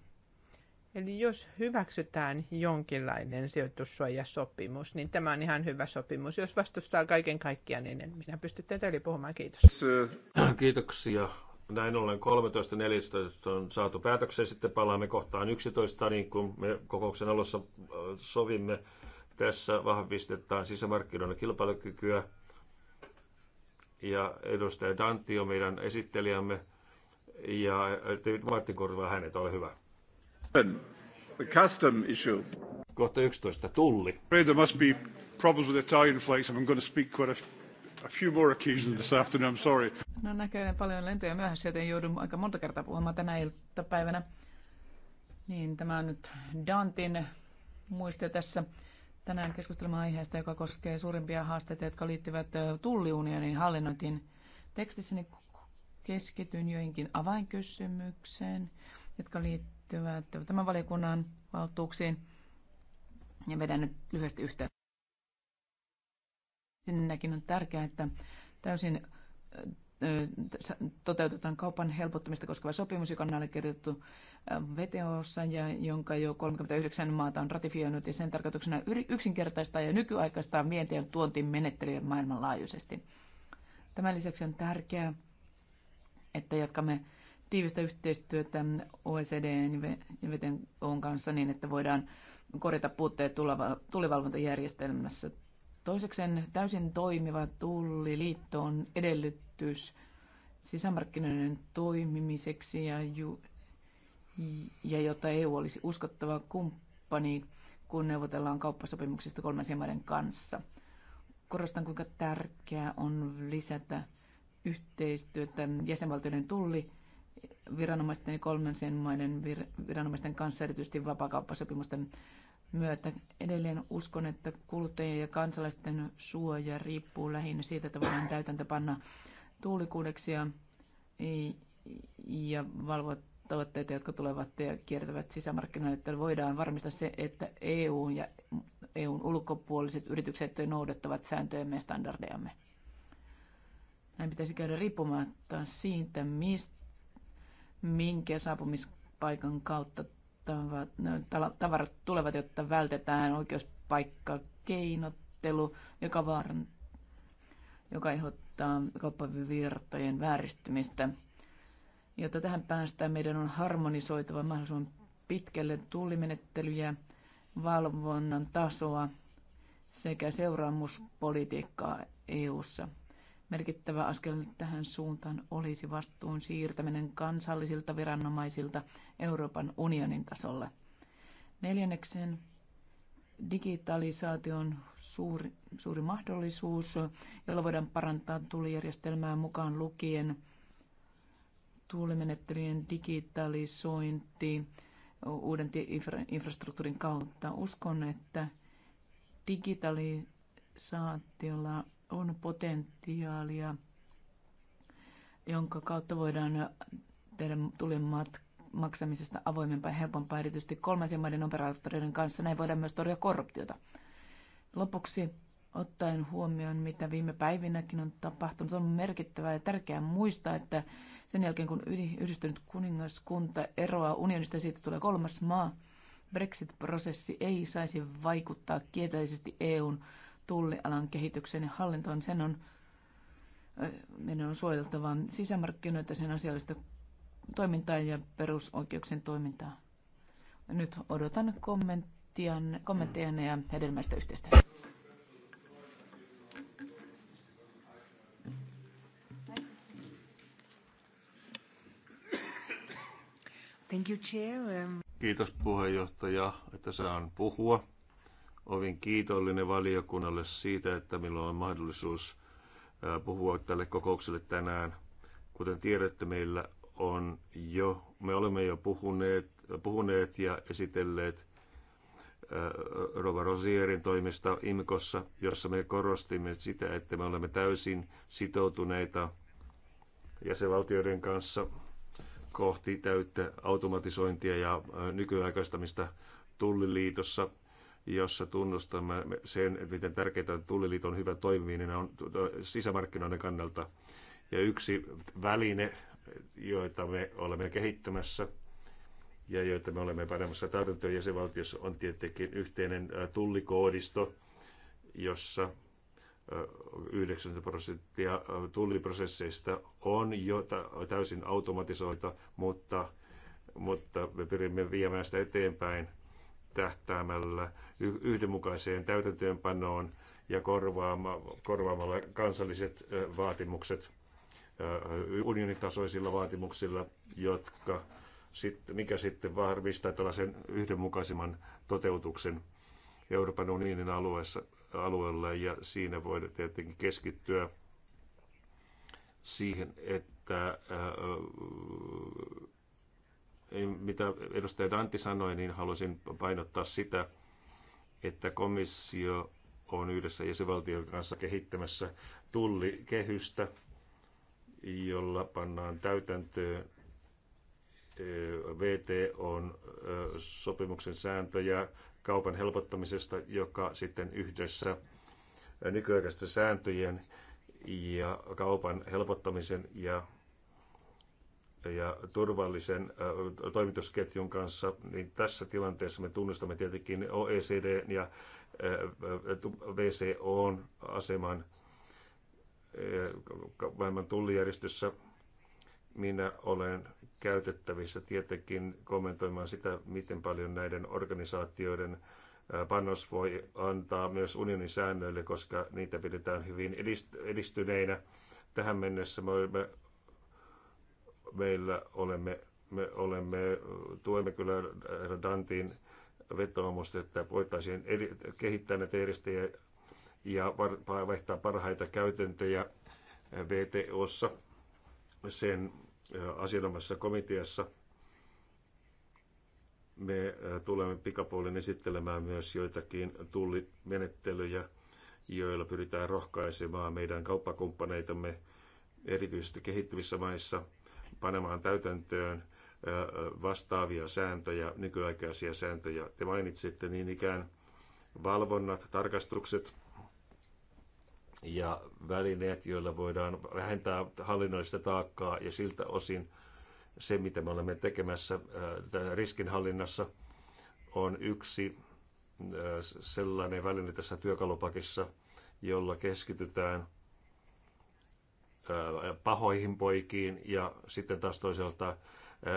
Eli jos hyväksytään jonkinlainen sijoitussuojasopimus, niin tämä on ihan hyvä sopimus. Jos vastustaa kaiken kaikkiaan, niin en minä pysty tätä yli puhumaan. Kiitos. Kiitoksia. Näin ollen 13.14 on saatu päätökseen. Sitten palaamme kohtaan 11, niin kuin me kokouksen alussa äh, sovimme. Tässä vahvistetaan sisämarkkinoiden kilpailukykyä. Ja edustaja Dantti on meidän esittelijämme. Ja äh, David Martin korvaa hänet, ole hyvä. The custom issue. Kohta 11. Tulli. There must be problems with Italian flights. I'm going to speak quite a a few more occasions this afternoon, I'm sorry. No näköinen paljon lentoja myöhässä, joten joudun aika monta kertaa puhumaan tänä iltapäivänä. Niin, tämä on nyt Dantin muistio tässä tänään keskustelemaan aiheesta, joka koskee suurimpia haasteita, jotka liittyvät tulliunionin hallinnointiin. Tekstissäni keskityn joihinkin avainkysymykseen, jotka liittyvät tämän valiokunnan valtuuksiin. Ja vedän nyt lyhyesti yhteen. Sinnekin on tärkeää, että täysin toteutetaan kaupan helpottamista koskeva sopimus, joka on allekirjoitettu VTOssa ja jonka jo 39 maata on ratifioinut ja sen tarkoituksena yksinkertaistaa ja nykyaikaistaa vienti- ja tuontimenettelyjä maailmanlaajuisesti. Tämän lisäksi on tärkeää, että jatkamme tiivistä yhteistyötä OECDn ja VTOn kanssa niin, että voidaan korjata puutteet tulivalvontajärjestelmässä. Toisekseen täysin toimiva tulliliitto on edellytys sisämarkkinoiden toimimiseksi ja ju- ja jotta EU olisi uskottava kumppani, kun neuvotellaan kauppasopimuksista kolmansien maiden kanssa. Korostan, kuinka tärkeää on lisätä yhteistyötä jäsenvaltioiden tulli viranomaisten ja kolmansien maiden vir- viranomaisten kanssa, erityisesti vapaakauppasopimusten myötä. Edelleen uskon, että kuluttajien ja kansalaisten suoja riippuu lähinnä siitä, että voidaan täytäntöpanna tuulikuudeksi ja, ja valvoa tuotteita, jotka tulevat ja kiertävät sisämarkkinoille, että voidaan varmistaa se, että EU ja EUn ulkopuoliset yritykset noudattavat sääntöjemme ja standardejamme. Näin pitäisi käydä riippumatta siitä, mistä, minkä saapumispaikan kautta no, tavarat tulevat, jotta vältetään oikeuspaikka keinottelu, joka, vaaran, joka aiheuttaa kauppavirtojen vääristymistä. Jotta tähän päästään, meidän on harmonisoitava mahdollisimman pitkälle tullimenettelyjä, valvonnan tasoa sekä seuraamuspolitiikkaa EU:ssa. Merkittävä askel tähän suuntaan olisi vastuun siirtäminen kansallisilta viranomaisilta Euroopan unionin tasolle. Neljänneksen on suuri, suuri mahdollisuus, jolla voidaan parantaa tulijärjestelmää mukaan lukien tuulimenettelyjen digitalisointi uuden infra- infrastruktuurin kautta. Uskon, että digitalisaatiolla on potentiaalia, jonka kautta voidaan tehdä tulin maksamisesta avoimempaa ja helpompaa erityisesti kolmansien maiden operaattoreiden kanssa. Näin voidaan myös torjua korruptiota. Lopuksi ottaen huomioon, mitä viime päivinäkin on tapahtunut, on merkittävää ja tärkeää muistaa, että sen jälkeen kun yhdistynyt kuningaskunta eroaa unionista ja siitä tulee kolmas maa, Brexit-prosessi ei saisi vaikuttaa kielteisesti EUn tullialan kehitykseen ja hallintoon. Sen on, meidän on suojeltava sisämarkkinoita, sen asiallista toimintaa ja perusoikeuksien toimintaa. Nyt odotan kommenttia ja hedelmäistä yhteistyötä. Thank you, Chair. Um, Kiitos puheenjohtaja, että saan puhua. Ovin kiitollinen valiokunnalle siitä, että minulla on mahdollisuus puhua tälle kokoukselle tänään. Kuten tiedätte, meillä on jo, me olemme jo puhuneet, puhuneet ja esitelleet Rova Rosierin toimista IMKossa, jossa me korostimme sitä, että me olemme täysin sitoutuneita jäsenvaltioiden kanssa kohti täyttä automatisointia ja äh, nykyaikaistamista Tulliliitossa, jossa tunnustamme sen, miten tärkeää Tulliliiton hyvä toimiminen on sisämarkkinoiden kannalta. Ja yksi väline, joita me olemme kehittämässä ja joita me olemme panemassa täytäntöön jäsenvaltiossa, on tietenkin yhteinen äh, tullikoodisto, jossa 90 prosenttia tulliprosesseista on jo täysin automatisoita, mutta, mutta me pyrimme viemään sitä eteenpäin tähtäämällä yhdenmukaiseen täytäntöönpanoon ja korvaamalla kansalliset vaatimukset unionitasoisilla vaatimuksilla, jotka sit, mikä sitten varmistaa tällaisen yhdenmukaisemman toteutuksen Euroopan unionin alueessa alueella ja siinä voidaan tietenkin keskittyä siihen, että äh, mitä edustaja Dantti sanoi, niin haluaisin painottaa sitä, että komissio on yhdessä jäsenvaltion kanssa kehittämässä tullikehystä, jolla pannaan täytäntöön äh, VT on äh, sopimuksen sääntöjä kaupan helpottamisesta, joka sitten yhdessä nykyaikaisten sääntöjen ja kaupan helpottamisen ja, ja turvallisen toimitusketjun kanssa, niin tässä tilanteessa me tunnustamme tietenkin OECD ja VCOn aseman maailman tullijärjestössä – minä olen käytettävissä tietenkin kommentoimaan sitä, miten paljon näiden organisaatioiden panos voi antaa myös unionin säännöille, koska niitä pidetään hyvin edistyneinä. Tähän mennessä me olemme, meillä olemme, me olemme, tuemme kyllä Dantin vetoomusta, että voitaisiin eri, kehittää näitä järjestäjiä ja vaihtaa parhaita käytäntöjä VTOssa sen asianomaisessa komiteassa. Me tulemme pikapuolin esittelemään myös joitakin tullimenettelyjä, joilla pyritään rohkaisemaan meidän kauppakumppaneitamme erityisesti kehittyvissä maissa panemaan täytäntöön vastaavia sääntöjä, nykyaikaisia sääntöjä. Te mainitsitte niin ikään valvonnat, tarkastukset, ja välineet, joilla voidaan vähentää hallinnollista taakkaa ja siltä osin se, mitä me olemme tekemässä äh, riskinhallinnassa, on yksi äh, sellainen väline tässä työkalupakissa, jolla keskitytään äh, pahoihin poikiin ja sitten taas toisaalta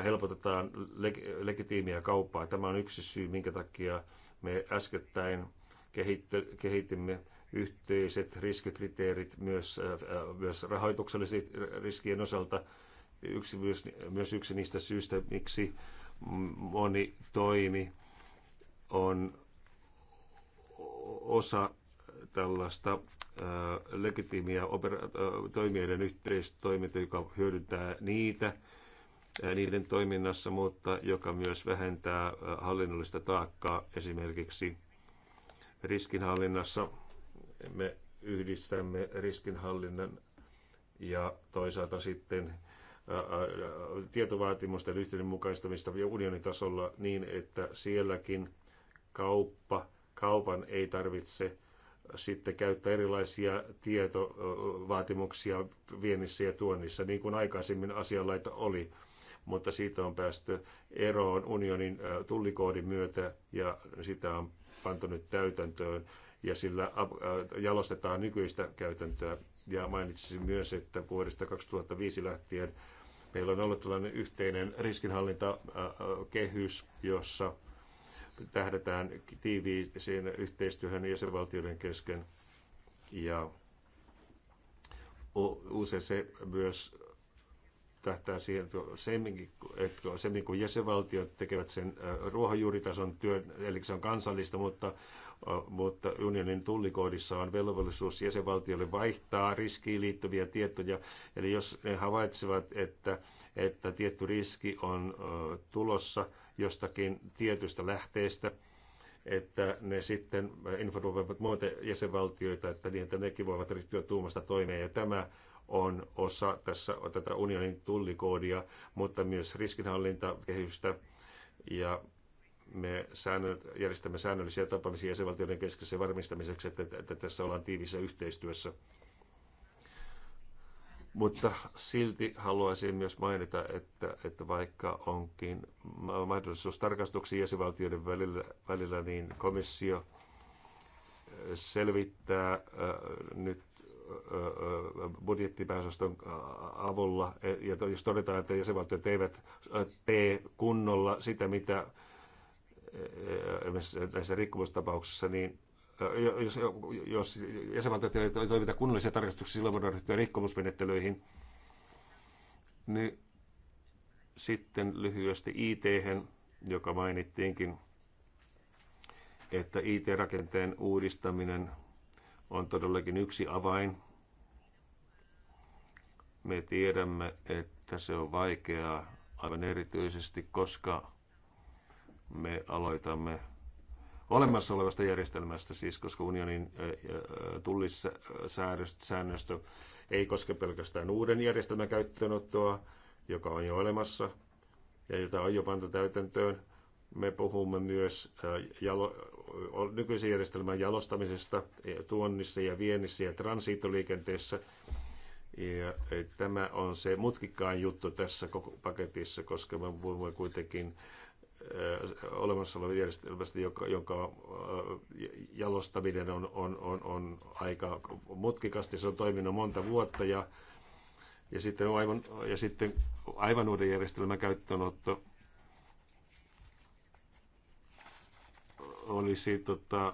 helpotetaan leg- legitiimiä kauppaa. Tämä on yksi syy, minkä takia me äskettäin kehitte- kehitimme yhteiset riskikriteerit myös, äh, äh, myös rahoituksellisiin riskien osalta. Yksi, myös, myös yksi niistä syistä, miksi moni toimi on osa tällaista äh, legitiimiä opera- toimijoiden yhteistoiminta, joka hyödyntää niitä niiden toiminnassa, mutta joka myös vähentää hallinnollista taakkaa esimerkiksi riskinhallinnassa – me yhdistämme riskinhallinnan ja toisaalta sitten tietovaatimusten yhteydenmukaistamista ja unionin tasolla niin, että sielläkin kauppa, kaupan ei tarvitse sitten käyttää erilaisia tietovaatimuksia viennissä ja tuonnissa, niin kuin aikaisemmin asianlaita oli. Mutta siitä on päästy eroon unionin tullikoodin myötä ja sitä on pantu nyt täytäntöön ja sillä jalostetaan nykyistä käytäntöä. Ja mainitsisin myös, että vuodesta 2005 lähtien meillä on ollut tällainen yhteinen riskinhallintakehys, jossa tähdetään tiiviisiin yhteistyöhön jäsenvaltioiden kesken. Ja se myös tähtää siihen, että semminkin, että semminkin kun jäsenvaltiot tekevät sen ruohonjuuritason työn, eli se on kansallista, mutta mutta unionin tullikoodissa on velvollisuus jäsenvaltiolle vaihtaa riskiin liittyviä tietoja. Eli jos ne havaitsevat, että, että tietty riski on tulossa jostakin tietystä lähteestä, että ne sitten informoivat muita jäsenvaltioita, että, niin, että nekin voivat ryhtyä tuumasta toimeen. Ja tämä on osa tässä, tätä unionin tullikoodia, mutta myös riskinhallintakehystä. Ja me säännö, järjestämme säännöllisiä tapaamisia jäsenvaltioiden kesken sen varmistamiseksi, että, että tässä ollaan tiivissä yhteistyössä. Mutta silti haluaisin myös mainita, että, että vaikka onkin mahdollisuus tarkastuksiin jäsenvaltioiden välillä, välillä niin komissio selvittää äh, nyt budjettipääsoston avulla, ja jos todetaan, että jäsenvaltiot eivät tee kunnolla sitä, mitä näissä rikkomustapauksissa, niin jos, jos jäsenvaltiot eivät toimita kunnollisia tarkastuksia, silloin voidaan ryhtyä rikkomusmenettelyihin. Niin sitten lyhyesti it joka mainittiinkin, että IT-rakenteen uudistaminen on todellakin yksi avain. Me tiedämme, että se on vaikeaa aivan erityisesti, koska me aloitamme olemassa olevasta järjestelmästä, siis koska unionin tullissäännöstö ei koske pelkästään uuden järjestelmän käyttöönottoa, joka on jo olemassa ja jota on jo pantu täytäntöön. Me puhumme myös jalo, nykyisen järjestelmän jalostamisesta tuonnissa ja viennissä ja transiittoliikenteessä. Ja tämä on se mutkikkaan juttu tässä koko paketissa, koska me voimme kuitenkin olemassa oleva järjestelmästä, joka, jonka jalostaminen on, on, on, on aika mutkikasti. Se on toiminut monta vuotta ja, ja, sitten, aivan, ja sitten aivan uuden järjestelmän käyttöönotto olisi tota,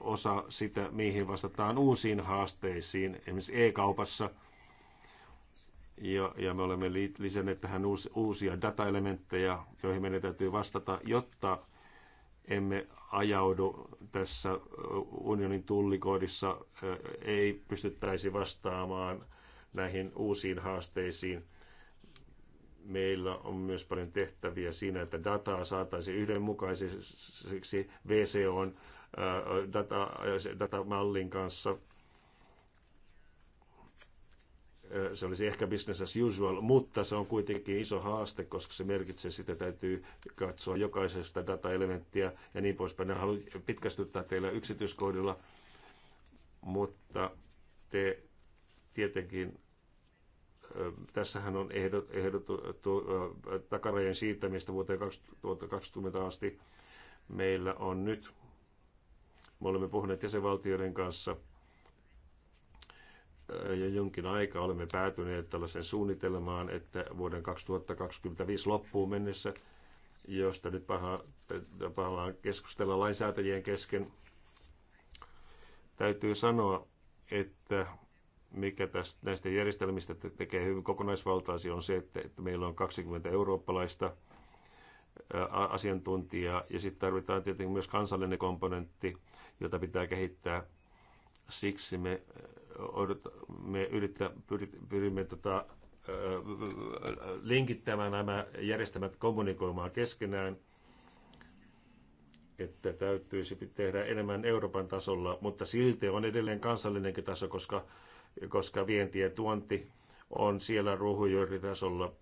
osa sitä, mihin vastataan uusiin haasteisiin. Esimerkiksi e-kaupassa – ja, ja me olemme lisänneet tähän uusi, uusia dataelementtejä, joihin meidän täytyy vastata, jotta emme ajaudu tässä unionin tullikoodissa, ei pystyttäisi vastaamaan näihin uusiin haasteisiin. Meillä on myös paljon tehtäviä siinä, että dataa saataisiin yhdenmukaiseksi VCOn datamallin kanssa – se olisi ehkä business as usual, mutta se on kuitenkin iso haaste, koska se merkitsee sitä, täytyy katsoa jokaisesta dataelementtiä ja niin poispäin. Ne haluan pitkästyttää teillä yksityiskohdilla, mutta te tietenkin tässähän on ehdotettu ehdot, takarajan siirtämistä vuoteen 2020 asti. Meillä on nyt, me olemme puhuneet jäsenvaltioiden kanssa – jo jonkin aikaa olemme päätyneet tällaisen suunnitelmaan, että vuoden 2025 loppuun mennessä, josta nyt paha, pahallaan keskustella lainsäätäjien kesken, täytyy sanoa, että mikä tästä, näistä järjestelmistä tekee hyvin kokonaisvaltaisia on se, että, että meillä on 20 eurooppalaista asiantuntijaa ja sitten tarvitaan tietenkin myös kansallinen komponentti, jota pitää kehittää – Siksi me, odot, me yrittä, pyrimme tota, linkittämään nämä järjestelmät kommunikoimaan keskenään, että täytyisi tehdä enemmän Euroopan tasolla, mutta silti on edelleen kansallinenkin taso, koska, koska vienti ja tuonti on siellä ruohonjuuritasolla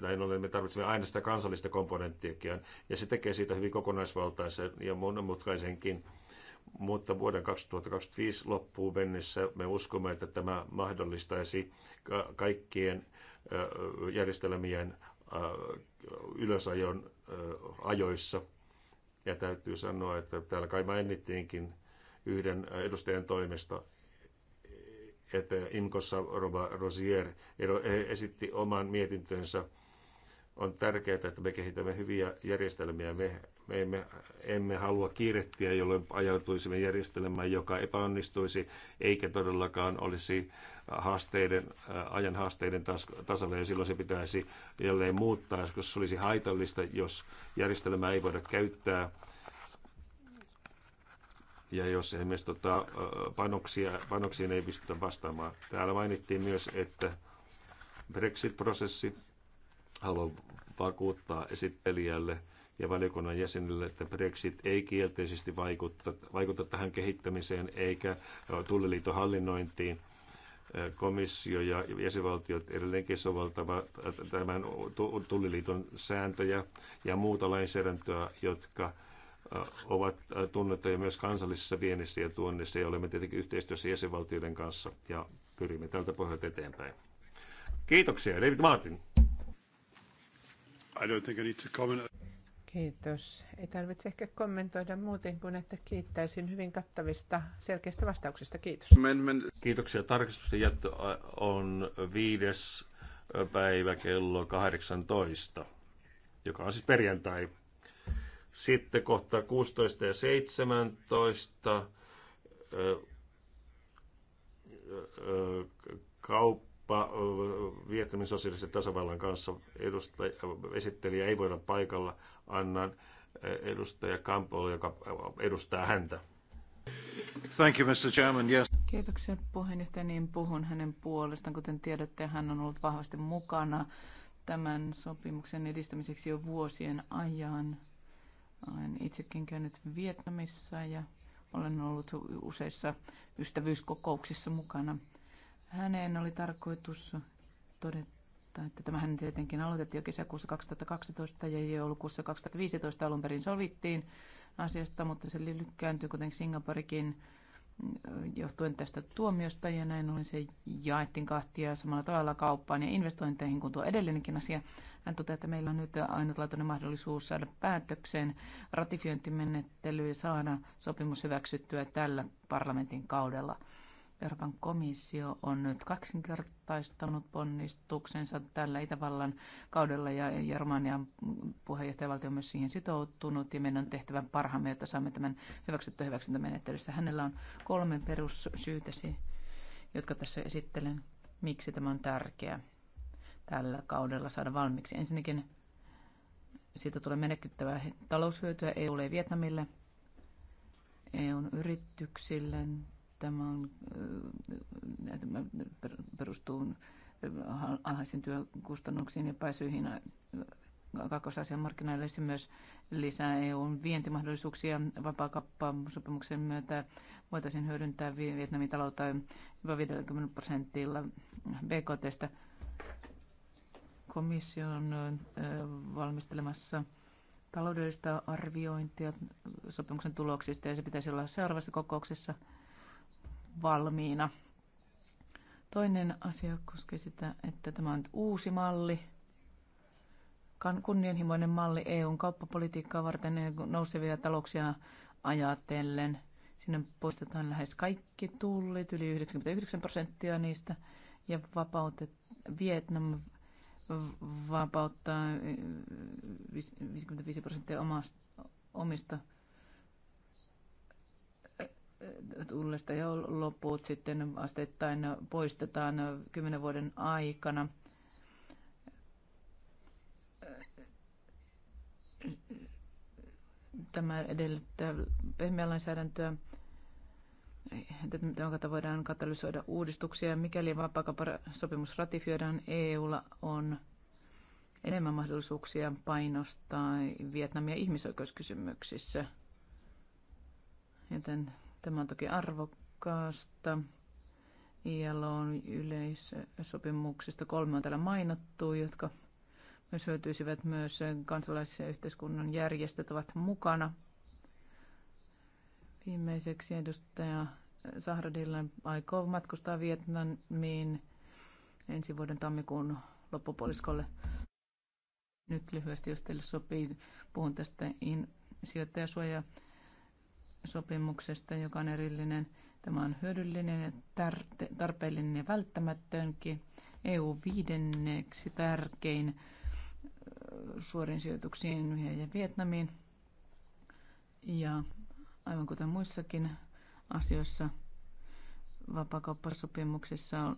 näin ollen me tarvitsemme aina sitä kansallista komponenttiakin, ja se tekee siitä hyvin kokonaisvaltaisen ja monimutkaisenkin mutta vuoden 2025 loppuun mennessä me uskomme, että tämä mahdollistaisi kaikkien järjestelmien ylösajon ajoissa. Ja täytyy sanoa, että täällä kai mainittiinkin yhden edustajan toimesta, että Imkossa Roba Rosier esitti oman mietintönsä. On tärkeää, että me kehitämme hyviä järjestelmiä. Me me emme, emme halua kiirettiä, jolloin ajautuisimme järjestelmään, joka epäonnistuisi eikä todellakaan olisi haasteiden, äh, ajan haasteiden tasalla, ja silloin se pitäisi jälleen muuttaa, koska se olisi haitallista, jos järjestelmää ei voida käyttää ja jos esimerkiksi tota, äh, panoksia, panoksiin ei pystytä vastaamaan. Täällä mainittiin myös, että Brexit-prosessi, haluan vakuuttaa esittelijälle, ja valiokunnan jäsenille, että Brexit ei kielteisesti vaikuta, vaikuta tähän kehittämiseen eikä tulliliiton hallinnointiin komissio ja jäsenvaltiot edelleenkin soveltavat tämän tulliliiton sääntöjä ja muuta lainsäädäntöä, jotka ovat tunnettuja myös kansallisessa viennissä ja tuonnissa ja olemme tietenkin yhteistyössä jäsenvaltioiden kanssa ja pyrimme tältä pohjalta eteenpäin. Kiitoksia, David Martin. I don't think I need to comment. Kiitos. Ei tarvitse ehkä kommentoida muuten kuin, että kiittäisin hyvin kattavista selkeistä vastauksista. Kiitos. Men men. Kiitoksia. Tarkistusten jättö on viides päivä kello 18, joka on siis perjantai. Sitten kohta 16 ja 17 kauppa Vietnamin sosiaalisen tasavallan kanssa edustaja, esittelijä ei voida paikalla annan eh, edustaja Kampolle, joka edustaa häntä. Thank you, Mr. Chairman. Yes. Kiitoksia puheenjohtaja, niin puhun hänen puolestaan. Kuten tiedätte, hän on ollut vahvasti mukana tämän sopimuksen edistämiseksi jo vuosien ajan. Olen itsekin käynyt Vietnamissa ja olen ollut useissa ystävyyskokouksissa mukana. Häneen oli tarkoitus todeta, muistaa, että tämähän tietenkin aloitettiin jo kesäkuussa 2012 ja joulukuussa 2015 alun perin sovittiin asiasta, mutta se lykkääntyi kuten Singaporekin mm, johtuen tästä tuomiosta ja näin ollen se jaettiin kahtia samalla tavalla kauppaan ja investointeihin kuin tuo edellinenkin asia. Hän toteaa, että meillä on nyt ainutlaatuinen mahdollisuus saada päätökseen ratifiointimenettely ja saada sopimus hyväksyttyä tällä parlamentin kaudella. Euroopan komissio on nyt kaksinkertaistanut ponnistuksensa tällä Itävallan kaudella ja, ja Romanian puheenjohtajavaltio on myös siihen sitoutunut ja meidän on tehtävä parhaamme, jotta saamme tämän hyväksyttyä hyväksyntämenettelyssä. Hänellä on kolme perussyytäsi, jotka tässä esittelen, miksi tämä on tärkeää tällä kaudella saada valmiiksi. Ensinnäkin siitä tulee menetettävää taloushyötyä EUlle ja e Vietnamille, EUn yrityksille, Tämä, on, tämä perustuu alhaisiin työkustannuksiin ja pääsyihin kakkosasian markkinoille. Se myös lisää EUn vientimahdollisuuksia vapaakauppasopimuksen myötä. Voitaisiin hyödyntää Vietnamin taloutta jopa 50 prosentilla BKTstä. Komissio on valmistelemassa taloudellista arviointia sopimuksen tuloksista ja se pitäisi olla seuraavassa kokouksessa – valmiina. Toinen asia koskee sitä, että tämä on uusi malli, kunnianhimoinen malli EUn kauppapolitiikkaa varten nousevia talouksia ajatellen. Sinne poistetaan lähes kaikki tullit, yli 99 prosenttia niistä, ja vapautet, Vietnam vapauttaa 55 prosenttia omasta, omista tullesta ja loput sitten asteittain poistetaan kymmenen vuoden aikana. Tämä edellyttää pehmeä lainsäädäntöä, jonka voidaan katalysoida uudistuksia. Mikäli vapaakauppasopimus ratifioidaan, EUlla on enemmän mahdollisuuksia painostaa Vietnamia ihmisoikeuskysymyksissä. Joten Tämä on toki arvokkaasta. on yleissopimuksista kolme on täällä mainittu, jotka myös hyötyisivät myös kansalais- ja yhteiskunnan järjestöt ovat mukana. Viimeiseksi edustaja Sahradilla aikoo matkustaa Vietnamiin ensi vuoden tammikuun loppupuoliskolle. Nyt lyhyesti, jos teille sopii, puhun tästä in- sijoittajasuoja sopimuksesta, joka on erillinen. Tämä on hyödyllinen ja tarpeellinen ja välttämättönkin. EU viidenneksi tärkein suorin sijoituksiin ja Vietnamiin. Ja aivan kuten muissakin asioissa vapakauppasopimuksessa on,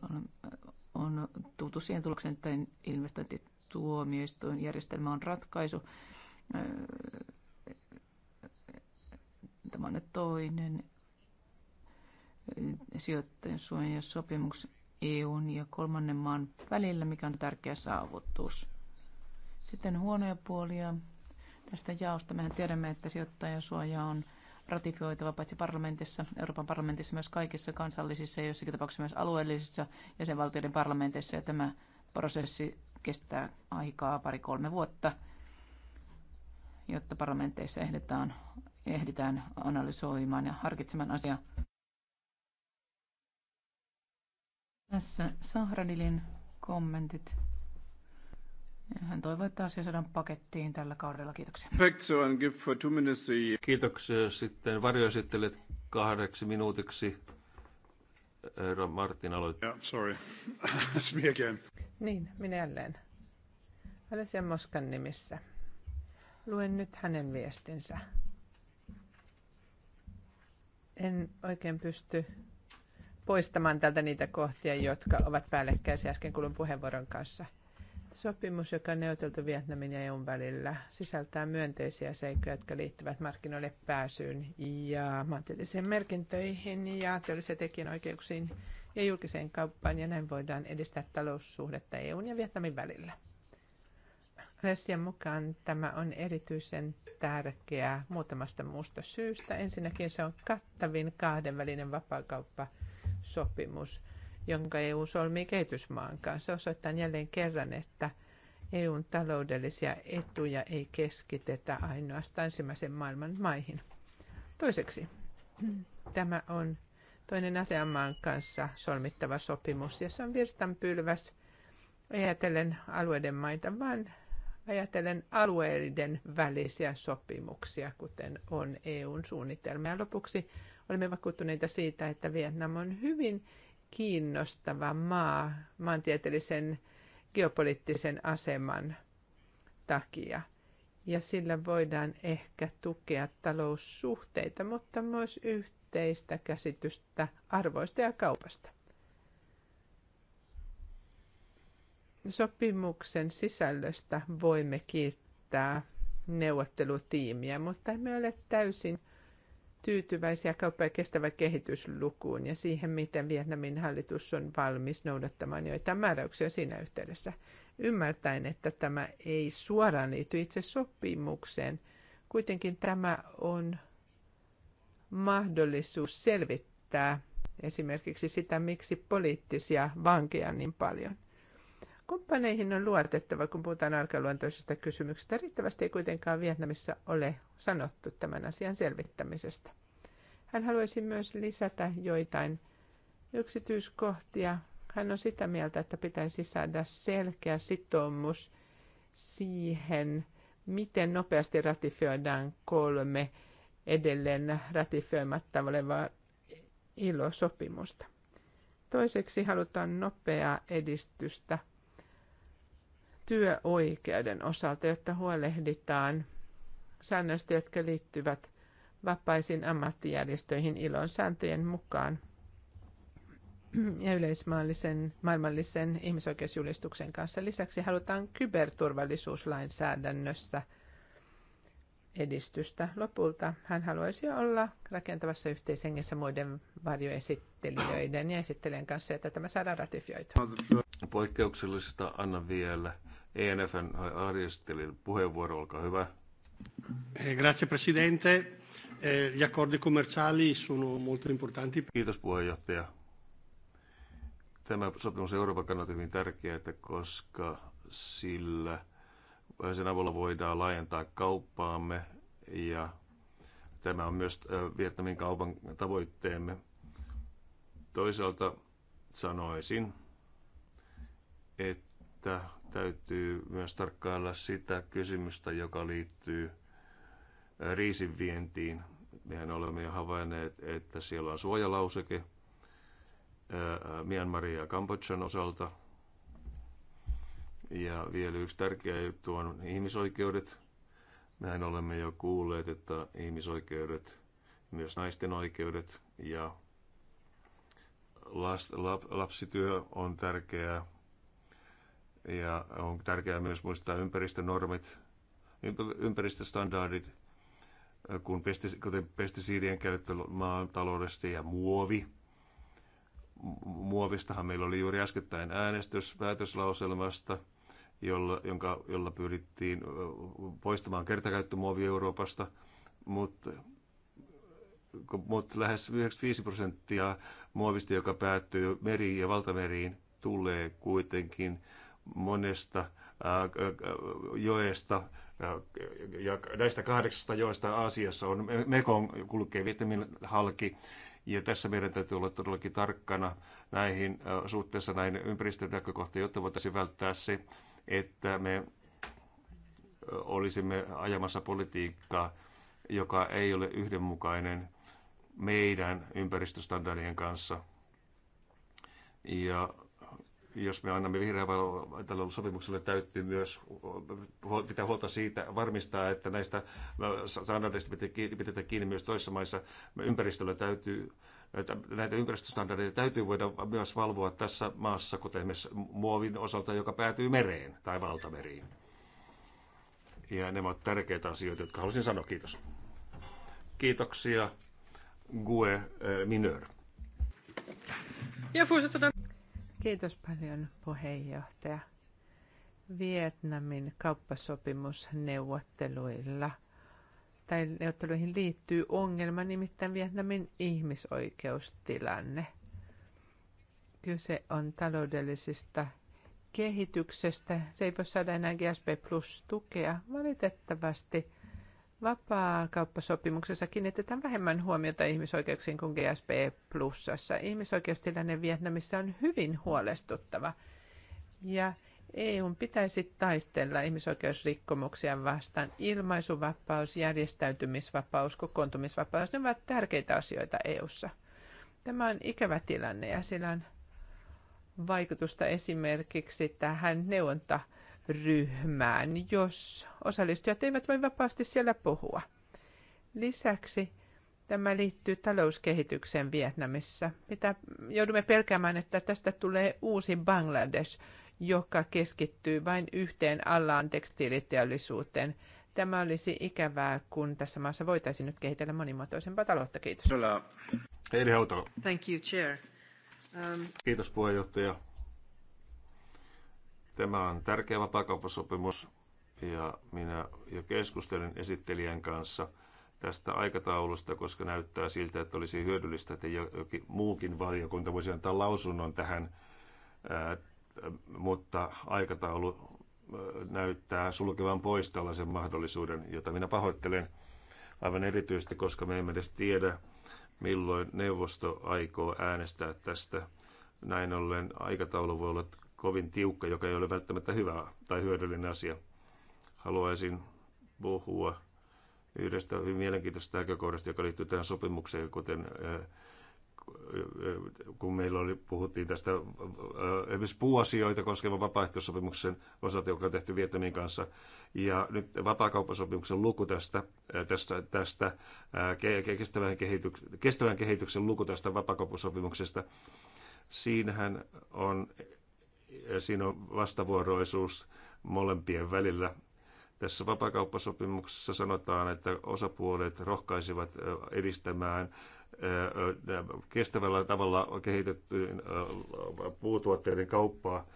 on tultu siihen tulokseen, että järjestelmä on ratkaisu Tämä on nyt toinen sijoittajan suojasopimus EUn ja kolmannen maan välillä, mikä on tärkeä saavutus. Sitten huonoja puolia tästä jaosta. Mehän tiedämme, että sijoittajan suoja on ratifioitava paitsi parlamentissa, Euroopan parlamentissa myös kaikissa kansallisissa ja jossakin tapauksessa myös alueellisissa jäsenvaltioiden parlamenteissa. Ja tämä prosessi kestää aikaa pari-kolme vuotta, jotta parlamenteissa ehdetään ehditään analysoimaan ja harkitsemaan asiaa. Tässä Sahradilin kommentit. Hän toivoi, että asia saadaan pakettiin tällä kaudella. Kiitoksia. Kiitoksia sitten varjoesittelijät kahdeksi minuutiksi. Herra Martin aloittaa. Yeah, sorry. It's me again. Niin, minä jälleen. Alessia Moskan nimissä. Luen nyt hänen viestinsä. En oikein pysty poistamaan täältä niitä kohtia, jotka ovat päällekkäisiä äsken kuulun puheenvuoron kanssa. Sopimus, joka on neuvoteltu Vietnamin ja EUn välillä, sisältää myönteisiä seikkoja, jotka liittyvät markkinoille pääsyyn ja maantieteellisiin merkintöihin ja teollisiin tekijänoikeuksiin ja julkiseen kauppaan, ja näin voidaan edistää taloussuhdetta EUn ja Vietnamin välillä. Ressien mukaan tämä on erityisen tärkeää muutamasta muusta syystä. Ensinnäkin se on kattavin kahdenvälinen vapaakauppasopimus, jonka EU solmii kehitysmaan kanssa. Osoittaa jälleen kerran, että EUn taloudellisia etuja ei keskitetä ainoastaan ensimmäisen maailman maihin. Toiseksi, tämä on toinen asianmaan kanssa solmittava sopimus, ja se on virstanpylväs ajatellen alueiden maita, vaan ajatellen alueiden välisiä sopimuksia, kuten on EUn suunnitelma. Ja lopuksi olemme vakuuttuneita siitä, että Vietnam on hyvin kiinnostava maa maantieteellisen geopoliittisen aseman takia. Ja sillä voidaan ehkä tukea taloussuhteita, mutta myös yhteistä käsitystä arvoista ja kaupasta. sopimuksen sisällöstä voimme kiittää neuvottelutiimiä, mutta emme ole täysin tyytyväisiä kauppa- ja kestävä kehityslukuun ja siihen, miten Vietnamin hallitus on valmis noudattamaan joitain määräyksiä siinä yhteydessä. Ymmärtäen, että tämä ei suoraan liity itse sopimukseen, kuitenkin tämä on mahdollisuus selvittää esimerkiksi sitä, miksi poliittisia vankeja on niin paljon – Kumppaneihin on luotettava, kun puhutaan arkaluontoisista kysymyksistä. Riittävästi ei kuitenkaan Vietnamissa ole sanottu tämän asian selvittämisestä. Hän haluaisi myös lisätä joitain yksityiskohtia. Hän on sitä mieltä, että pitäisi saada selkeä sitoumus siihen, miten nopeasti ratifioidaan kolme edelleen ratifioimatta olevaa ilosopimusta. Toiseksi halutaan nopeaa edistystä – työoikeuden osalta, jotta huolehditaan säännöistä, jotka liittyvät vapaisiin ammattijärjestöihin ilon sääntöjen mukaan ja yleismaallisen maailmallisen ihmisoikeusjulistuksen kanssa. Lisäksi halutaan kyberturvallisuuslainsäädännössä edistystä. Lopulta hän haluaisi olla rakentavassa yhteishengessä muiden varjoesittelijöiden ja esittelijän kanssa, että tämä saadaan ratifioitua. Poikkeuksellisesta anna vielä ENFn Aristelin puheenvuoro, olkaa hyvä. Eh, grazie Presidente. Eh, gli accordi commerciali sono molto importanti. Kiitos puheenjohtaja. Tämä sopimus Euroopan kannalta hyvin tärkeä, että koska sillä eh, sen avulla voidaan laajentaa kauppaamme ja tämä on myös Vietnamin kaupan tavoitteemme. Toisaalta sanoisin, että täytyy myös tarkkailla sitä kysymystä, joka liittyy riisin vientiin. Mehän olemme jo havainneet, että siellä on suojalauseke Myanmarin ja Kambodjan osalta. Ja vielä yksi tärkeä juttu on ihmisoikeudet. Mehän olemme jo kuulleet, että ihmisoikeudet, myös naisten oikeudet ja lapsityö on tärkeää ja on tärkeää myös muistaa ympäristönormit, ympäristöstandardit, kun pestis, kuten pestisiidien käyttö maataloudesta ja muovi. Muovistahan meillä oli juuri äskettäin äänestys päätöslauselmasta, jolla, jonka, jolla pyrittiin poistamaan kertakäyttömuovi Euroopasta, mutta mutta lähes 95 prosenttia muovista, joka päättyy meriin ja valtameriin, tulee kuitenkin monesta joesta ja näistä kahdeksasta joista Aasiassa on Mekong kulkee Vietnamin halki. Ja tässä meidän täytyy olla todellakin tarkkana näihin suhteessa näin ympäristön näkökohtiin, jotta voitaisiin välttää se, että me olisimme ajamassa politiikkaa, joka ei ole yhdenmukainen meidän ympäristöstandardien kanssa. Ja jos me annamme vihreän valon tälle sopimukselle, täytyy myös pitää huolta siitä, varmistaa, että näistä äh, standardeista pidetään kiinni myös toissa maissa. Ympäristöllä täytyy äh, näitä ympäristöstandardeja täytyy voida myös valvoa tässä maassa, kuten esimerkiksi muovin osalta, joka päätyy mereen tai valtameriin. Ja nämä ovat tärkeitä asioita, jotka haluaisin sanoa. Kiitos. Kiitoksia. Gue äh, Minör. Ja, voorzitter, Kiitos paljon puheenjohtaja. Vietnamin kauppasopimusneuvotteluilla tai neuvotteluihin liittyy ongelma, nimittäin Vietnamin ihmisoikeustilanne. Kyse on taloudellisista kehityksestä. Se ei voi saada enää GSP Plus tukea. Valitettavasti vapaa kiinnitetään vähemmän huomiota ihmisoikeuksiin kuin GSP Plusassa. Ihmisoikeustilanne Vietnamissa on hyvin huolestuttava ja EUn pitäisi taistella ihmisoikeusrikkomuksia vastaan. Ilmaisuvapaus, järjestäytymisvapaus, kokoontumisvapaus, ne ovat tärkeitä asioita EUssa. Tämä on ikävä tilanne ja sillä on vaikutusta esimerkiksi tähän neuvontaan ryhmään, jos osallistujat eivät voi vapaasti siellä puhua. Lisäksi tämä liittyy talouskehitykseen Vietnamissa. Mitä joudumme pelkäämään, että tästä tulee uusi Bangladesh, joka keskittyy vain yhteen alaan tekstiiliteollisuuteen. Tämä olisi ikävää, kun tässä maassa voitaisiin nyt kehitellä monimuotoisempaa taloutta. Kiitos. Kyllä. Heidi Thank you, Chair. Um... Kiitos puheenjohtaja. Tämä on tärkeä vapaakauppasopimus ja minä jo keskustelin esittelijän kanssa tästä aikataulusta, koska näyttää siltä, että olisi hyödyllistä, että jokin muukin valiokunta voisi antaa lausunnon tähän, mutta aikataulu näyttää sulkevan pois tällaisen mahdollisuuden, jota minä pahoittelen aivan erityisesti, koska me emme edes tiedä, milloin neuvosto aikoo äänestää tästä. Näin ollen aikataulu voi olla kovin tiukka, joka ei ole välttämättä hyvä tai hyödyllinen asia. Haluaisin puhua yhdestä hyvin mielenkiintoisesta näkökohdasta, joka liittyy tähän sopimukseen, kuten äh, äh, kun meillä oli, puhuttiin tästä äh, esimerkiksi puuasioita koskevan vapaaehtoissopimuksen osalta, joka on tehty Vietnamin kanssa. Ja nyt vapaakauppasopimuksen luku tästä, tästä, tästä kestävän, kehityksen, kestävän kehityksen luku tästä vapaakauppasopimuksesta, siinähän on siinä on vastavuoroisuus molempien välillä. Tässä vapakauppasopimuksessa sanotaan, että osapuolet rohkaisivat edistämään kestävällä tavalla kehitettyyn puutuotteiden kauppaa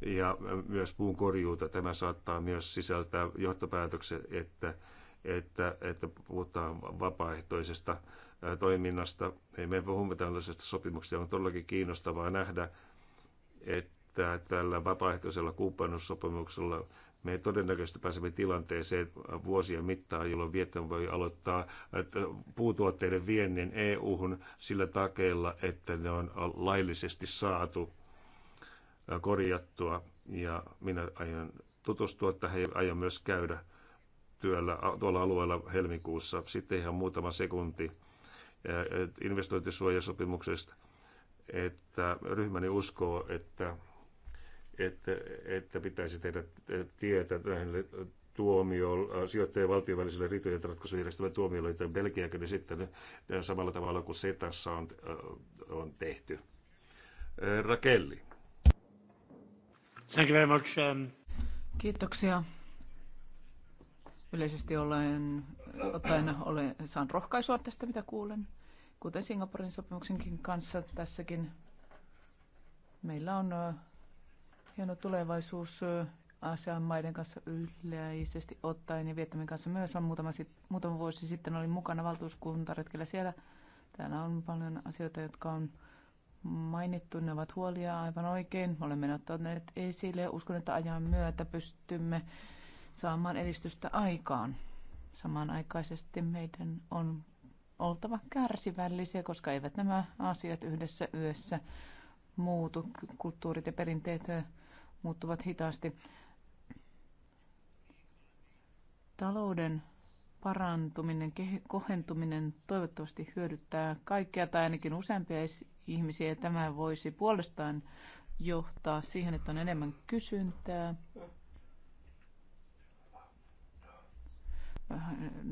ja myös puun korjuuta. Tämä saattaa myös sisältää johtopäätöksen, että, että, että puhutaan vapaaehtoisesta toiminnasta. Me puhumme tällaisesta sopimuksesta. On todellakin kiinnostavaa nähdä, että että tällä vapaaehtoisella kumppanuussopimuksella me todennäköisesti pääsemme tilanteeseen vuosien mittaan, jolloin Vietnam voi aloittaa puutuotteiden viennin EU-hun sillä takeella, että ne on laillisesti saatu äh, korjattua. Ja minä aion tutustua tähän ja aion myös käydä työllä, tuolla alueella helmikuussa. Sitten ihan muutama sekunti äh, investointisuojasopimuksesta, että ryhmäni uskoo, että että, että pitäisi tehdä tietä tähän tuomio, sijoittajien valtion väliselle riitojenratkaisujärjestelmän tuomiolle, tai Belgiakin niin sitten samalla tavalla kuin SETassa on, on tehty. Rakelli. Thank you very much. Um, Kiitoksia. Yleisesti olen, ottaen olen, saan rohkaisua tästä, mitä kuulen. Kuten Singaporen sopimuksenkin kanssa tässäkin meillä on hieno tulevaisuus Aasian maiden kanssa yleisesti ottaen ja Vietnamin kanssa myös. On muutama, sit, muutama vuosi sitten olin mukana valtuuskuntaretkellä siellä. Täällä on paljon asioita, jotka on mainittu. Ne ovat huolia aivan oikein. Olemme ne ottaneet esille ja uskon, että ajan myötä pystymme saamaan edistystä aikaan. Samanaikaisesti meidän on oltava kärsivällisiä, koska eivät nämä asiat yhdessä yössä muutu. Kulttuurit ja perinteet muuttuvat hitaasti. Talouden parantuminen, kohentuminen toivottavasti hyödyttää kaikkia tai ainakin useampia ihmisiä. Ja tämä voisi puolestaan johtaa siihen, että on enemmän kysyntää.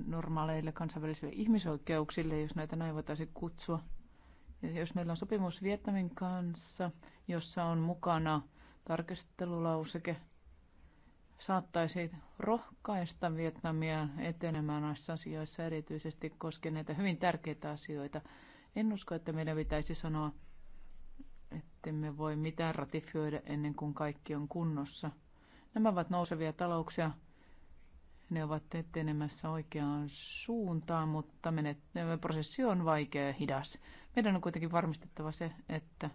normaaleille kansainvälisille ihmisoikeuksille, jos näitä näin voitaisiin kutsua. Ja jos meillä on sopimus Vietnamin kanssa, jossa on mukana Tarkastelulauseke saattaisi rohkaista Vietnamia etenemään näissä asioissa, erityisesti koskien näitä hyvin tärkeitä asioita. En usko, että meidän pitäisi sanoa, että me voi mitään ratifioida ennen kuin kaikki on kunnossa. Nämä ovat nousevia talouksia. Ne ovat etenemässä oikeaan suuntaan, mutta menet, prosessi on vaikea ja hidas. Meidän on kuitenkin varmistettava se, että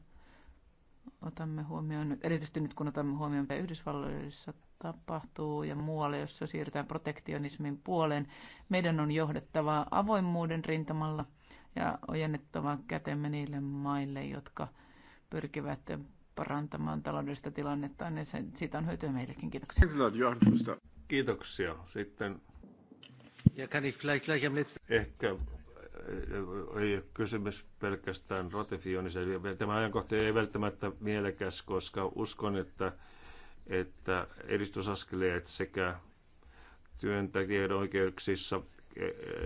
otamme huomioon, erityisesti nyt kun otamme huomioon, mitä Yhdysvalloissa tapahtuu ja muualle, jossa siirrytään protektionismin puoleen, meidän on johdettava avoimuuden rintamalla ja ojennettava kätemme niille maille, jotka pyrkivät parantamaan taloudellista tilannetta, niin se, siitä on hyötyä meillekin. Kiitoksia. Kiitoksia. Sitten ja kann ich vielleicht gleich am letzten... Ehkä ei ole kysymys pelkästään ratifioinnista. Tämä ajankohta ei välttämättä mielekäs, koska uskon, että, että edistysaskeleet sekä työntekijän oikeuksissa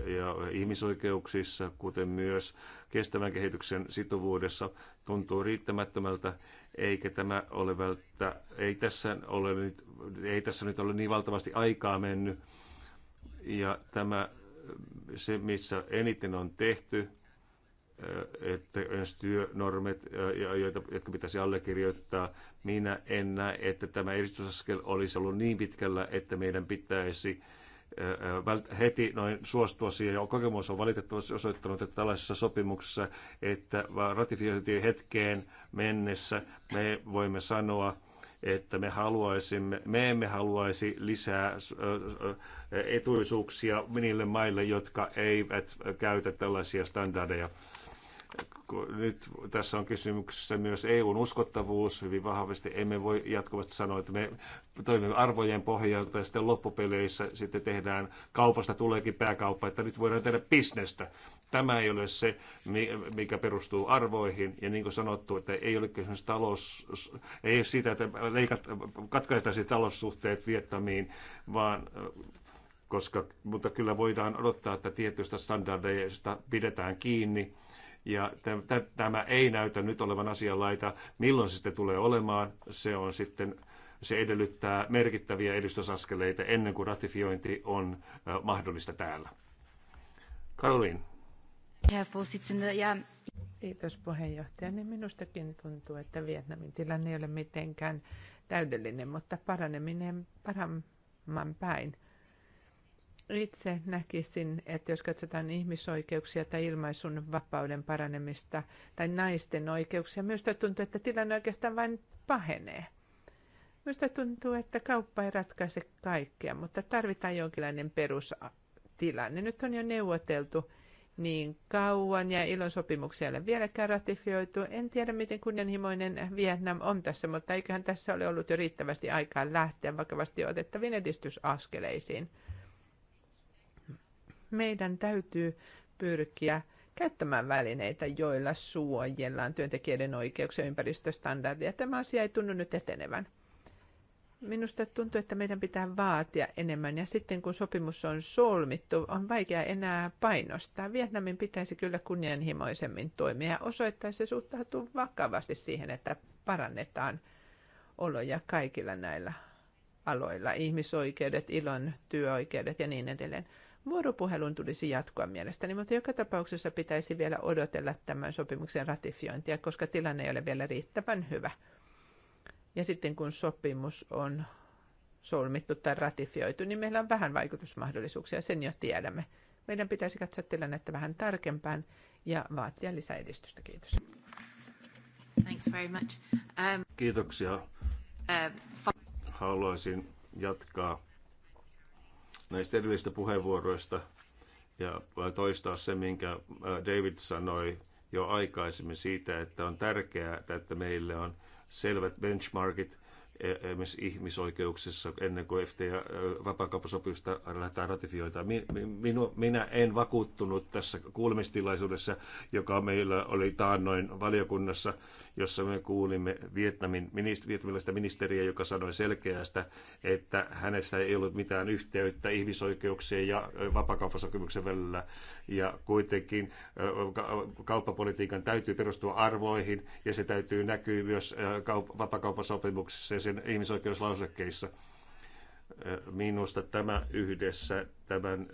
ja ihmisoikeuksissa, kuten myös kestävän kehityksen sitovuudessa, tuntuu riittämättömältä, eikä tämä ole välttä, ei tässä, ole nyt, ei tässä nyt ole niin valtavasti aikaa mennyt, ja tämä se, missä eniten on tehty, eh, että ensi työnormit, eh, joita, jotka pitäisi allekirjoittaa. Minä en näe, että tämä edistysaskel olisi ollut niin pitkällä, että meidän pitäisi eh, heti noin suostua siihen. Ja kokemus on valitettavasti osoittanut, että tällaisessa sopimuksessa, että hetkeen mennessä me voimme sanoa, että me haluaisimme, me emme haluaisi lisää etuisuuksia niille maille, jotka eivät käytä tällaisia standardeja. Nyt tässä on kysymyksessä myös EUn uskottavuus hyvin vahvasti. Emme voi jatkuvasti sanoa, että me toimimme arvojen pohjalta ja sitten loppupeleissä sitten tehdään kaupasta tuleekin pääkauppa, että nyt voidaan tehdä bisnestä. Tämä ei ole se, mikä perustuu arvoihin. Ja niin kuin sanottu, että ei ole kysymys talous, ei ole sitä, että leikat, katkaistaisiin taloussuhteet viettämiin, vaan koska, mutta kyllä voidaan odottaa, että tietyistä standardeista pidetään kiinni. Ja tämä ei näytä nyt olevan asianlaita. Milloin se sitten tulee olemaan, se on sitten se edellyttää merkittäviä edistysaskeleita ennen kuin ratifiointi on mahdollista täällä. Karolin. Kiitos puheenjohtaja. Niin minustakin tuntuu, että Vietnamin tilanne ei ole mitenkään täydellinen, mutta paraneminen paremman päin. Itse näkisin, että jos katsotaan ihmisoikeuksia tai ilmaisun vapauden paranemista tai naisten oikeuksia, minusta tuntuu, että tilanne oikeastaan vain pahenee. Minusta tuntuu, että kauppa ei ratkaise kaikkea, mutta tarvitaan jonkinlainen perustilanne. Nyt on jo neuvoteltu niin kauan ja ilon sopimuksia ei ole vieläkään ratifioitu. En tiedä, miten kunnianhimoinen Vietnam on tässä, mutta eiköhän tässä ole ollut jo riittävästi aikaa lähteä vakavasti otettaviin edistysaskeleisiin. Meidän täytyy pyrkiä käyttämään välineitä, joilla suojellaan työntekijöiden oikeuksia ja ympäristöstandardia. Tämä asia ei tunnu nyt etenevän. Minusta tuntuu, että meidän pitää vaatia enemmän ja sitten kun sopimus on solmittu, on vaikea enää painostaa. Vietnamin pitäisi kyllä kunnianhimoisemmin toimia ja osoittaa se suhtautuu vakavasti siihen, että parannetaan oloja kaikilla näillä aloilla, ihmisoikeudet, ilon, työoikeudet ja niin edelleen. Vuoropuhelun tulisi jatkoa mielestäni, mutta joka tapauksessa pitäisi vielä odotella tämän sopimuksen ratifiointia, koska tilanne ei ole vielä riittävän hyvä. Ja sitten kun sopimus on solmittu tai ratifioitu, niin meillä on vähän vaikutusmahdollisuuksia, sen jo tiedämme. Meidän pitäisi katsoa tilannetta vähän tarkempaan ja vaatia lisäedistystä. Kiitos. Thanks very much. Um, Kiitoksia. Uh, Haluaisin jatkaa näistä edellisistä puheenvuoroista ja toistaa se, minkä David sanoi jo aikaisemmin siitä, että on tärkeää, että meille on – selvät benchmarkit esimerkiksi ihmisoikeuksissa ennen kuin FTA äh, vapaakauppasopimusta lähdetään ratifioita. minä en vakuuttunut tässä kuulemistilaisuudessa, joka meillä oli taannoin valiokunnassa, jossa me kuulimme Vietnamin, vietnamilaista ministeriä, joka sanoi selkeästä, että hänessä ei ollut mitään yhteyttä ihmisoikeuksien ja vapaakauppasopimuksen välillä. Ja kuitenkin kauppapolitiikan täytyy perustua arvoihin ja se täytyy näkyä myös vapaakauppasopimuksessa ja se sen ihmisoikeuslausekkeissa. Minusta tämä yhdessä tämän,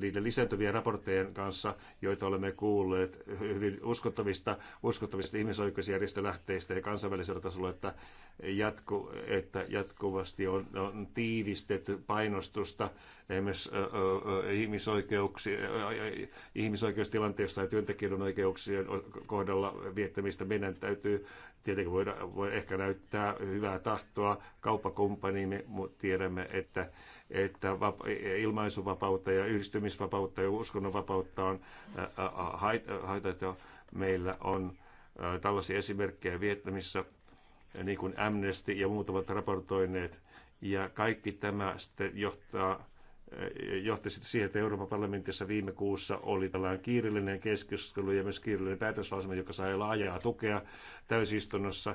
niiden lisääntyvien raporttejen kanssa, joita olemme kuulleet hyvin uskottavista, uskottavista ihmisoikeusjärjestölähteistä ja kansainvälisellä tasolla, että, jatku, että jatkuvasti on, on tiivistetty painostusta esimerkiksi ihmisoikeuksia, ihmisoikeustilanteessa ja työntekijöiden oikeuksien kohdalla viettämistä. Meidän täytyy Tietenkin voida, voi ehkä näyttää hyvää tahtoa kauppakumppaniimme, mutta tiedämme, että, että vap- ilmaisuvapautta ja yhdistymisvapautta ja uskonnonvapautta on haitata. Meillä on tällaisia esimerkkejä Vietnamissa, niin kuin Amnesty ja muut ovat raportoineet. Ja kaikki tämä sitten johtaa johti sitten siihen, että Euroopan parlamentissa viime kuussa oli tällainen kiireellinen keskustelu ja myös kiireellinen päätöslausuma, joka sai laajaa tukea täysistunnossa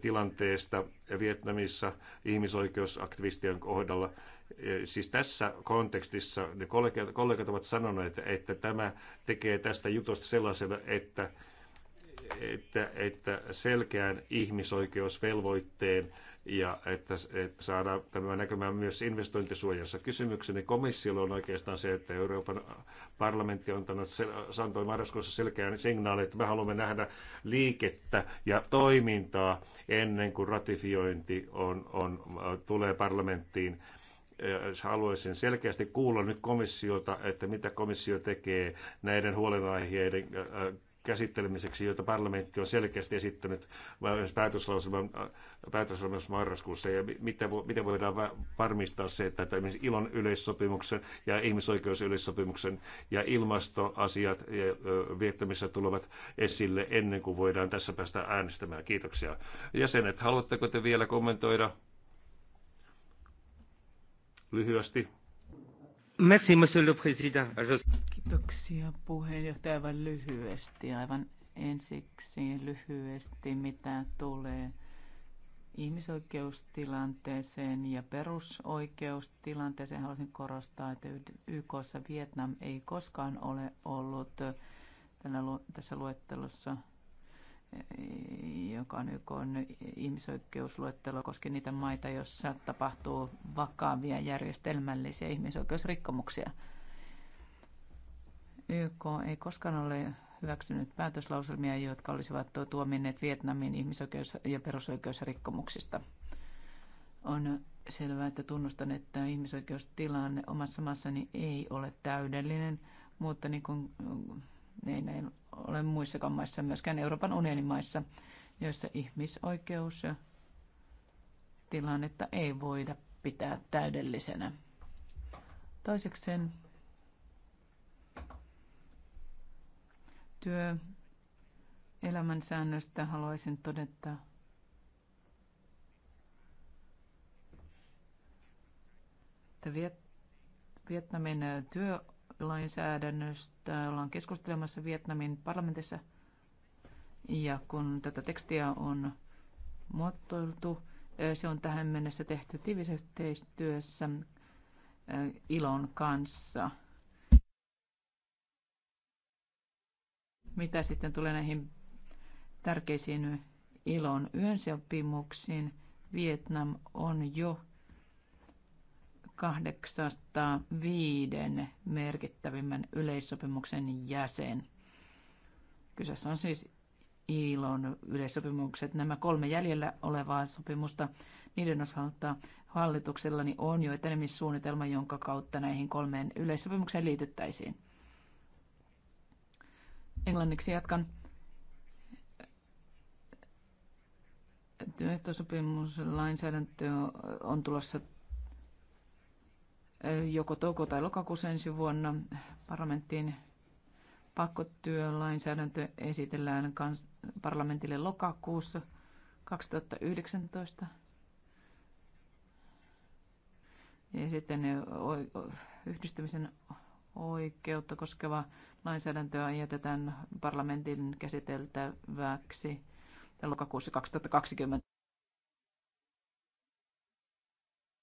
tilanteesta Vietnamissa ihmisoikeusaktivistien kohdalla. Siis tässä kontekstissa ne kollegat, kollegat ovat sanoneet, että tämä tekee tästä jutusta sellaisena, että, että, että selkeän ihmisoikeusvelvoitteen ja että, että saadaan tämä näkymään myös investointisuojassa. Kysymykseni komissiolla on oikeastaan se, että Euroopan parlamentti on antanut, antoi marraskuussa selkeän signaalin, että me haluamme nähdä liikettä ja toimintaa ennen kuin ratifiointi on, on, tulee parlamenttiin äh, haluaisin selkeästi kuulla nyt komissiota, että mitä komissio tekee näiden huolenaiheiden äh, käsittelemiseksi, joita parlamentti on selkeästi esittänyt päätöslauselman, päätöslauselman marraskuussa, ja miten, miten voidaan varmistaa se, että, esimerkiksi ilon yleissopimuksen ja ihmisoikeusyleissopimuksen ja ilmastoasiat viettämissä tulevat esille ennen kuin voidaan tässä päästä äänestämään. Kiitoksia. Jäsenet, haluatteko te vielä kommentoida lyhyesti? Merci, monsieur le président. Kiitoksia puheenjohtaja aivan lyhyesti. Aivan ensiksi lyhyesti, mitä tulee ihmisoikeustilanteeseen ja perusoikeustilanteeseen. Haluaisin korostaa, että YKssa Vietnam ei koskaan ole ollut tässä luettelossa joka on YK on ihmisoikeusluettelo, koski niitä maita, joissa tapahtuu vakavia järjestelmällisiä ihmisoikeusrikkomuksia. YK ei koskaan ole hyväksynyt päätöslauselmia, jotka olisivat tuominneet Vietnamin ihmisoikeus- ja perusoikeusrikkomuksista. On selvää, että tunnustan, että ihmisoikeustilanne omassa maassani ei ole täydellinen, mutta niin kuin niin, ei näin ole muissakaan maissa, myöskään Euroopan unionin maissa, joissa ihmisoikeus tilannetta ei voida pitää täydellisenä. Toisekseen työ säännöstä haluaisin todeta, että Vietnamin työ lainsäädännöstä ollaan keskustelemassa Vietnamin parlamentissa. Ja kun tätä tekstiä on muotoiltu, se on tähän mennessä tehty tiivisyhteistyössä ilon kanssa. Mitä sitten tulee näihin tärkeisiin ilon yönsopimuksiin? Vietnam on jo kahdeksasta merkittävimmän yleissopimuksen jäsen. Kyseessä on siis ILOn yleissopimukset. Nämä kolme jäljellä olevaa sopimusta, niiden osalta hallituksellani on jo etenemissuunnitelma, jonka kautta näihin kolmeen yleissopimukseen liityttäisiin. Englanniksi jatkan. Työehtosopimuslainsäädäntö on tulossa joko touko- tai lokakuussa ensi vuonna parlamenttiin pakkotyölainsäädäntö esitellään kans- parlamentille lokakuussa 2019. Ja sitten yhdistymisen oikeutta koskeva lainsäädäntöä jätetään parlamentin käsiteltäväksi lokakuussa 2020.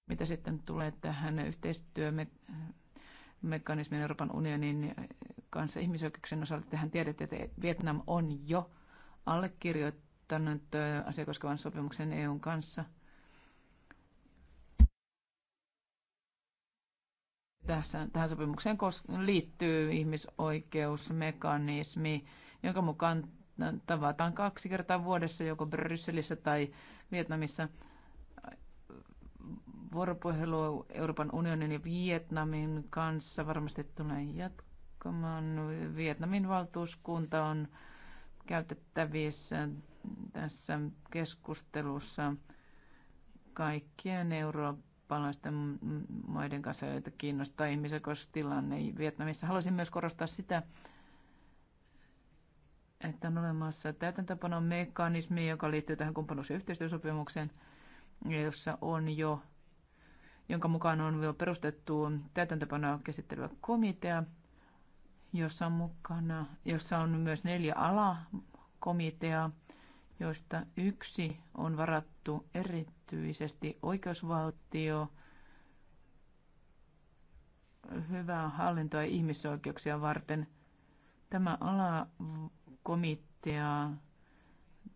Mitä sitten tulee tähän mekanismin Euroopan unionin kanssa ihmisoikeuksien osalta, tähän tiedätte, että Vietnam on jo allekirjoittanut asia koskevan sopimuksen EUn kanssa – tässä, tähän sopimukseen liittyy ihmisoikeusmekanismi, jonka mukaan tavataan kaksi kertaa vuodessa joko Brysselissä tai Vietnamissa vuoropuhelu Euroopan unionin ja Vietnamin kanssa varmasti tulee jatkamaan. Vietnamin valtuuskunta on käytettävissä tässä keskustelussa kaikkien eurooppalaisten maiden kanssa, joita kiinnostaa tilanne Vietnamissa. Haluaisin myös korostaa sitä, että on olemassa täytäntöpanon mekanismi, joka liittyy tähän kumppanuus- ja yhteistyösopimukseen, jossa on jo jonka mukaan on jo perustettu täytäntöpanoa käsittelevä komitea, jossa on, mukana, jossa on myös neljä alakomiteaa, joista yksi on varattu erityisesti oikeusvaltio, hyvää hallintoa ja ihmisoikeuksia varten. Tämä alakomitea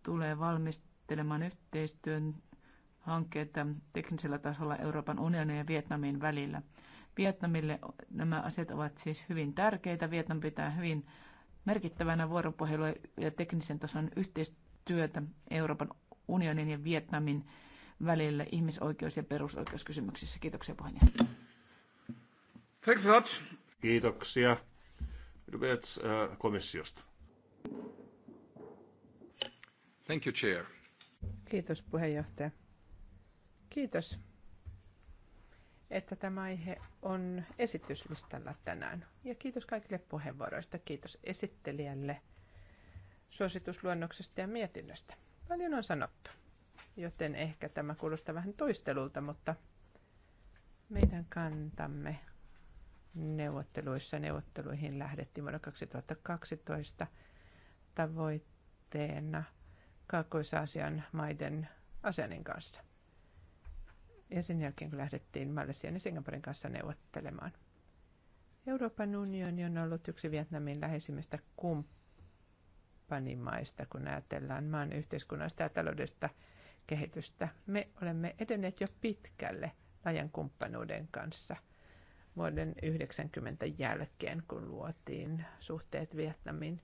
tulee valmistelemaan yhteistyön hankkeita teknisellä tasolla Euroopan unionin ja Vietnamin välillä. Vietnamille nämä asiat ovat siis hyvin tärkeitä. Vietnam pitää hyvin merkittävänä vuoropuhelua ja teknisen tason yhteistyötä Euroopan unionin ja Vietnamin välillä ihmisoikeus- ja perusoikeuskysymyksissä. Kiitoksia puheenjohtaja. Kiitoksia. Äh, komissiosta. Thank you, Chair. Kiitos puheenjohtaja. Kiitos, että tämä aihe on esityslistalla tänään. Ja kiitos kaikille puheenvuoroista. Kiitos esittelijälle suositusluonnoksesta ja mietinnöstä. Paljon on sanottu, joten ehkä tämä kuulostaa vähän toistelulta, mutta meidän kantamme neuvotteluissa neuvotteluihin lähdettiin vuonna 2012 tavoitteena Kaakkois-Aasian maiden asenin kanssa. Ja sen jälkeen, kun lähdettiin Malesian ja Singaporen kanssa neuvottelemaan. Euroopan unioni on ollut yksi Vietnamin läheisimmistä kumppanimaista, kun ajatellaan maan yhteiskunnallista ja taloudesta kehitystä. Me olemme edenneet jo pitkälle laajan kumppanuuden kanssa vuoden 90 jälkeen, kun luotiin suhteet Vietnamin.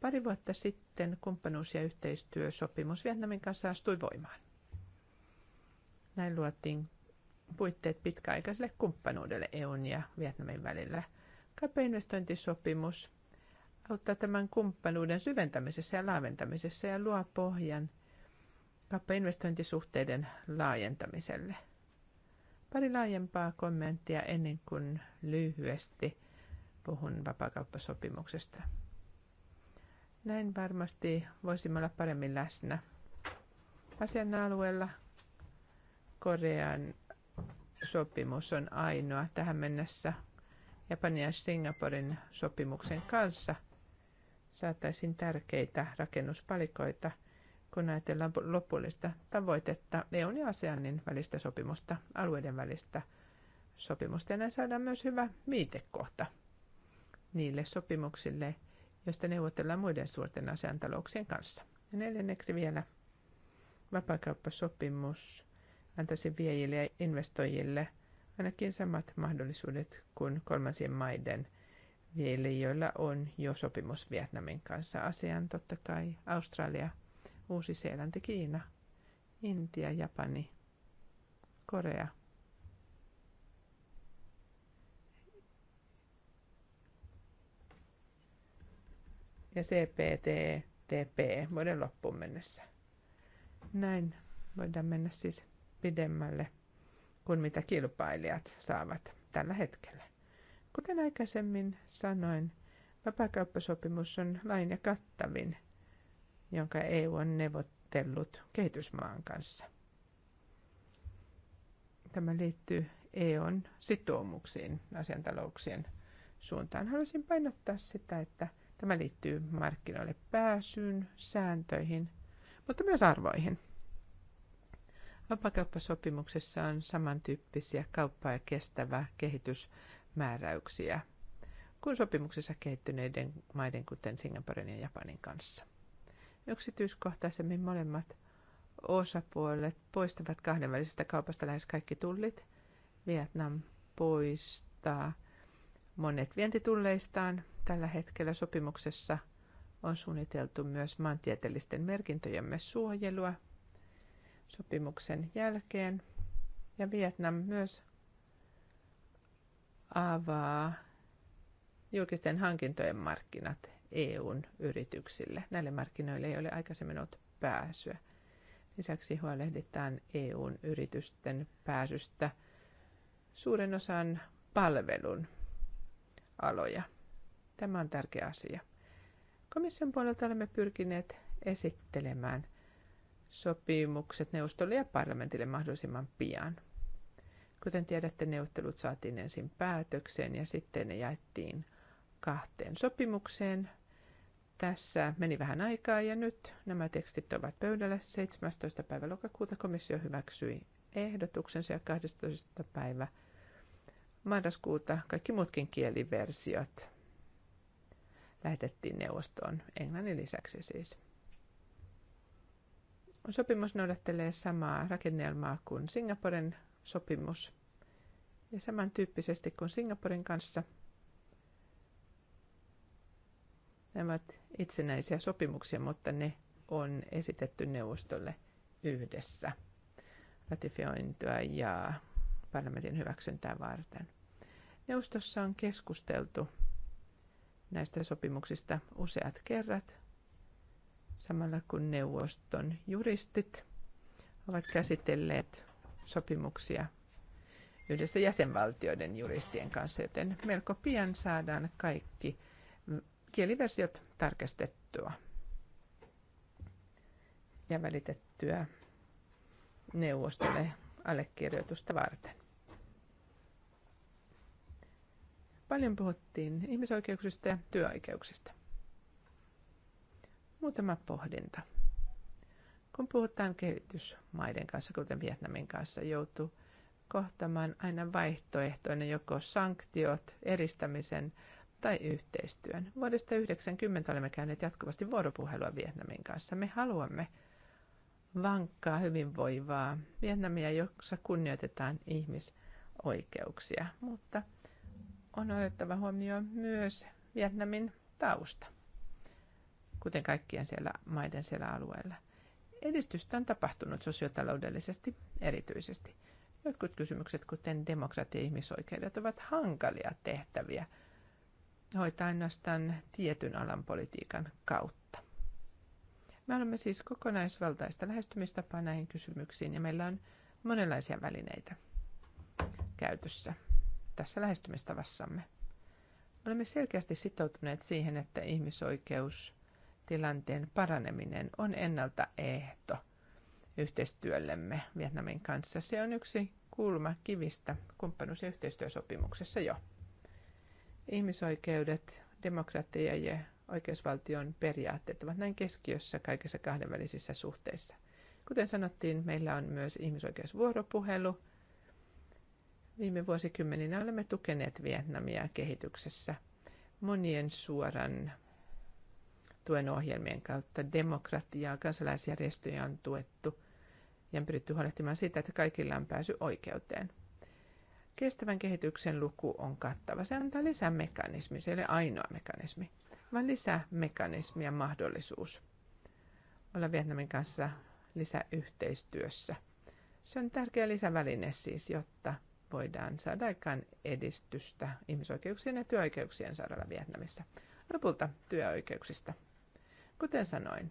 Pari vuotta sitten kumppanuus- ja yhteistyösopimus Vietnamin kanssa astui voimaan. Näin luotiin puitteet pitkäaikaiselle kumppanuudelle EUn ja Vietnamin välillä. Kapeinvestointisopimus auttaa tämän kumppanuuden syventämisessä ja laaventamisessa ja luo pohjan kapeinvestointisuhteiden laajentamiselle. Pari laajempaa kommenttia ennen kuin lyhyesti puhun vapakauppasopimuksesta. Näin varmasti voisimme olla paremmin läsnä asian alueella Korean sopimus on ainoa tähän mennessä Japanin ja Singaporen sopimuksen kanssa. Saataisiin tärkeitä rakennuspalikoita, kun ajatellaan lopullista tavoitetta EUn ja ASEANin välistä sopimusta, alueiden välistä sopimusta. Ja näin saadaan myös hyvä viitekohta niille sopimuksille, joista neuvotellaan muiden suurten asiantalouksien kanssa. Ja neljänneksi vielä vapaakauppasopimus antaisi viejille ja investoijille ainakin samat mahdollisuudet kuin kolmansien maiden viejille, joilla on jo sopimus Vietnamin kanssa. ASEAN totta kai, Australia, Uusi-Seelanti, Kiina, Intia, Japani, Korea. Ja CPTTP vuoden loppuun mennessä. Näin voidaan mennä siis pidemmälle kuin mitä kilpailijat saavat tällä hetkellä. Kuten aikaisemmin sanoin, vapaakauppasopimus on lain ja kattavin, jonka EU on neuvottellut kehitysmaan kanssa. Tämä liittyy EUn sitoumuksiin asiantalouksien suuntaan. Haluaisin painottaa sitä, että tämä liittyy markkinoille pääsyyn, sääntöihin, mutta myös arvoihin – Vapakauppasopimuksessa on samantyyppisiä kauppa- ja kestävää kehitysmääräyksiä kuin sopimuksessa kehittyneiden maiden, kuten Singaporen ja Japanin kanssa. Yksityiskohtaisemmin molemmat osapuolet poistavat kahdenvälisestä kaupasta lähes kaikki tullit. Vietnam poistaa monet vientitulleistaan. Tällä hetkellä sopimuksessa on suunniteltu myös maantieteellisten merkintöjemme suojelua – sopimuksen jälkeen. Ja Vietnam myös avaa julkisten hankintojen markkinat EUn yrityksille. Näille markkinoille ei ole aikaisemmin ollut pääsyä. Lisäksi huolehditaan EUn yritysten pääsystä suuren osan palvelun aloja. Tämä on tärkeä asia. Komission puolelta olemme pyrkineet esittelemään sopimukset neuvostolle ja parlamentille mahdollisimman pian. Kuten tiedätte, neuvottelut saatiin ensin päätökseen ja sitten ne jaettiin kahteen sopimukseen. Tässä meni vähän aikaa ja nyt nämä tekstit ovat pöydällä. 17. päivä lokakuuta komissio hyväksyi ehdotuksensa ja 12. päivä marraskuuta kaikki muutkin kieliversiot lähetettiin neuvostoon, englannin lisäksi siis. Sopimus noudattelee samaa rakennelmaa kuin Singaporen sopimus ja samantyyppisesti kuin Singaporen kanssa. Nämä ovat itsenäisiä sopimuksia, mutta ne on esitetty neuvostolle yhdessä ratifiointia ja parlamentin hyväksyntää varten. Neuvostossa on keskusteltu näistä sopimuksista useat kerrat samalla kun neuvoston juristit ovat käsitelleet sopimuksia yhdessä jäsenvaltioiden juristien kanssa, joten melko pian saadaan kaikki kieliversiot tarkastettua ja välitettyä neuvostolle allekirjoitusta varten. Paljon puhuttiin ihmisoikeuksista ja työoikeuksista. Muutama pohdinta. Kun puhutaan kehitysmaiden kanssa, kuten Vietnamin kanssa, joutuu kohtamaan aina vaihtoehtoinen joko sanktiot, eristämisen tai yhteistyön. Vuodesta 1990 olemme käyneet jatkuvasti vuoropuhelua Vietnamin kanssa. Me haluamme vankkaa, hyvinvoivaa Vietnamia, jossa kunnioitetaan ihmisoikeuksia, mutta on otettava huomioon myös Vietnamin tausta kuten kaikkien siellä maiden siellä alueella. Edistystä on tapahtunut sosiotaloudellisesti erityisesti. Jotkut kysymykset, kuten demokratia ja ihmisoikeudet, ovat hankalia tehtäviä hoitaa ainoastaan tietyn alan politiikan kautta. Me olemme siis kokonaisvaltaista lähestymistapaa näihin kysymyksiin ja meillä on monenlaisia välineitä käytössä tässä lähestymistavassamme. Olemme selkeästi sitoutuneet siihen, että ihmisoikeus tilanteen paraneminen on ehto yhteistyöllemme Vietnamin kanssa. Se on yksi kulma kivistä kumppanuus- ja yhteistyösopimuksessa jo. Ihmisoikeudet, demokratia ja oikeusvaltion periaatteet ovat näin keskiössä kaikissa kahdenvälisissä suhteissa. Kuten sanottiin, meillä on myös ihmisoikeusvuoropuhelu. Viime vuosikymmeninä olemme tukeneet Vietnamia kehityksessä monien suoran tuen ohjelmien kautta. Demokratiaa, kansalaisjärjestöjä on tuettu ja on pyritty huolehtimaan siitä, että kaikilla on pääsy oikeuteen. Kestävän kehityksen luku on kattava. Se antaa lisää mekanismi, se ei ole ainoa mekanismi, vaan lisää mekanismia mahdollisuus olla Vietnamin kanssa lisäyhteistyössä. Se on tärkeä lisäväline siis, jotta voidaan saada aikaan edistystä ihmisoikeuksien ja työoikeuksien saralla Vietnamissa. Lopulta työoikeuksista. Kuten sanoin,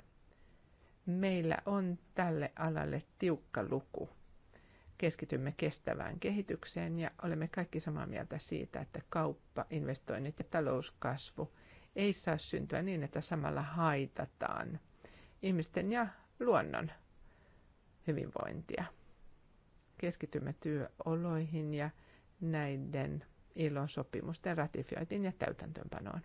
meillä on tälle alalle tiukka luku. Keskitymme kestävään kehitykseen ja olemme kaikki samaa mieltä siitä, että kauppa, investoinnit ja talouskasvu ei saa syntyä niin, että samalla haitataan ihmisten ja luonnon hyvinvointia. Keskitymme työoloihin ja näiden ilosopimusten ratifioitiin ja täytäntöönpanoon.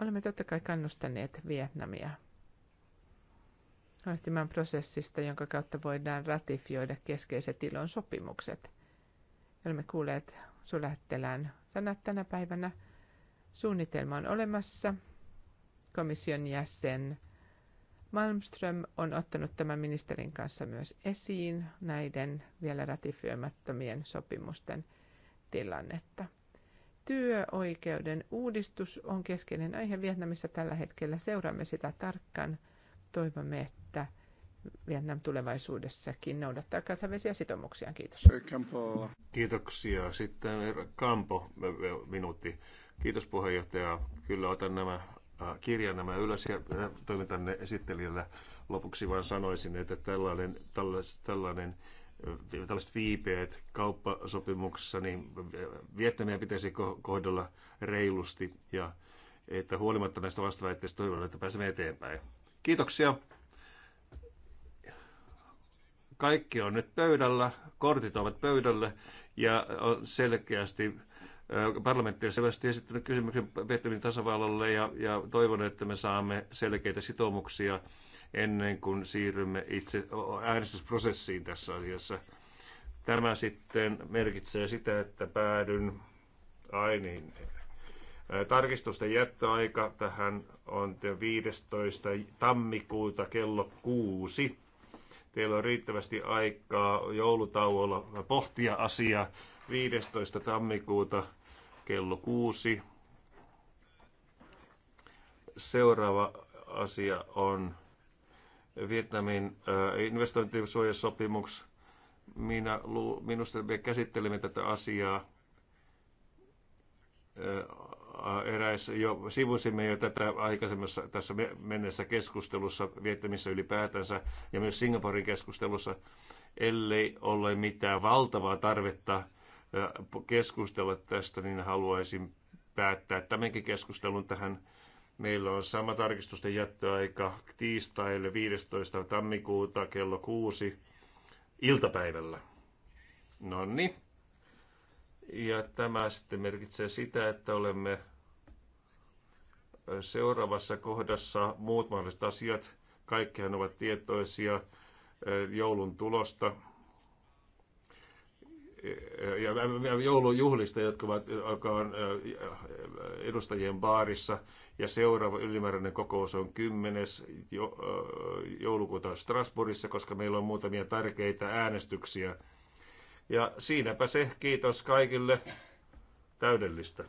olemme totta kai kannustaneet Vietnamia huolehtimaan prosessista, jonka kautta voidaan ratifioida keskeiset ilon sopimukset. Olemme kuulleet sulähettelään sanat tänä päivänä. Suunnitelma on olemassa. Komission jäsen Malmström on ottanut tämän ministerin kanssa myös esiin näiden vielä ratifioimattomien sopimusten tilannetta. Työoikeuden uudistus on keskeinen aihe Vietnamissa tällä hetkellä. Seuraamme sitä tarkkaan. Toivomme, että Vietnam tulevaisuudessakin noudattaa kansainvälisiä sitoumuksia. Kiitos. Kiitoksia. Sitten Kampo, minuutti. Kiitos puheenjohtaja. Kyllä otan nämä äh, kirjan nämä ylös ja äh, toimitan ne esittelijälle. Lopuksi vain sanoisin, että tällainen, tällainen, tällainen tällaiset viipeet kauppasopimuksessa, niin viettämiä pitäisi kohdella reilusti ja että huolimatta näistä vastaväitteistä toivon, että pääsemme eteenpäin. Kiitoksia. Kaikki on nyt pöydällä, kortit ovat pöydälle ja on selkeästi parlamentti on selvästi esittänyt kysymyksen Vietnamin tasavallalle ja, ja toivon, että me saamme selkeitä sitoumuksia ennen kuin siirrymme itse äänestysprosessiin tässä asiassa. Tämä sitten merkitsee sitä, että päädyn ainiin. Tarkistusten jättöaika tähän on 15. tammikuuta kello 6. Teillä on riittävästi aikaa joulutauolla pohtia asiaa 15. tammikuuta kello 6. Seuraava asia on Vietnamin investointisuojasopimus. Minä, minusta me käsittelemme tätä asiaa eräissä jo sivusimme jo tätä aikaisemmassa tässä mennessä keskustelussa Vietnamissa ylipäätänsä ja myös Singaporin keskustelussa, ellei ole mitään valtavaa tarvetta keskustella tästä, niin haluaisin päättää tämänkin keskustelun tähän Meillä on sama tarkistusten jättöaika tiistaille 15. tammikuuta kello 6 iltapäivällä. No niin. Ja tämä sitten merkitsee sitä, että olemme seuraavassa kohdassa muut mahdolliset asiat. Kaikkihan ovat tietoisia joulun tulosta ja joulujuhlista, jotka ovat, joka on edustajien baarissa. Ja seuraava ylimääräinen kokous on 10. joulukuuta Strasbourgissa, koska meillä on muutamia tärkeitä äänestyksiä. Ja siinäpä se. Kiitos kaikille. Täydellistä.